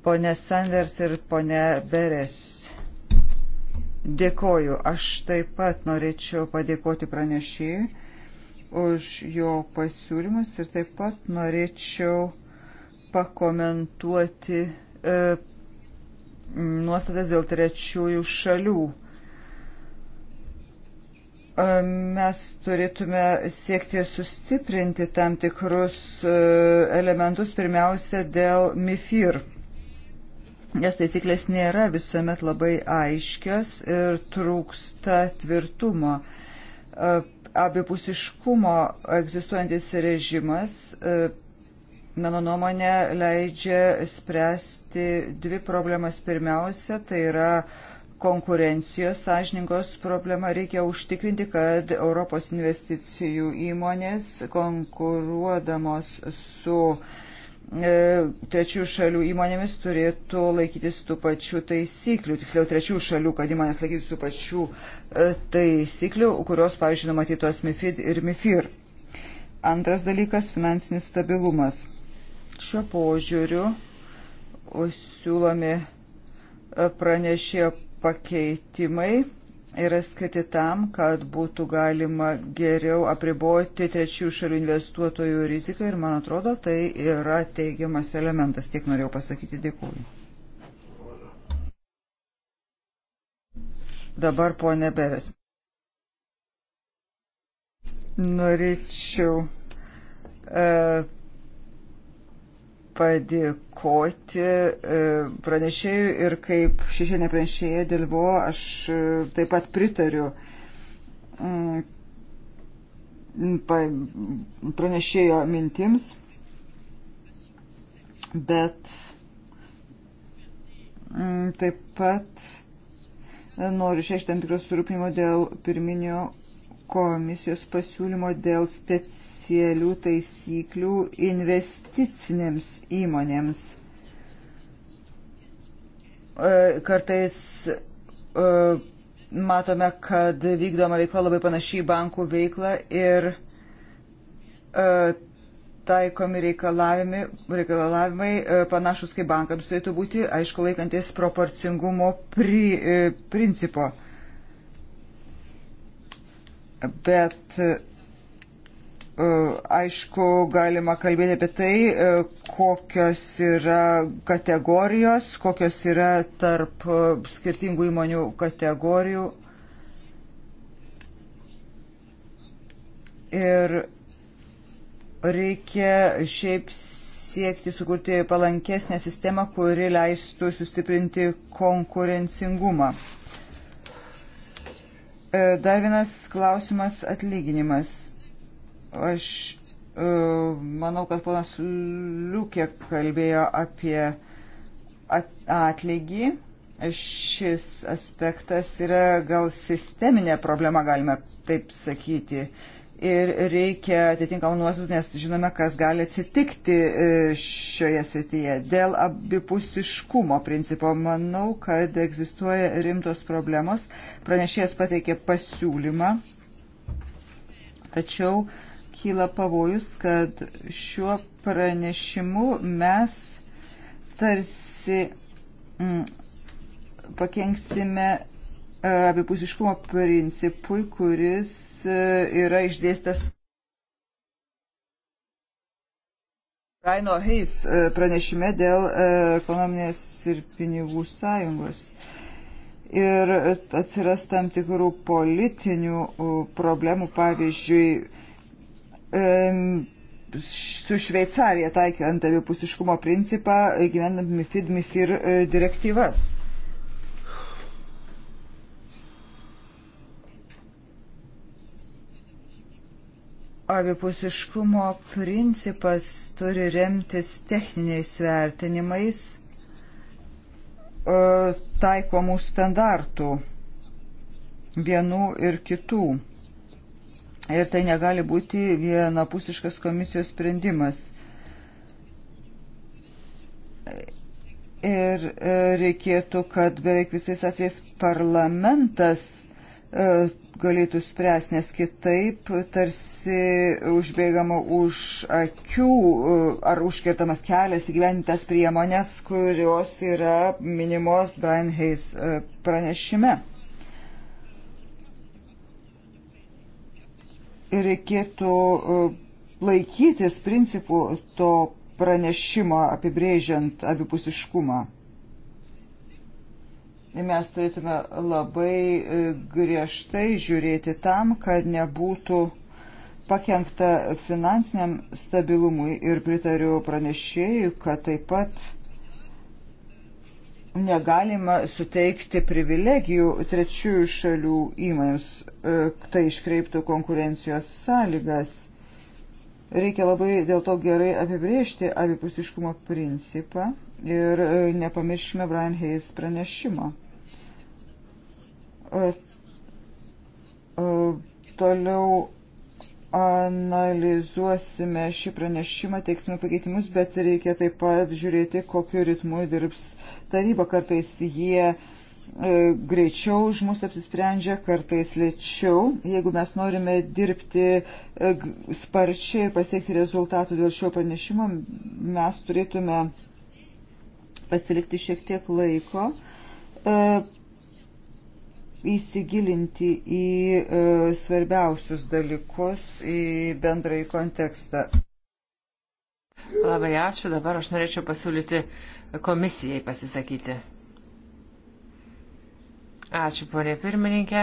Pone Sanders ir pone Beres. Dėkoju. Aš taip pat norėčiau padėkoti pranešėjui už jo pasiūlymus ir taip pat norėčiau pakomentuoti e, nuostatas dėl trečiųjų šalių. E, mes turėtume siekti sustiprinti tam tikrus e, elementus, pirmiausia, dėl MIFIR, nes taisyklės nėra visuomet labai aiškios ir trūksta tvirtumo e, abipusiškumo egzistuojantis režimas mano nuomonė, leidžia spręsti dvi problemas. Pirmiausia, tai yra konkurencijos sąžiningos problema. Reikia užtikrinti, kad Europos investicijų įmonės konkuruodamos su e, trečių šalių įmonėmis turėtų laikytis tų pačių taisyklių, tiksliau trečių šalių, kad įmonės laikytis tų pačių e, taisyklių, kurios, pavyzdžiui, numatytos MIFID ir MIFIR. Antras dalykas - finansinis stabilumas. Šiuo požiūriu siūlomi e, pranešėjo pakeitimai yra skirti tam, kad būtų galima geriau apriboti trečių šalių investuotojų riziką ir, man atrodo, tai yra teigiamas elementas. Tiek norėjau pasakyti. Dėkuoju. Dabar ponė Beres. Norėčiau e, padėkoti e, pranešėjui ir kaip šešėlė pranešėja dėlvo, aš e, taip pat pritariu e, pranešėjo mintims, bet mm, taip pat noriu šešti tam tikros surūpinimo dėl pirminio komisijos pasiūlymo dėl specialių specialių taisyklių investicinėms įmonėms. E, kartais e, matome, kad vykdoma veikla labai panašiai į bankų veiklą ir e, taikomi reikalavimai, reikalavimai panašus kaip bankams turėtų būti, aišku, laikantis proporcingumo pri, principo. Bet E, aišku, galima kalbėti apie tai, e, kokios yra kategorijos, kokios yra tarp e, skirtingų įmonių kategorijų. Ir reikia šiaip siekti sukurti palankesnę sistemą, kuri leistų sustiprinti konkurencingumą. Dar vienas klausimas - atlyginimas Aš e, manau, kad ponas Liukė kalbėjo apie atlygį. Šis aspektas yra gal sisteminė problema, galime taip sakyti. Ir reikia atitinkamų nuostatų, nes žinome, kas gali atsitikti e, šioje srityje. Dėl abipusiškumo principo manau, kad egzistuoja rimtos problemos. Pranešėjas pateikė pasiūlymą, tačiau uh, kyla pavojus, kad šiuo pranešimu mes tarsi mm, pakenksime e, abipusiškumo principui, kuris e, yra išdėstas Raino Heis e, pranešime dėl ekonominės ir pinigų sąjungos. Ir atsiras tam tikrų politinių problemų, pavyzdžiui, su Šveicarija taikiant abipusiškumo principą, gyvenant MIFID, MIFIR e, direktyvas. Abipusiškumo principas turi remtis techniniais vertinimais e, taikomų standartų vienų ir kitų ir tai negali būti vienapusiškas komisijos sprendimas. Ir e, reikėtų, kad beveik visais atvejais parlamentas e, galėtų spręsti, nes kitaip tarsi užbėgama už akių e, ar užkirtamas kelias įgyvenintas priemonės, kurios yra minimos Brian Hayes pranešime. reikėtų e, laikytis principų to pranešimo apibrėžiant abipusiškumą. Mes turėtume labai e, griežtai žiūrėti tam, kad nebūtų pakengta finansiniam stabilumui ir pritariu pranešėjui, kad taip pat negalima suteikti privilegijų trečiųjų šalių įmonėms E, tai iškreiptų konkurencijos sąlygas. Reikia labai dėl to gerai apibriežti abipusiškumo principą ir e, nepamirškime Brian Hayes pranešimo. E, toliau analizuosime šį pranešimą, teiksime pakeitimus, bet reikia taip pat žiūrėti, kokiu ritmu dirbs taryba. Kartais jie uh, E, greičiau už mus apsisprendžia, kartais lėčiau. Jeigu mes norime dirbti e, sparčiai ir pasiekti rezultatų dėl šio pranešimo, mes turėtume pasilikti šiek tiek laiko, e, įsigilinti į svarbiausius dalykus, į bendrąjį kontekstą. Labai ačiū, dabar aš norėčiau pasiūlyti komisijai pasisakyti. Ačiū ponė pirmininkė,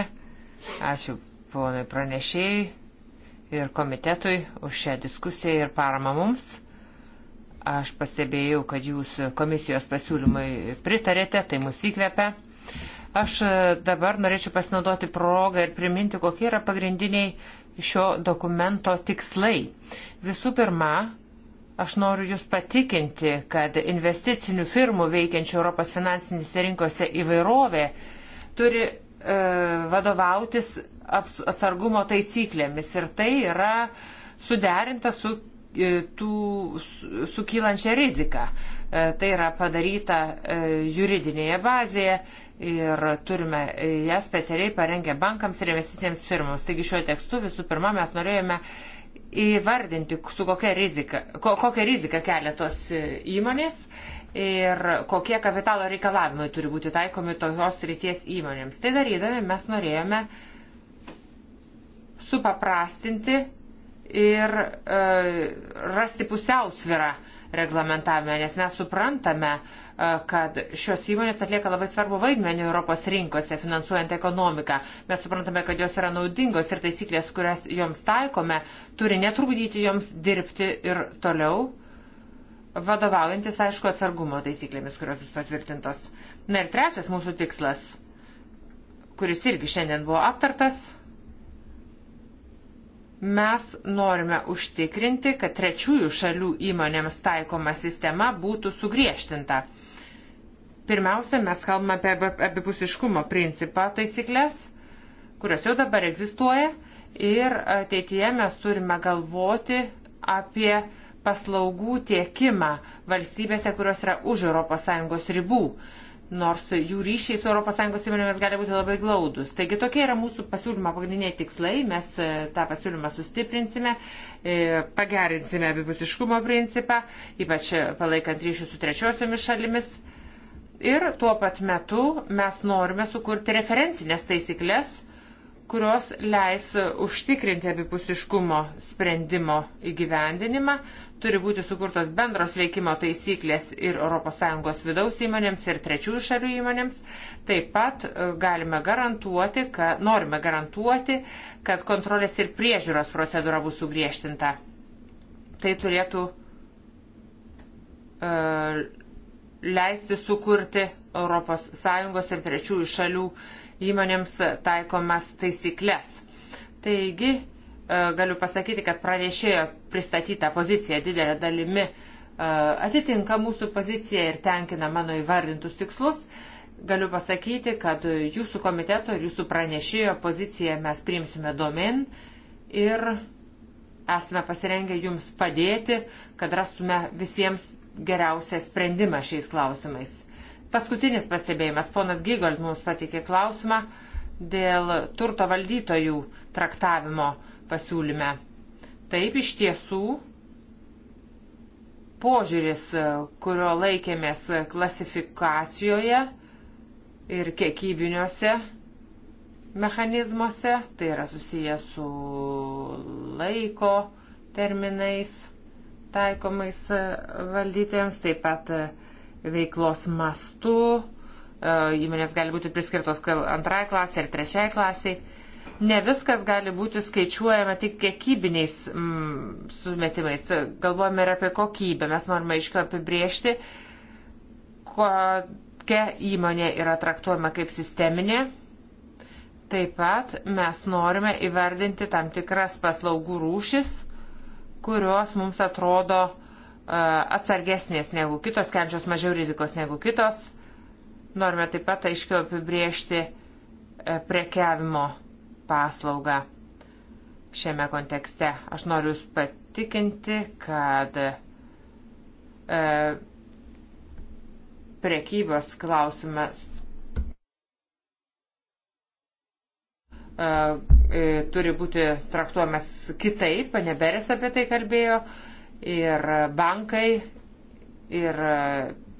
ačiū ponai pranešėjai ir komitetui už šią diskusiją ir paramą mums. Aš pastebėjau, kad jūs komisijos pasiūlymui pritarėte, tai mus įkvepia. Aš dabar norėčiau pasinaudoti progą ir priminti, kokie yra pagrindiniai šio dokumento tikslai. Visų pirma, aš noriu Jūs patikinti, kad investicinių firmų veikiančių Europos finansinėse rinkose įvairovė turi e, vadovautis atsargumo taisyklėmis ir tai yra suderinta su e, tų sukylančią riziką. E, tai yra padaryta e, juridinėje bazėje ir turime ją specialiai parengę bankams ir investicinėms firmams. Taigi šiuo tekstu visų pirma mes norėjome įvardinti, su kokia rizika, ko, kokia rizika kelia tos įmonės ir kokie kapitalo reikalavimai turi būti taikomi tokios ryties įmonėms. Tai darydami mes norėjome supaprastinti ir e, rasti pusiausvirą reglamentavime, nes mes suprantame, e, kad šios įmonės atlieka labai svarbu vaidmenį Europos rinkose, finansuojant ekonomiką. Mes suprantame, kad jos yra naudingos ir taisyklės, kurias joms taikome, turi netrukdyti joms dirbti ir toliau vadovaujantis, aišku, atsargumo taisyklėmis, kurios bus patvirtintos. Na ir trečias mūsų tikslas, kuris irgi šiandien buvo aptartas, mes norime užtikrinti, kad trečiųjų šalių įmonėms taikoma sistema būtų sugriežtinta. Pirmiausia, mes kalbame apie abipusiškumo principą taisyklės, kurios jau dabar egzistuoja ir ateityje mes turime galvoti apie paslaugų tiekimą valstybėse, kurios yra už ES ribų, nors jų ryšiai su ES įmonėmis gali būti labai glaudus. Taigi tokie yra mūsų pasiūlymo pagrindiniai tikslai, mes e, tą pasiūlymą sustiprinsime, e, pagerinsime abipusiškumo principą, ypač palaikant ryšius su trečiosiomis šalimis. Ir tuo pat metu mes norime sukurti referencinės taisyklės, kurios leis užtikrinti abipusiškumo sprendimo įgyvendinimą, Turi būti sukurtos bendros veikimo taisyklės ir ES vidaus įmonėms, ir trečiųjų šalių įmonėms. Taip pat e, galime garantuoti, kad, norime garantuoti, kad kontrolės ir priežiūros procedūra bus sugriežtinta. Tai turėtų uh, leisti sukurti ES ir trečiųjų šalių įmonėms taikomas taisyklės. Taigi, E, galiu pasakyti, kad pranešėjo pristatytą poziciją didelę dalimi e, atitinka mūsų poziciją ir tenkina mano įvardintus tikslus. Galiu pasakyti, kad jūsų komiteto ir jūsų pranešėjo poziciją mes priimsime domen ir esame pasirengę jums padėti, kad rastume visiems geriausią sprendimą šiais klausimais. Paskutinis pastebėjimas. Ponas Gygold mums patikė klausimą dėl turto valdytojų traktavimo. Uh, pasiūlyme. Taip iš tiesų požiūris, kurio laikėmės klasifikacijoje ir kiekybiniuose mechanizmuose, tai yra susijęs su laiko terminais taikomais valdytojams, taip pat veiklos mastu, e, įmonės gali būti priskirtos antrai klasiai ar trečiai klasiai. Ne viskas gali būti skaičiuojama tik kiekybiniais mm, sumetimais. Galvojame ir apie kokybę. Mes norime aiškiau apibriežti, kokia įmonė yra traktuojama kaip sisteminė. Taip pat mes norime įvardinti tam tikras paslaugų rūšis, kurios mums atrodo e, atsargesnės negu kitos, kenčios mažiau rizikos negu kitos. Norime taip pat aiškiau apibriežti e, prekiavimo paslaugą šiame kontekste. Aš noriu Jūs patikinti, kad e, prekybos klausimas e, e, turi būti traktuojamas kitaip, Paneberis apie tai kalbėjo, ir bankai, ir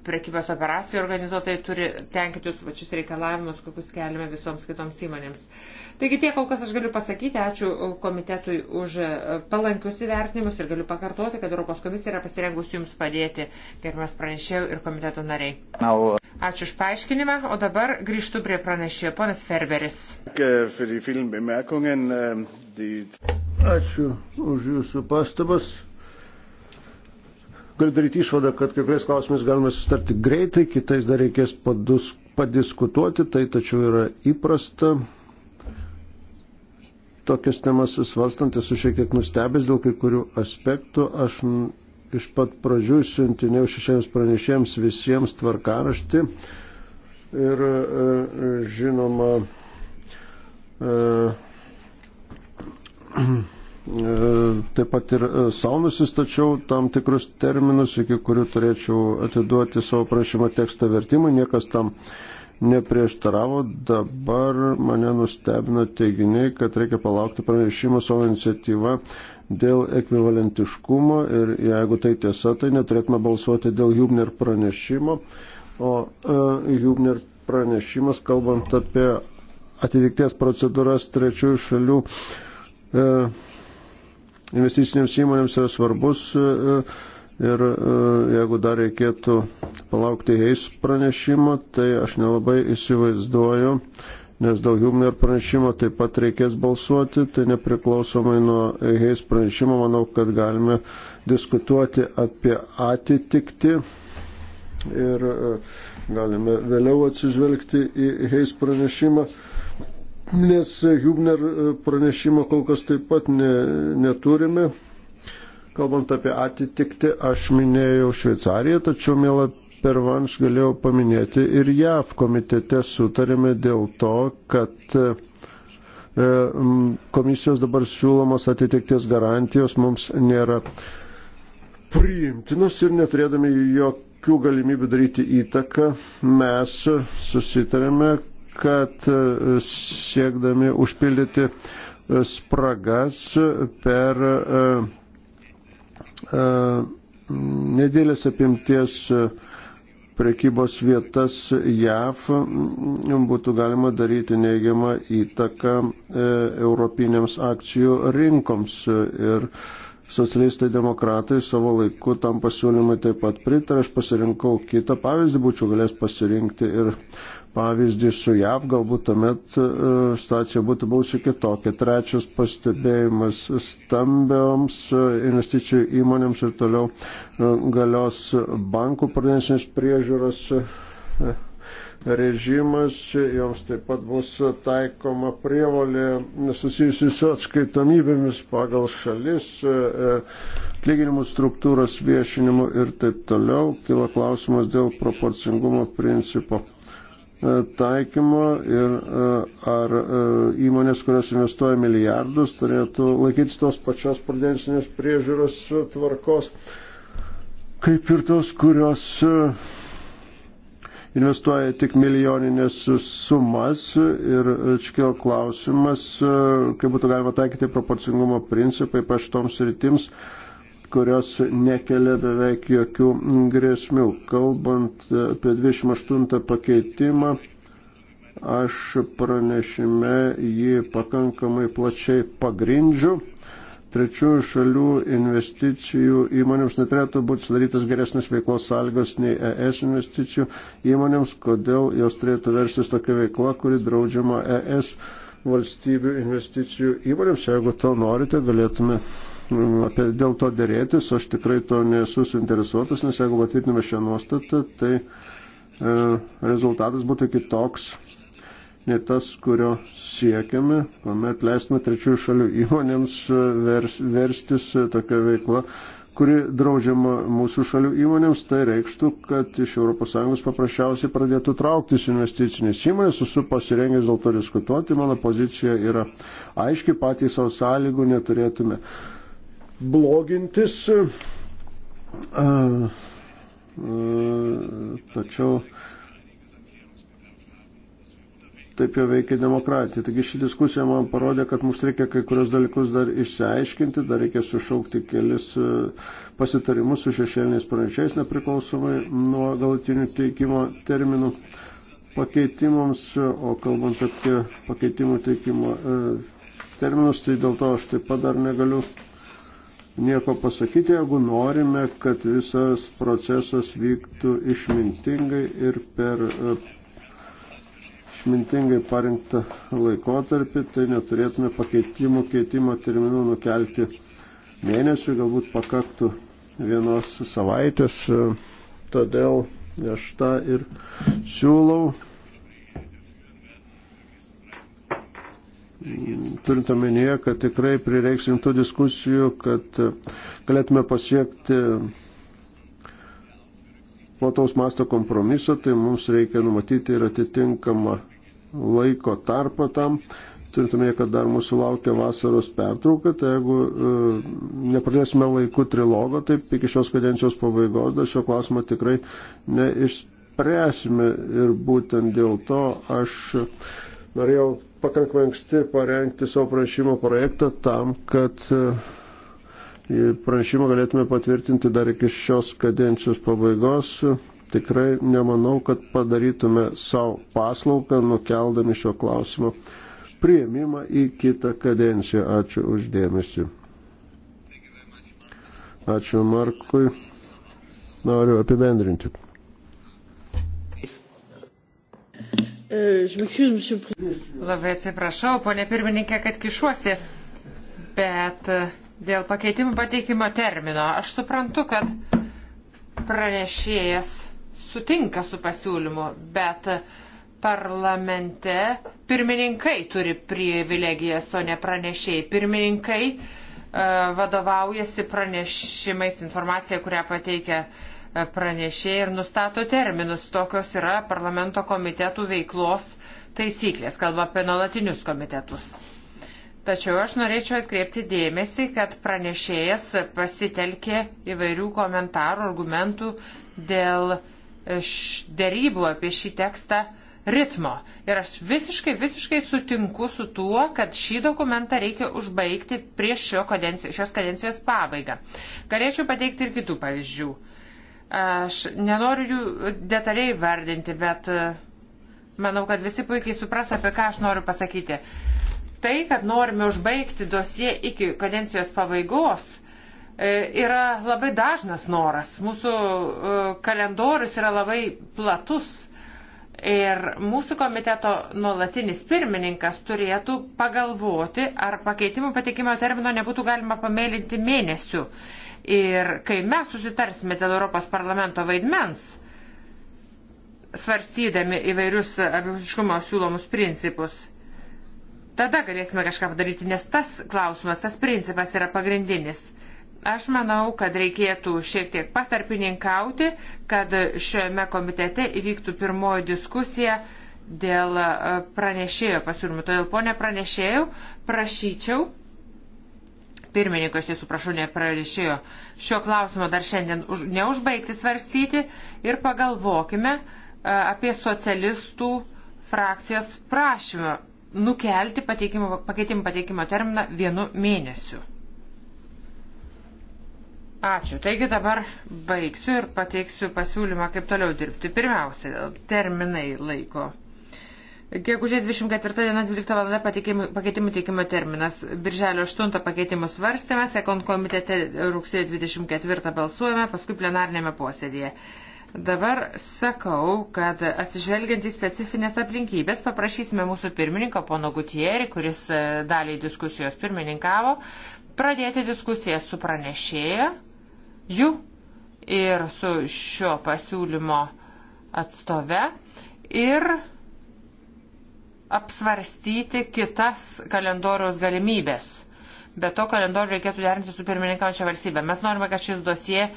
prekybos operacijų organizuotojai turi tenkinti jūs pačius reikalavimus, kokius keliame visoms kitoms įmonėms. Taigi tiek kol kas aš galiu pasakyti, ačiū komitetui už e, palankius įvertinimus ir galiu pakartoti, kad Europos komisija yra pasirengusi jums padėti, gerbiamas pranešėjų ir komiteto nariai. Ačiū už paaiškinimą, o dabar grįžtu prie pranešėjo, ponas Ferberis. Ähm, ačiū už jūsų pastabas galiu daryti išvadą, kad kai kuriais klausimais galima sustarti greitai, kitais dar reikės padus, padiskutuoti, tai tačiau yra įprasta. Tokias temas svarstant esu šiek tiek nustebęs dėl kai kurių aspektų. Aš iš pat pradžių siuntinėjau šešiems pranešėjams visiems tvarkaraštį ir e, e, žinoma. E, E, taip pat ir e, savo nusistačiau tam tikrus terminus, iki kurių turėčiau atiduoti savo prašymo tekstą vertimui, niekas tam neprieštaravo. Dabar mane nustebino teiginiai, kad reikia palaukti pranešimo savo iniciatyvą dėl ekvivalentiškumo ir jeigu tai tiesa, tai neturėtume balsuoti dėl Jubner pranešimo. O uh, e, Jubner pranešimas, kalbant apie atitikties procedūras trečiųjų šalių, uh, investicinėms įmonėms yra svarbus e, e, ir e, jeigu dar reikėtų palaukti jais pranešimo, tai aš nelabai įsivaizduoju, nes dėl Humner pranešimo taip pat reikės balsuoti, tai nepriklausomai nuo jais pranešimo, manau, kad galime diskutuoti apie atitikti ir galime vėliau atsižvelgti į jais pranešimą nes Hubner e, pranešimo kol kas taip pat ne, neturime. Kalbant apie atitikti, aš minėjau Šveicariją, tačiau mėla pervanš galėjau paminėti ir JAV komitete sutarėme dėl to, kad e, komisijos dabar siūlomos atitikties garantijos mums nėra priimtinos ir neturėdami jokių galimybių daryti įtaką, mes susitarėme, kad e, siekdami užpildyti e, spragas per e, nedėlės apimties prekybos vietas JAV būtų galima daryti neigiamą įtaką europinėms akcijų rinkoms. Ir socialistai demokratai savo laiku tam pasiūlymui taip pat pritarė. Aš pasirinkau kitą pavyzdį, būčiau galėjęs pasirinkti ir pavyzdį su JAV, galbūt tuomet e, situacija būtų buvusi kitokia. Trečias pastebėjimas stambioms e, investicijų įmonėms ir toliau e, galios bankų prudensinės priežiūros režimas, joms taip pat bus taikoma prievalė susijusi su atskaitomybėmis pagal šalis, atlyginimų struktūros viešinimu ir taip toliau. Kila klausimas dėl proporcingumo principo E, taikymo ir e, ar e, įmonės, kurios investuoja milijardus, turėtų laikytis tos pačios prudensinės priežiūros tvarkos, kaip ir tos, kurios investuoja tik milijoninės sumas ir iškėl klausimas, kaip būtų galima taikyti proporcingumo principai paštoms rytims. Pa kurios nekelia beveik jokių grėsmių. Kalbant apie 28 pakeitimą, aš pranešime jį pakankamai plačiai pagrindžiu. Trečiųjų šalių investicijų įmonėms neturėtų būti sudarytas geresnis veiklos sąlygos nei ES investicijų įmonėms, kodėl jos turėtų versis tokia veikla, kuri draudžiama ES valstybių investicijų įmonėms. Jeigu to norite, galėtume apie dėl to dėrėtis, aš tikrai to nesu suinteresuotas, nes jeigu patvirtiname šią nuostatą, tai e, rezultatas būtų kitoks, ne tas, kurio siekiame, kuomet leistume trečiųjų šalių įmonėms e, vers, verstis e, tokia veikla, kuri draudžiama mūsų šalių įmonėms, tai reikštų, kad iš ES paprasčiausiai pradėtų trauktis investicinės įmonės, esu pasirengęs dėl to diskutuoti, mano pozicija yra aiški, patys savo sąlygų neturėtume blogintis. E, e, tačiau taip jau veikia demokratija. Taigi ši diskusija man parodė, kad mums reikia kai kurios dalykus dar išsiaiškinti, dar reikia sušaukti kelis e, pasitarimus su šešėliniais pranešėjais nepriklausomai nuo galutinių teikimo terminų pakeitimams, o kalbant apie pakeitimų teikimo terminus, tai dėl to aš taip pat dar negaliu nieko pasakyti, jeigu norime, kad visas procesas vyktų išmintingai ir per e, išmintingai parinktą laikotarpį, tai neturėtume pakeitimų keitimo terminų nukelti mėnesių, galbūt pakaktų vienos savaitės. E, todėl aš tą ir siūlau. turint omenyje, kad tikrai prireiks rimtų diskusijų, kad e, galėtume pasiekti plataus masto kompromiso, tai mums reikia numatyti ir atitinkamą laiko tarpą tam. Turintumėje, kad dar mūsų laukia vasaros pertrauka, tai jeigu e, nepradėsime laiku trilogo, taip iki šios kadencijos pabaigos dar šio klausimo tikrai neišspręsime ir būtent dėl to aš norėjau pakankamai anksti parengti savo prašymo projektą tam, kad e, prašymą galėtume patvirtinti dar iki šios kadencijos pabaigos. Tikrai nemanau, kad padarytume savo paslaugą, nukeldami šio klausimo prieimimą į kitą kadenciją. Ačiū uždėmesi. Ačiū Markui. Noriu apibendrinti. Euh, Labai atsiprašau, ponė pirmininkė, kad kišuosi, bet e, dėl pakeitimų pateikimo termino aš suprantu, kad pranešėjas sutinka su pasiūlymu, bet parlamente pirmininkai turi privilegijas, o ne pranešėjai. Pirmininkai uh, vadovaujasi pranešimais informacija, kurią pateikia uh, pranešėjai ir nustato terminus. Tokios yra parlamento komitetų veiklos taisyklės, kalba apie nuolatinius komitetus. Tačiau aš norėčiau atkreipti dėmesį, kad pranešėjas pasitelkė įvairių komentarų, argumentų dėl e, dėrybų apie šį tekstą ritmo. Ir aš visiškai, visiškai sutinku su tuo, kad šį dokumentą reikia užbaigti prieš šio kadencijos, šios kadencijos pabaigą. Galėčiau pateikti ir kitų pavyzdžių. Aš nenoriu jų detaliai vardinti, bet e, manau, kad visi puikiai supras, apie ką aš noriu pasakyti. Tai, kad norime užbaigti dosie iki kadencijos pabaigos, e, yra labai dažnas noras. Mūsų e, kalendorius yra labai platus. Ir mūsų komiteto nuolatinis pirmininkas turėtų pagalvoti, ar pakeitimų patikimo termino nebūtų galima pamėlinti mėnesių. Ir kai mes susitarsime dėl Europos parlamento vaidmens, svarstydami įvairius abipusiškumo siūlomus principus, tada galėsime kažką padaryti, nes tas klausimas, tas principas yra pagrindinis. Aš manau, kad reikėtų šiek tiek patarpininkauti, kad šiame komitete įvyktų pirmoji diskusija dėl e, pranešėjo pasiūlymų. Todėl, ponė pranešėjau, prašyčiau pirmininko, aš tiesų prašau, neprarešėjo šio klausimo dar šiandien už, neužbaigti svarstyti ir pagalvokime e, apie socialistų frakcijos prašymą nukelti pateikimo, pakeitimų pateikimo terminą vienu mėnesiu. Ačiū. Taigi dabar baigsiu ir pateiksiu pasiūlymą, kaip toliau dirbti. Pirmiausia, terminai laiko. Gegužės 24 diena 12 val. pakeitimų teikimo terminas. Birželio 8 pakeitimų svarstymas, Ekon komitete rugsėjo 24 balsuojame, paskui plenarnėme posėdėje. Dabar sakau, kad atsižvelgiant į specifines aplinkybės, paprašysime mūsų pirmininko, pono Gutierį, kuris e, daliai diskusijos pirmininkavo, pradėti diskusiją su pranešėja, jų ir su šio pasiūlymo atstove ir apsvarstyti kitas kalendoriaus galimybės. Be to kalendorių reikėtų derinti su pirmininkaujančia valstybė. Mes norime, kad šis dosie e,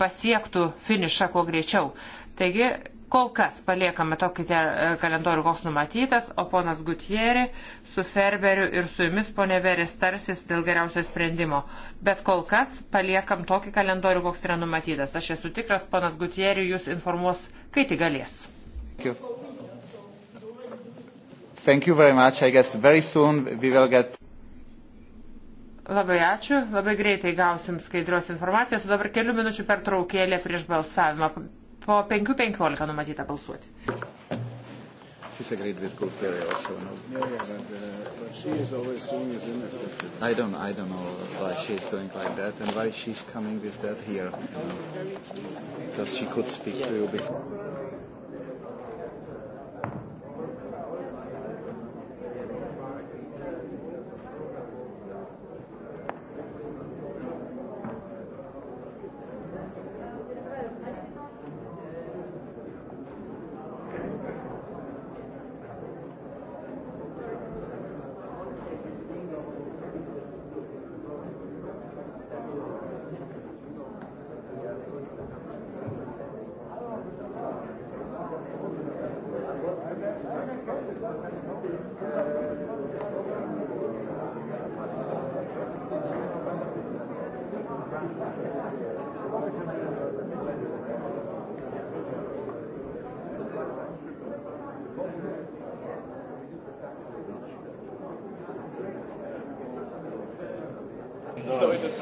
pasiektų finišą kuo greičiau. Taigi, kol kas paliekame tokį e, kalendorių, koks numatytas, o ponas Gutieri su Ferberiu ir su jumis, ponė Veris, tarsis dėl geriausio sprendimo. Bet kol kas paliekam tokį kalendorių, koks yra numatytas. Aš esu tikras, ponas Gutieri jūs informuos, kai tik galės. Thank you. Thank you very much. I guess very soon we will get. Labai ačiū, labai greitai gausim skaidrios informacijos. Dabar kelių minučių pertraukėlė prieš balsavimą. Po 5.15 numatyta balsuoti. She's agreed with Gulferi also, no? Yeah, yeah, but, uh, but she is always doing is innocent. I don't, I don't know why she's doing like that and why she's coming with that here. You know? Because she could speak to you before.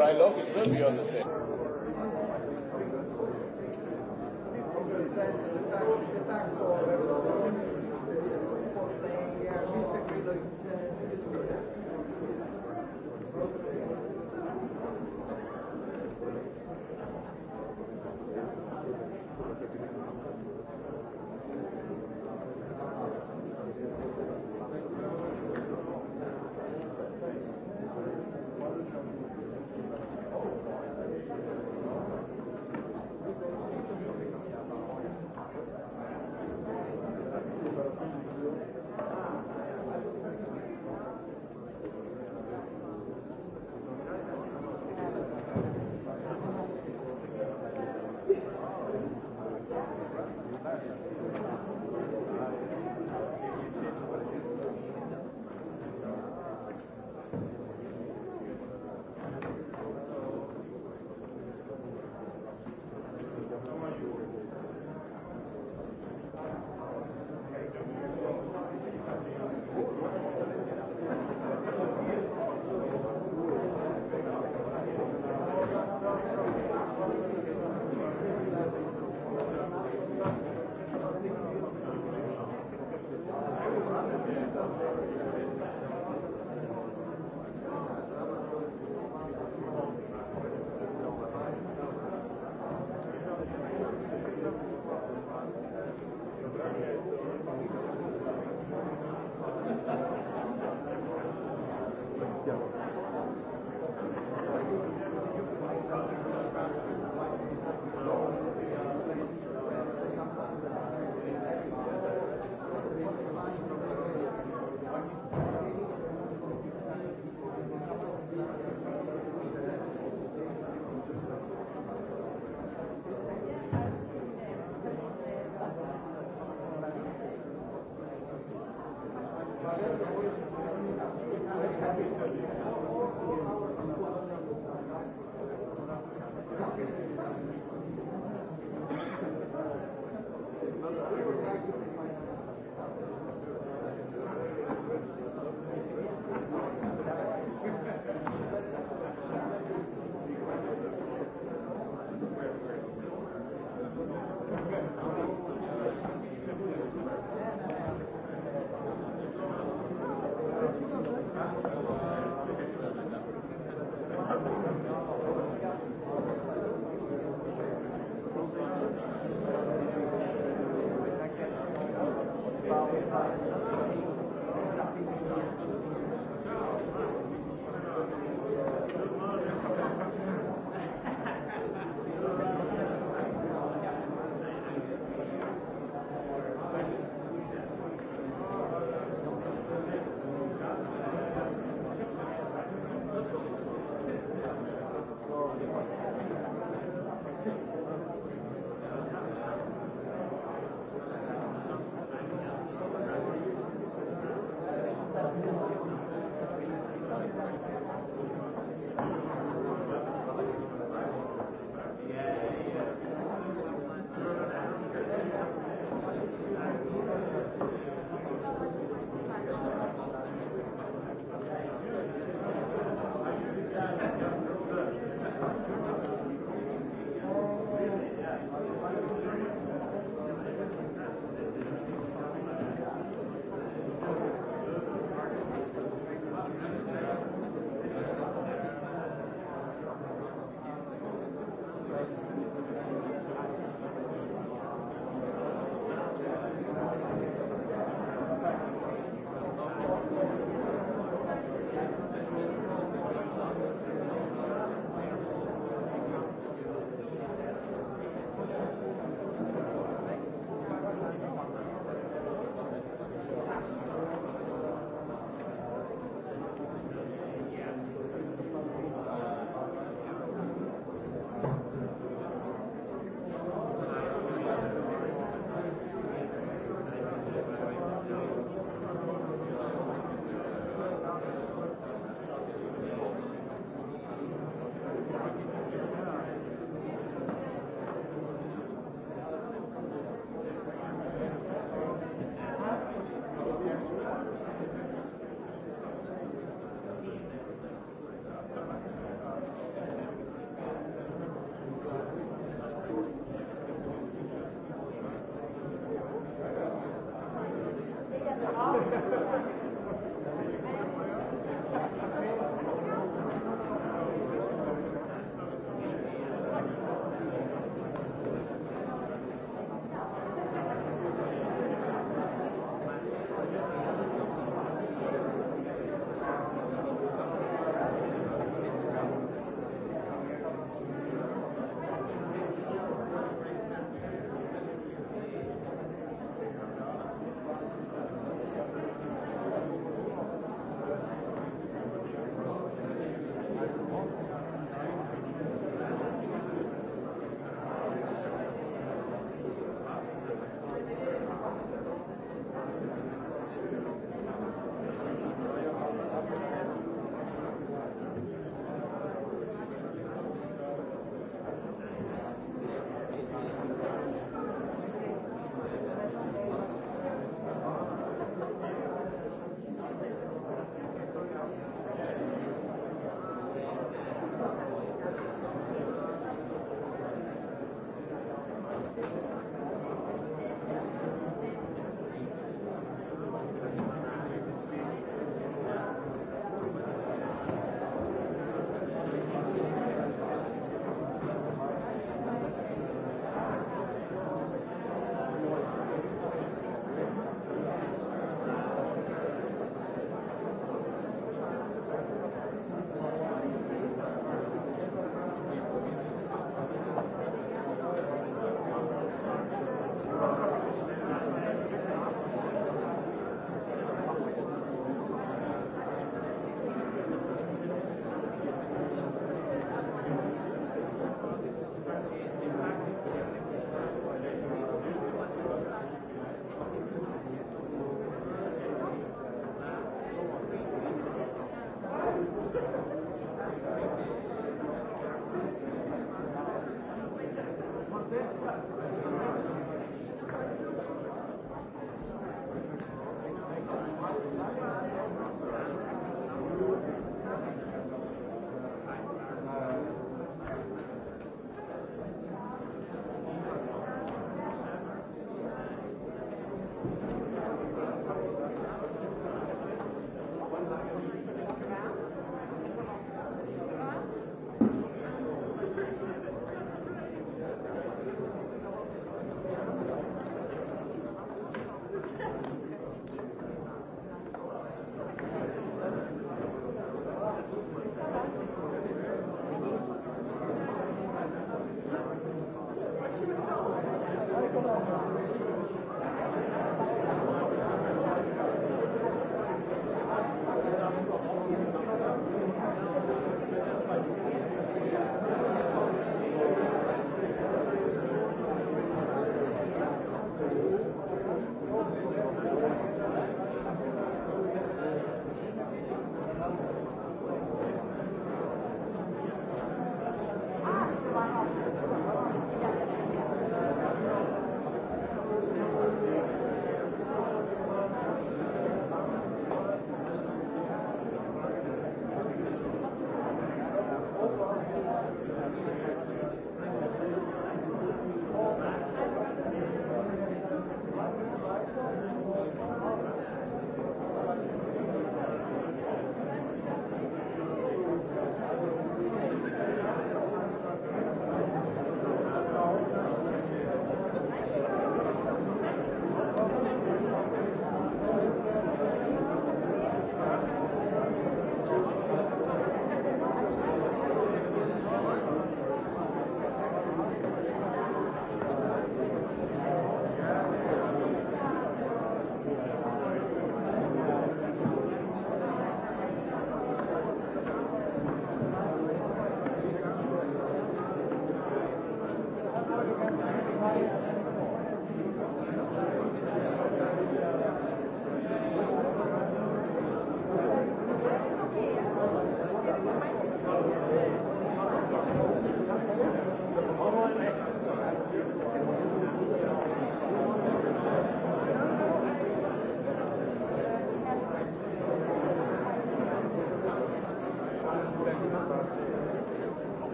trilogue, it will be on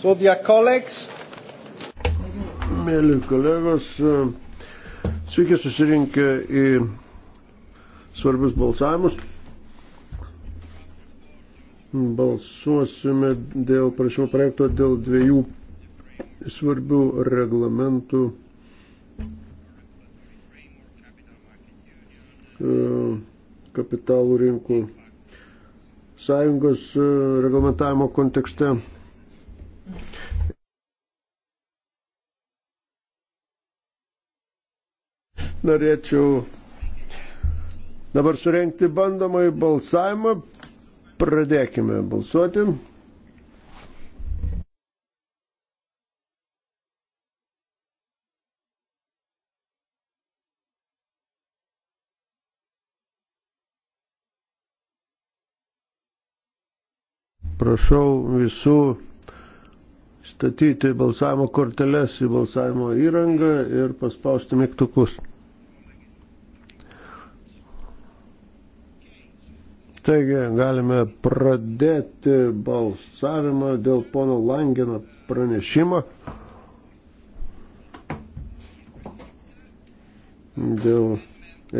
So, Mėly kolegos, e, sveiki susirinkę į svarbius balsavimus. Balsuosime dėl prašymo projekto dėl dviejų svarbių reglamentų e, kapitalų rinkų sąjungos e, reglamentavimo kontekste Norėčiau dabar surenkti bandomąjį balsavimą. Pradėkime balsuoti. prašau visų statyti balsavimo korteles į balsavimo įrangą ir paspausti mygtukus. Taigi galime pradėti balsavimą dėl pono Langino pranešimo. Dėl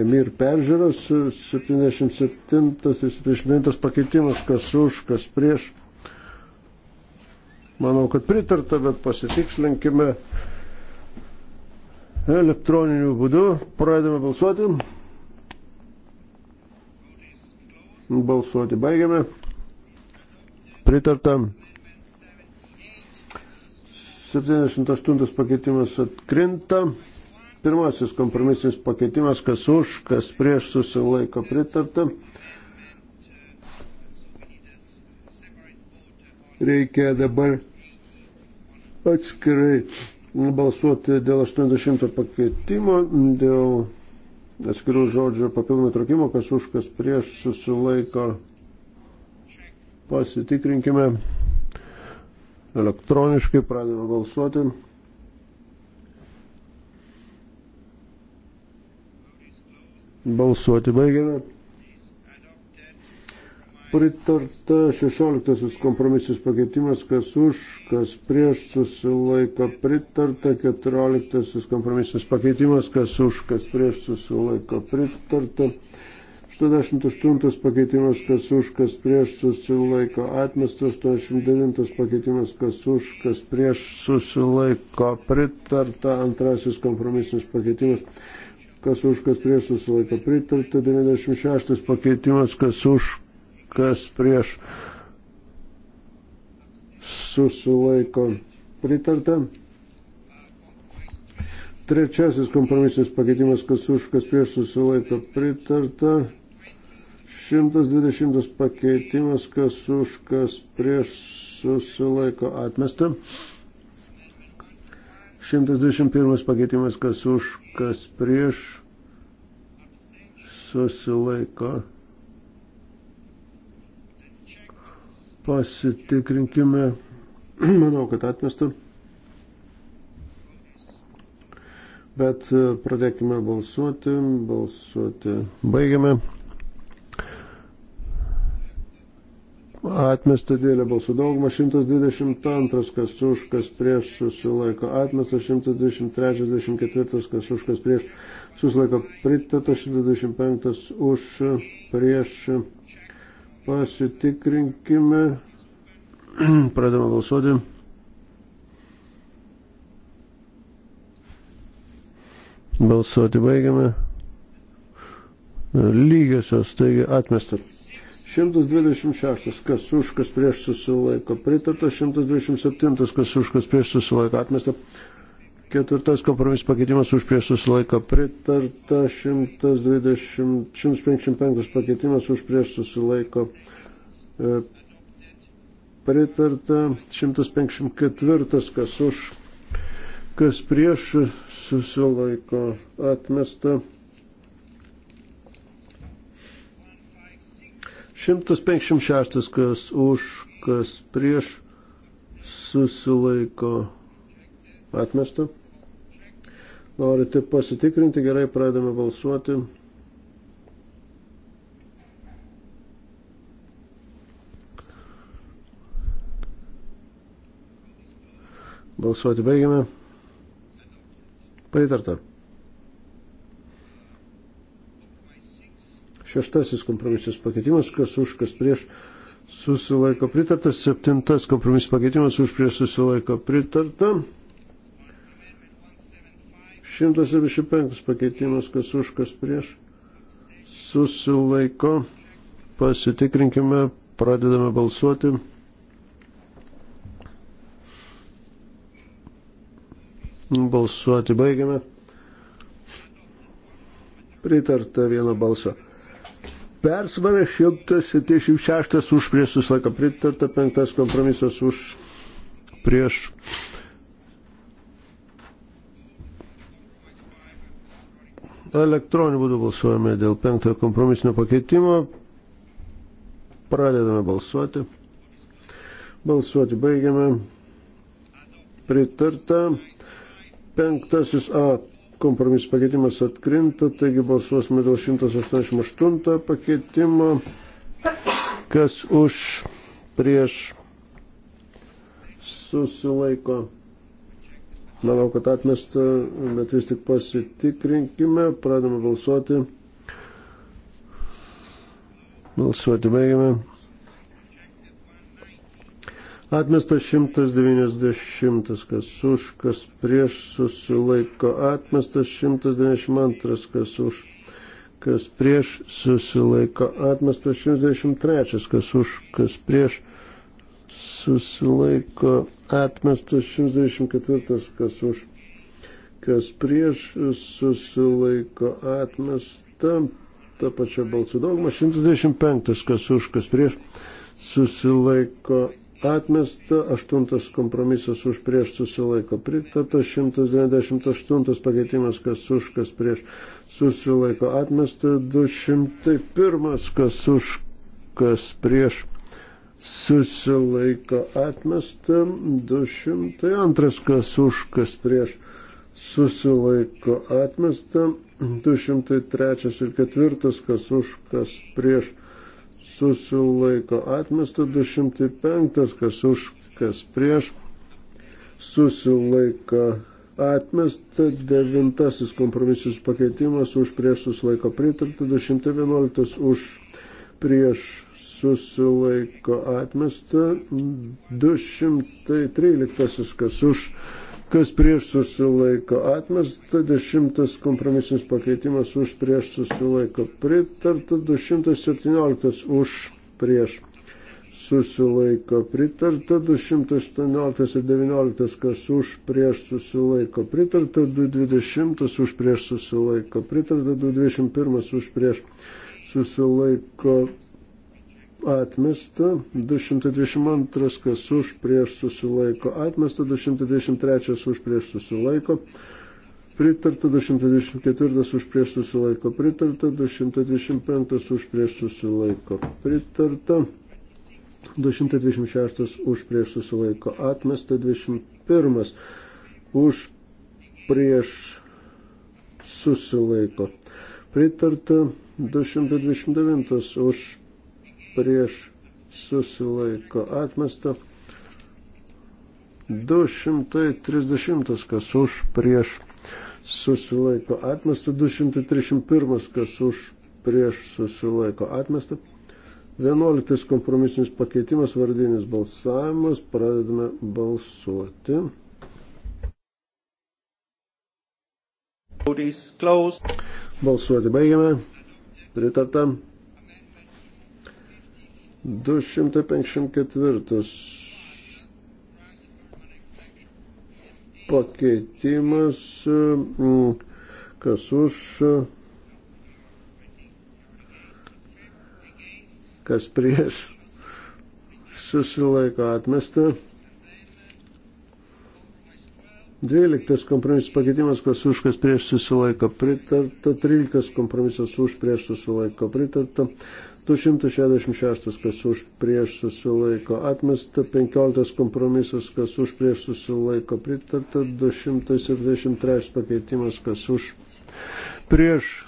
Emir peržiūros 77 ir 79 pakeitimas, kas už, kas prieš Manau, kad pritarta, bet pasitikslinkime elektroniniu būdu. Pradedame balsuoti. Balsuoti baigiame. Pritarta. 78 pakeitimas atkrinta. Pirmasis kompromisinis pakeitimas, kas už, kas prieš susilaiko pritarta. Reikia dabar atskirai balsuoti dėl 80 pakeitimo, dėl atskirų žodžių papildomų traukimo, kas už, kas prieš susilaiko. Pasitikrinkime elektroniškai, pradėjome balsuoti. Balsuoti baigėme pritarta 16 kompromisus pakeitimas, kas už, kas prieš susilaiko pritarta, 14 kompromisus pakeitimas, kas už, kas prieš susilaiko pritarta, 88 pakeitimas, kas už, kas prieš susilaiko atmestas, 89 pakeitimas, kas už, kas prieš susilaiko pritarta, antrasis kompromisus pakeitimas kas už, kas prieš susilaiko pritarta, 96 pakeitimas, kas už, kas prieš susilaiko pritarta. Trečiasis kompromisas pakeitimas, kas už, kas prieš susilaiko pritarta. 120 pakeitimas, kas už, kas prieš susilaiko atmesta. 121 pakeitimas, kas už, kas prieš susilaiko atmesta Pasitikrinkime. Manau, kad atmesta. Bet e, pradėkime balsuoti. Balsuoti. Baigiame. Atmesta dėlė balsų daugumą 122, kas už, kas prieš susilaiko. Atmesta 123, 24, kas už, kas prieš susilaiko. Pritata 125 už, prieš Pasitikrinkime. Pradame balsuoti. Balsuoti baigiame. Lygiosios, taigi atmestas. 126, kas už, kas prieš susilaiko. Pritarta 127, kas už, kas prieš susilaiko. Atmesta Ketvirtas kompromis pakeitimas už prieš susilaiko pritarta. 120, 155 pakeitimas už prieš susilaiko e, pritarta. 154 kas už, kas prieš susilaiko atmesta. 156 kas už, kas prieš susilaiko atmesta. Norite pasitikrinti, gerai pradame balsuoti. Balsuoti baigiame. Pritarta. Šeštasis kompromisas pakeitimas, kas už, kas prieš susilaiko pritarta. Septintas kompromisas pakeitimas už prieš susilaiko pritarta. 175 pakeitimas, kas už, kas prieš. Susilaiko. Pasitikrinkime, pradedame balsuoti. Balsuoti baigiame. Pritarta vieno balso. Persvara 176 už prieš susilaiko pritarta, penktas kompromisas už prieš Elektroniniu būdu balsuojame dėl penktojo kompromisinio pakeitimo. Pradedame balsuoti. Balsuoti baigiame. Pritarta. Penktasis A kompromis pakeitimas atkrinta, taigi balsuosime dėl 188 pakeitimo. Kas už prieš susilaiko Manau, kad atmesta, bet vis tik pasitikrinkime, pradame balsuoti. Balsuoti baigiame. Atmestas 190, kas už, kas prieš susilaiko. Atmestas 192, kas už, kas prieš susilaiko. Atmestas 193, kas už, kas prieš susilaiko atmestas 64, kas už, kas prieš susilaiko atmestą, ta pačia balsų dauguma, 125, kas už, kas prieš susilaiko atmestą, 8 kompromisas už prieš susilaiko pritartas, 198 pakeitimas, kas už, kas prieš susilaiko atmestą, 201, kas už, kas prieš susilaiko atmesta, 202 kas už, kas prieš susilaiko atmesta, 203 ir 4 kas už, kas prieš susilaiko atmesta, 205 kas už, kas prieš susilaiko atmesta, 9 kompromisis pakeitimas už prieš susilaiko pritarta, 211 už prieš susilaiko atmesta, 213 kas už, kas prieš susilaiko atmesta, 10 kompromisinis pakeitimas už prieš susilaiko pritarta, 217 už prieš susilaiko pritarta, 218 ir 19, kas už prieš susilaiko pritarta, 220 už prieš susilaiko pritarta, 221 už prieš susilaiko atmesta, 222 kas už prieš susilaiko atmesta, 223 už prieš susilaiko pritarta, 224 už prieš susilaiko pritarta, 225 už prieš susilaiko pritarta, 226 už prieš susilaiko atmesta, 21 už prieš susilaiko pritarta, 229 už prieš susilaiko atmesta. 230 kas už prieš susilaiko atmesta. 231 kas už prieš susilaiko atmesta. 11 kompromisinis pakeitimas, vardinis balsavimas, pradedame balsuoti. Balsuoti baigiame. Pritartam. 254 pakeitimas, mm, kas už, kas prieš, susilaiko atmesta. 12 kompromisas pakeitimas, kas už, kas prieš susilaiko pritarta. 13 kompromisas už, prieš susilaiko pritarta. 266, kas už prieš susilaiko atmesta, 15 kompromisas, kas už prieš susilaiko pritarta, 273 pakeitimas, kas už prieš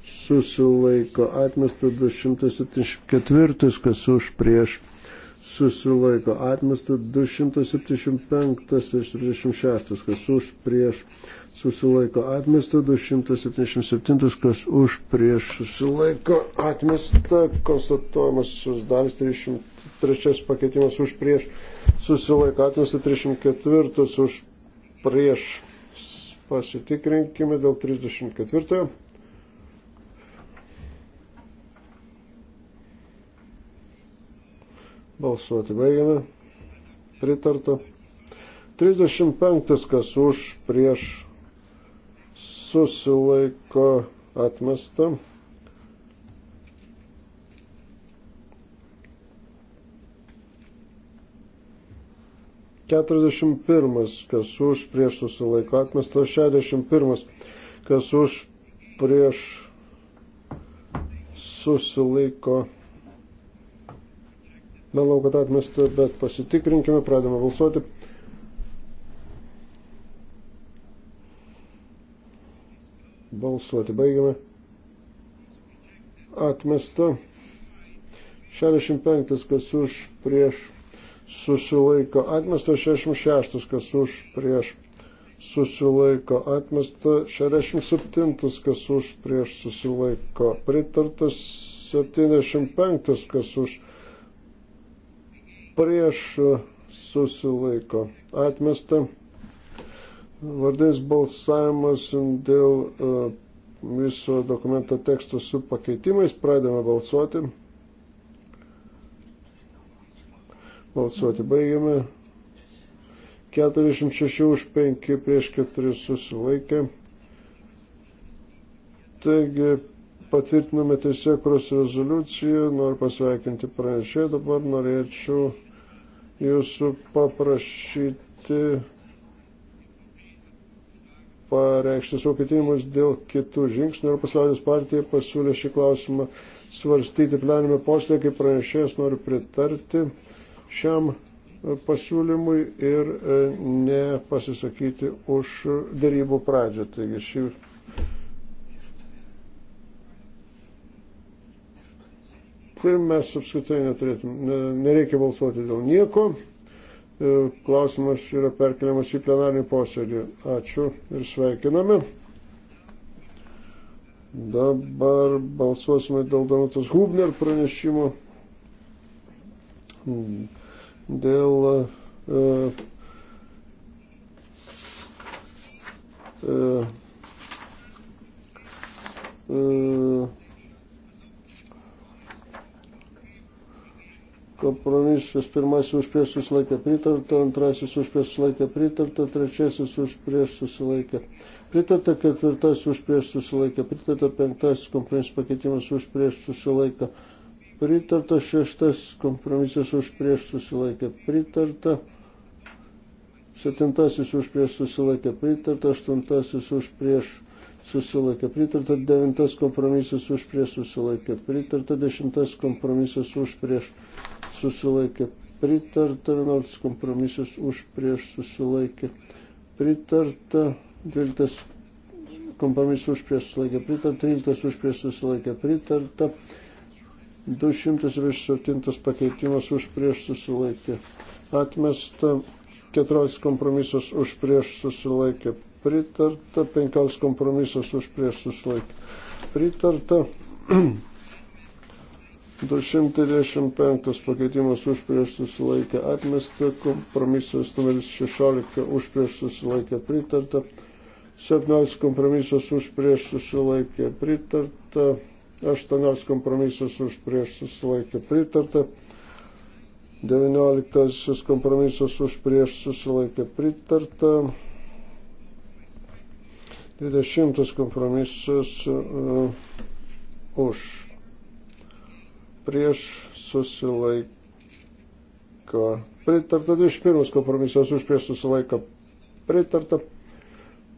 susilaiko atmesta, 274, kas už prieš susilaiko atmesta, 275 ir 76, kas už prieš susilaiko susilaiko atmesta, 277, kas už prieš susilaiko atmesta, konstatuojamas šios dalis 303 pakeitimas už prieš susilaiko atmesta, 304 už prieš pasitikrinkime dėl 34. Balsuoti baigiame. Pritarta. 35. kas už prieš susilaiko atmesta. Keturiasdešimt pirmas, kas už prieš susilaiko atmestas, šešiasdešimt pirmas, kas už prieš susilaiko. Manau, kad atmesta, bet pasitikrinkime, pradėme balsuoti. Balsuoti baigiame. Atmesta. 65, kas už, prieš, susilaiko. Atmesta 66, kas už, prieš, susilaiko. Atmesta 67, kas už, prieš, susilaiko. Pritartas 75, kas už, prieš, susilaiko. Atmesta 75 vardais balsavimas dėl e, viso dokumento teksto su pakeitimais. Pradėme balsuoti. Balsuoti baigiame. 46 už 5 prieš 4 susilaikė. Taigi patvirtiname teisėkros rezoliuciją, noriu pasveikinti pranešėją, dabar norėčiau jūsų paprašyti pareikšti savo ketinimus dėl kitų žingsnių. Europos liaudės partija pasiūlė šį klausimą svarstyti plenime posėdį, kaip pranešėjas noriu pritarti šiam e, pasiūlymui ir e, nepasisakyti už darybų pradžią. Taigi šį tai mes apskritai neturėtume, nereikia balsuoti dėl nieko. E, klausimas yra perkeliamas į plenarinį posėdį. Ačiū ir sveikiname. Dabar balsuosime dėl Danutas Hubner pranešimo dėl e, e, e, Kompromisas pirmasis už prieš susilaikę pritarta, antrasis už prieš susilaikę pritarta, trečiasis už prieš susilaikę pritarta, ketvirtasis už prieš susilaikę pritarta, penktasis kompromisas pakeitimas už prieš susilaikę pritarta, šeštasis kompromisas už prieš susilaikę pritarta. Septintasis už prieš susilaikė pritarta, aštuntasis už prieš susilaikė pritarta, devintas kompromisas už prieš susilaikė pritarta, dešimtas kompromisas už prieš susilaikė pritarta, 11 kompromisas už prieš susilaikė pritarta, 12 kompromisas už prieš susilaikė pritarta, 13 už prieš susilaikė pritarta, 227 pakeitimas už prieš susilaikė atmesta, 14 kompromisas už prieš susilaikė pritarta, 15 kompromisas už prieš susilaikė pritarta. 225 pakeitimas už prieš susilaikę atmestą, kompromisas numeris 16 už prieš susilaikę pritartą, 17 kompromisas už prieš susilaikę pritartą, 18 kompromisas už prieš susilaikę pritartą, 19 kompromisas už prieš susilaikę pritartą, 20 kompromisas uh, už prieš susilaiko pritarta, 21 kompromisas už prieš susilaiko pritarta,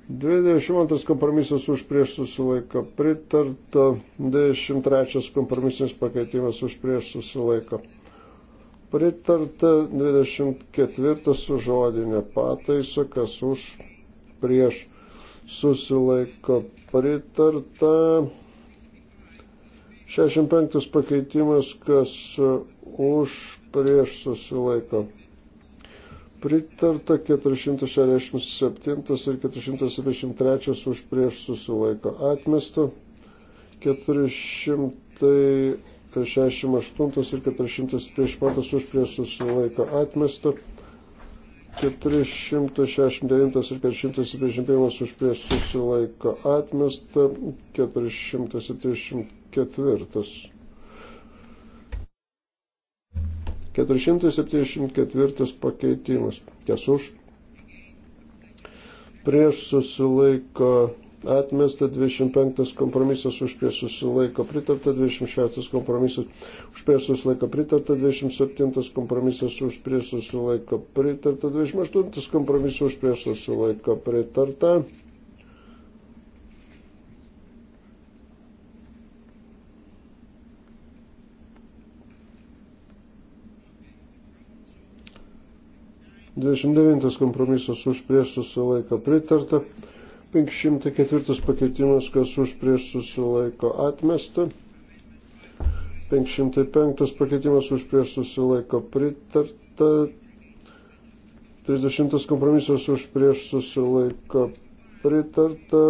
22 kompromisas už prieš susilaiko pritarta, 23 kompromisinis pakeitimas už prieš susilaiko pritarta, 24 su žodinė pataisa, kas už prieš susilaiko pritarta. 65 pakeitimas, kas už prieš susilaiko. Pritarta 467 ir 473 už prieš susilaiko atmesta. 468 ir 435 už prieš susilaiko atmesta. 469 ir 471 už prieš susilaiko atmesta. 470 474. 474 pakeitimas. Kas už? Prieš susilaiko atmesta 25 kompromisas, už prieš susilaiko pritarta 26 kompromisas, už prieš susilaiko pritarta 27 kompromisas, už prieš susilaiko pritarta 28 kompromisas, už prieš susilaiko pritarta. 29 kompromisas už prieš susilaiko pritarta. 504 pakeitimas, kas už prieš susilaiko atmesta. 505 pakeitimas už prieš susilaiko pritarta. 30 kompromisas už prieš susilaiko pritarta.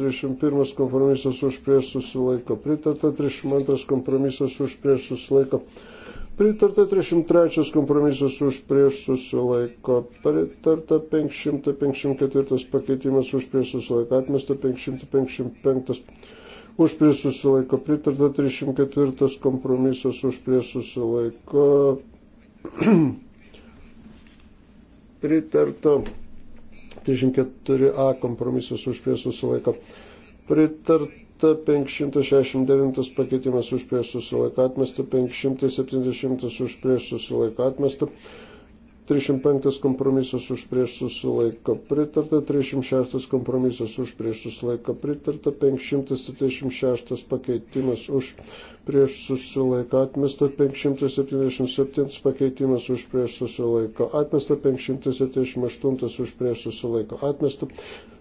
31 kompromisas už prieš susilaiko pritarta. 32 kompromisas už prieš susilaiko pritarta. Pritarta 303 kompromisas už prieš susilaiko. Pritarta 554 pakeitimas už prieš susilaiko. Atmesta 555 už prieš susilaiko. Pritarta 304 kompromisas už prieš susilaiko. Pritarta 304a kompromisas už prieš susilaiko. Pritarta atmesta, 569 pakeitimas už prieš susilaiką atmesta, 570 už prieš susilaiką atmesta, 305 kompromisas už prieš susilaiką pritarta, 306 kompromisas už prieš susilaiką pritarta, 576 pakeitimas už prieš susilaiką atmesta, 577 pakeitimas už prieš susilaiką atmesta, 578 už prieš susilaiką atmesta.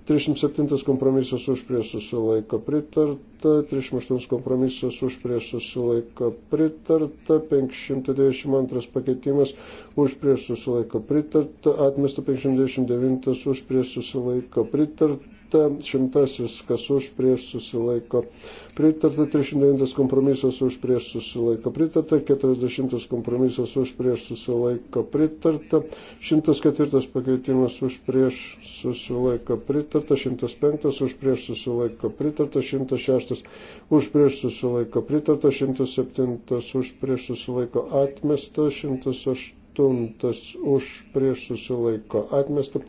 37 kompromisas už prieš susilaiko pritarta, 38 kompromisas už prieš susilaiko pritarta, 592 pakeitimas už prieš susilaiko pritarta, atmesta 599 už prieš susilaiko pritarta pritarta, šimtasis kas už prieš susilaiko pritarta, 39 kompromisas už prieš susilaiko pritarta, 40 kompromisas už prieš susilaiko pritarta, 104 pakeitimas už prieš susilaiko pritarta, 105 už prieš susilaiko pritarta, 106 už prieš susilaiko pritarta, 107 už prieš susilaiko atmesta, 108 už prieš susilaiko atmesta.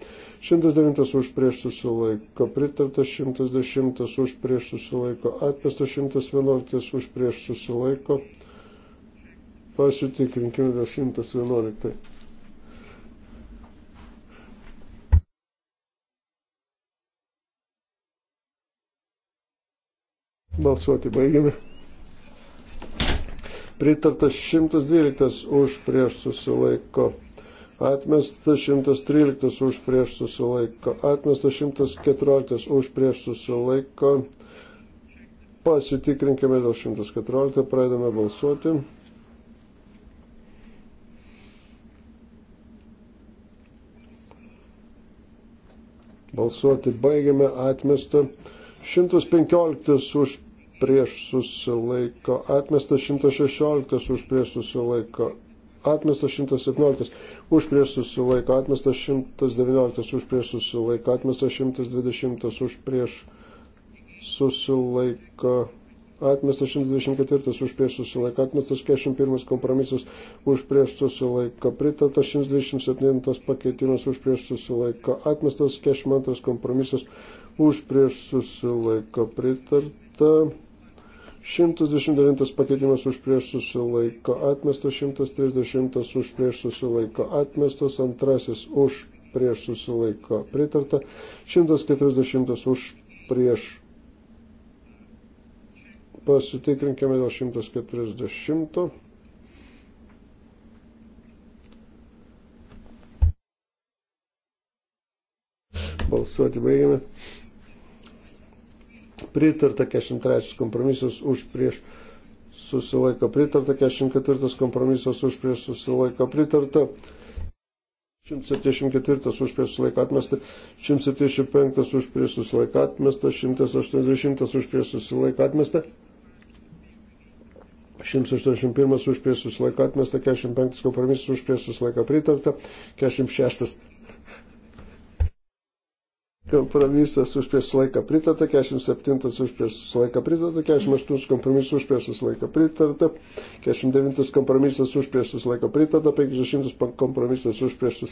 109 už prieš susilaiko pritarta, 110 už prieš susilaiko atmesta, 111 už prieš susilaiko. Pasitikrinkime dėl 111. Balsuoti baigime. Pritartas 112 už prieš susilaiko pritarta. Atmestas 113 už prieš susilaiko. Atmestas 114 už prieš susilaiko. Pasitikrinkime dėl 114, pradedame balsuoti. Balsuoti baigiame atmestą. 115 už prieš susilaiko. Atmestas 116 už prieš susilaiko atmestas 117, už prieš susilaiko atmestas 119, už prieš susilaiko atmestas 120, už prieš susilaiko atmestas 124, už prieš susilaiko atmestas 41 kompromisas, už prieš susilaiko pritartas 127 pakeitimas, už prieš susilaiko atmestas 42 kompromisas, už prieš susilaiko pritarta. 129 pakeitimas už prieš susilaiko atmestas, 130 už prieš susilaiko atmestas, antrasis už prieš susilaiko pritarta, 140 už prieš. Pasitikrinkime dėl 140. Balsuoti baigiame pritarta 43 kompromisas už prieš susilaiko pritarta, 44 kompromisas už prieš susilaiko pritarta, 174 už prieš susilaiko atmesta, 175 už prieš susilaiko atmesta, 180 už prieš susilaiko atmesta. 181 už prieš susilaiko atmesta, 45 kompromisas už prieš susilaiko pritarta, 46 kompromisas už prieš laiką pritarta, 47 už prieš laiką pritarta, 48 kompromisas už prieš laiką pritarta, 49 kompromisas už prieš laiką pritarta, 50 kompromisas už prieš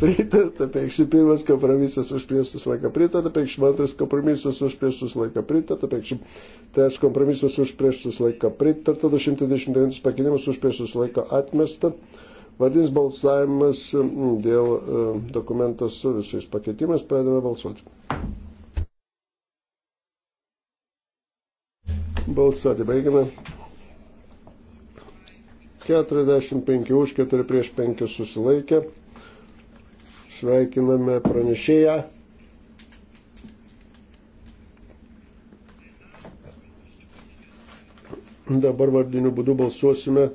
pritarta, 51 kompromisas už prieš laiką pritarta, 52 kompromisas už prieš laiką pritarta, 53 kompromisas už prieš laiką pritarta, 229 pakeitimas už prieš laiką atmesta. Vardinis balsavimas e, dėl e, dokumento su visais pakeitimais. Pradedame balsuoti. Balsuoti baigiame. 45 už, 4 prieš 5 susilaikė. Sveikiname pranešėją. Dabar vardiniu būdu balsuosime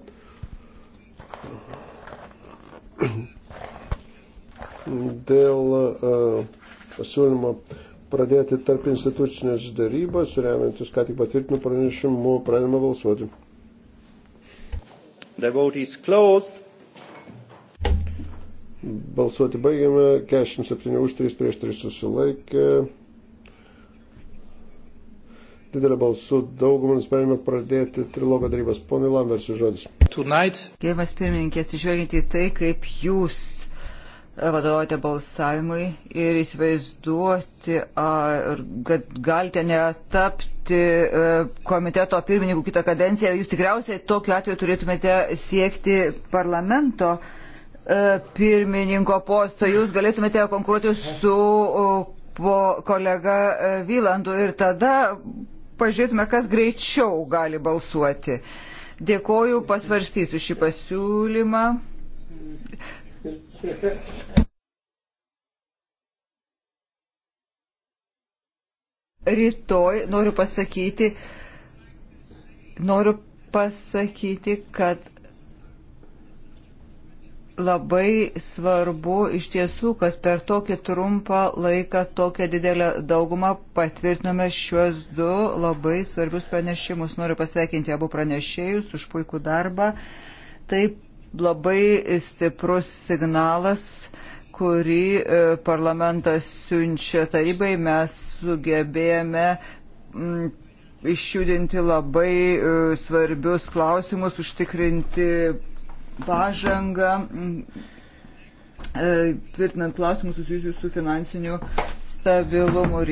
dėl e, pasiūlymo pradėti tarp institucinės darybas, remiantis ką tik patvirtinu pranešimu, pradėjome balsuoti. The vote is closed. Balsuoti baigiame, 47 už 3 prieš 3 susilaikė didelę balsų daugumą nusprendėme pradėti trilogo darybas. Ponai Lambersiu žodis. Gerbiamas pirmininkė, atsižvelgiant į tai, kaip jūs e, vadovote balsavimui ir įsivaizduoti, kad galite netapti e, komiteto pirmininkų kitą kadenciją, jūs tikriausiai tokiu atveju turėtumėte siekti parlamento e, pirmininko posto, jūs galėtumėte konkuruoti su po kolega Vylandu ir tada pažiūrėtume, kas greičiau gali balsuoti. Dėkoju, pasvarstysiu šį pasiūlymą. Rytoj noriu pasakyti, noriu pasakyti, kad labai svarbu iš tiesų, kad per tokį trumpą laiką tokią didelę daugumą patvirtinome šiuos du labai svarbius pranešimus. Noriu pasveikinti abu pranešėjus už puikų darbą. Tai labai stiprus signalas kurį e, parlamentas siunčia tarybai, mes sugebėjome išjudinti labai e, svarbius klausimus, užtikrinti pažangą, mm, e, tvirtinant klausimus susijusius su finansiniu stabilumu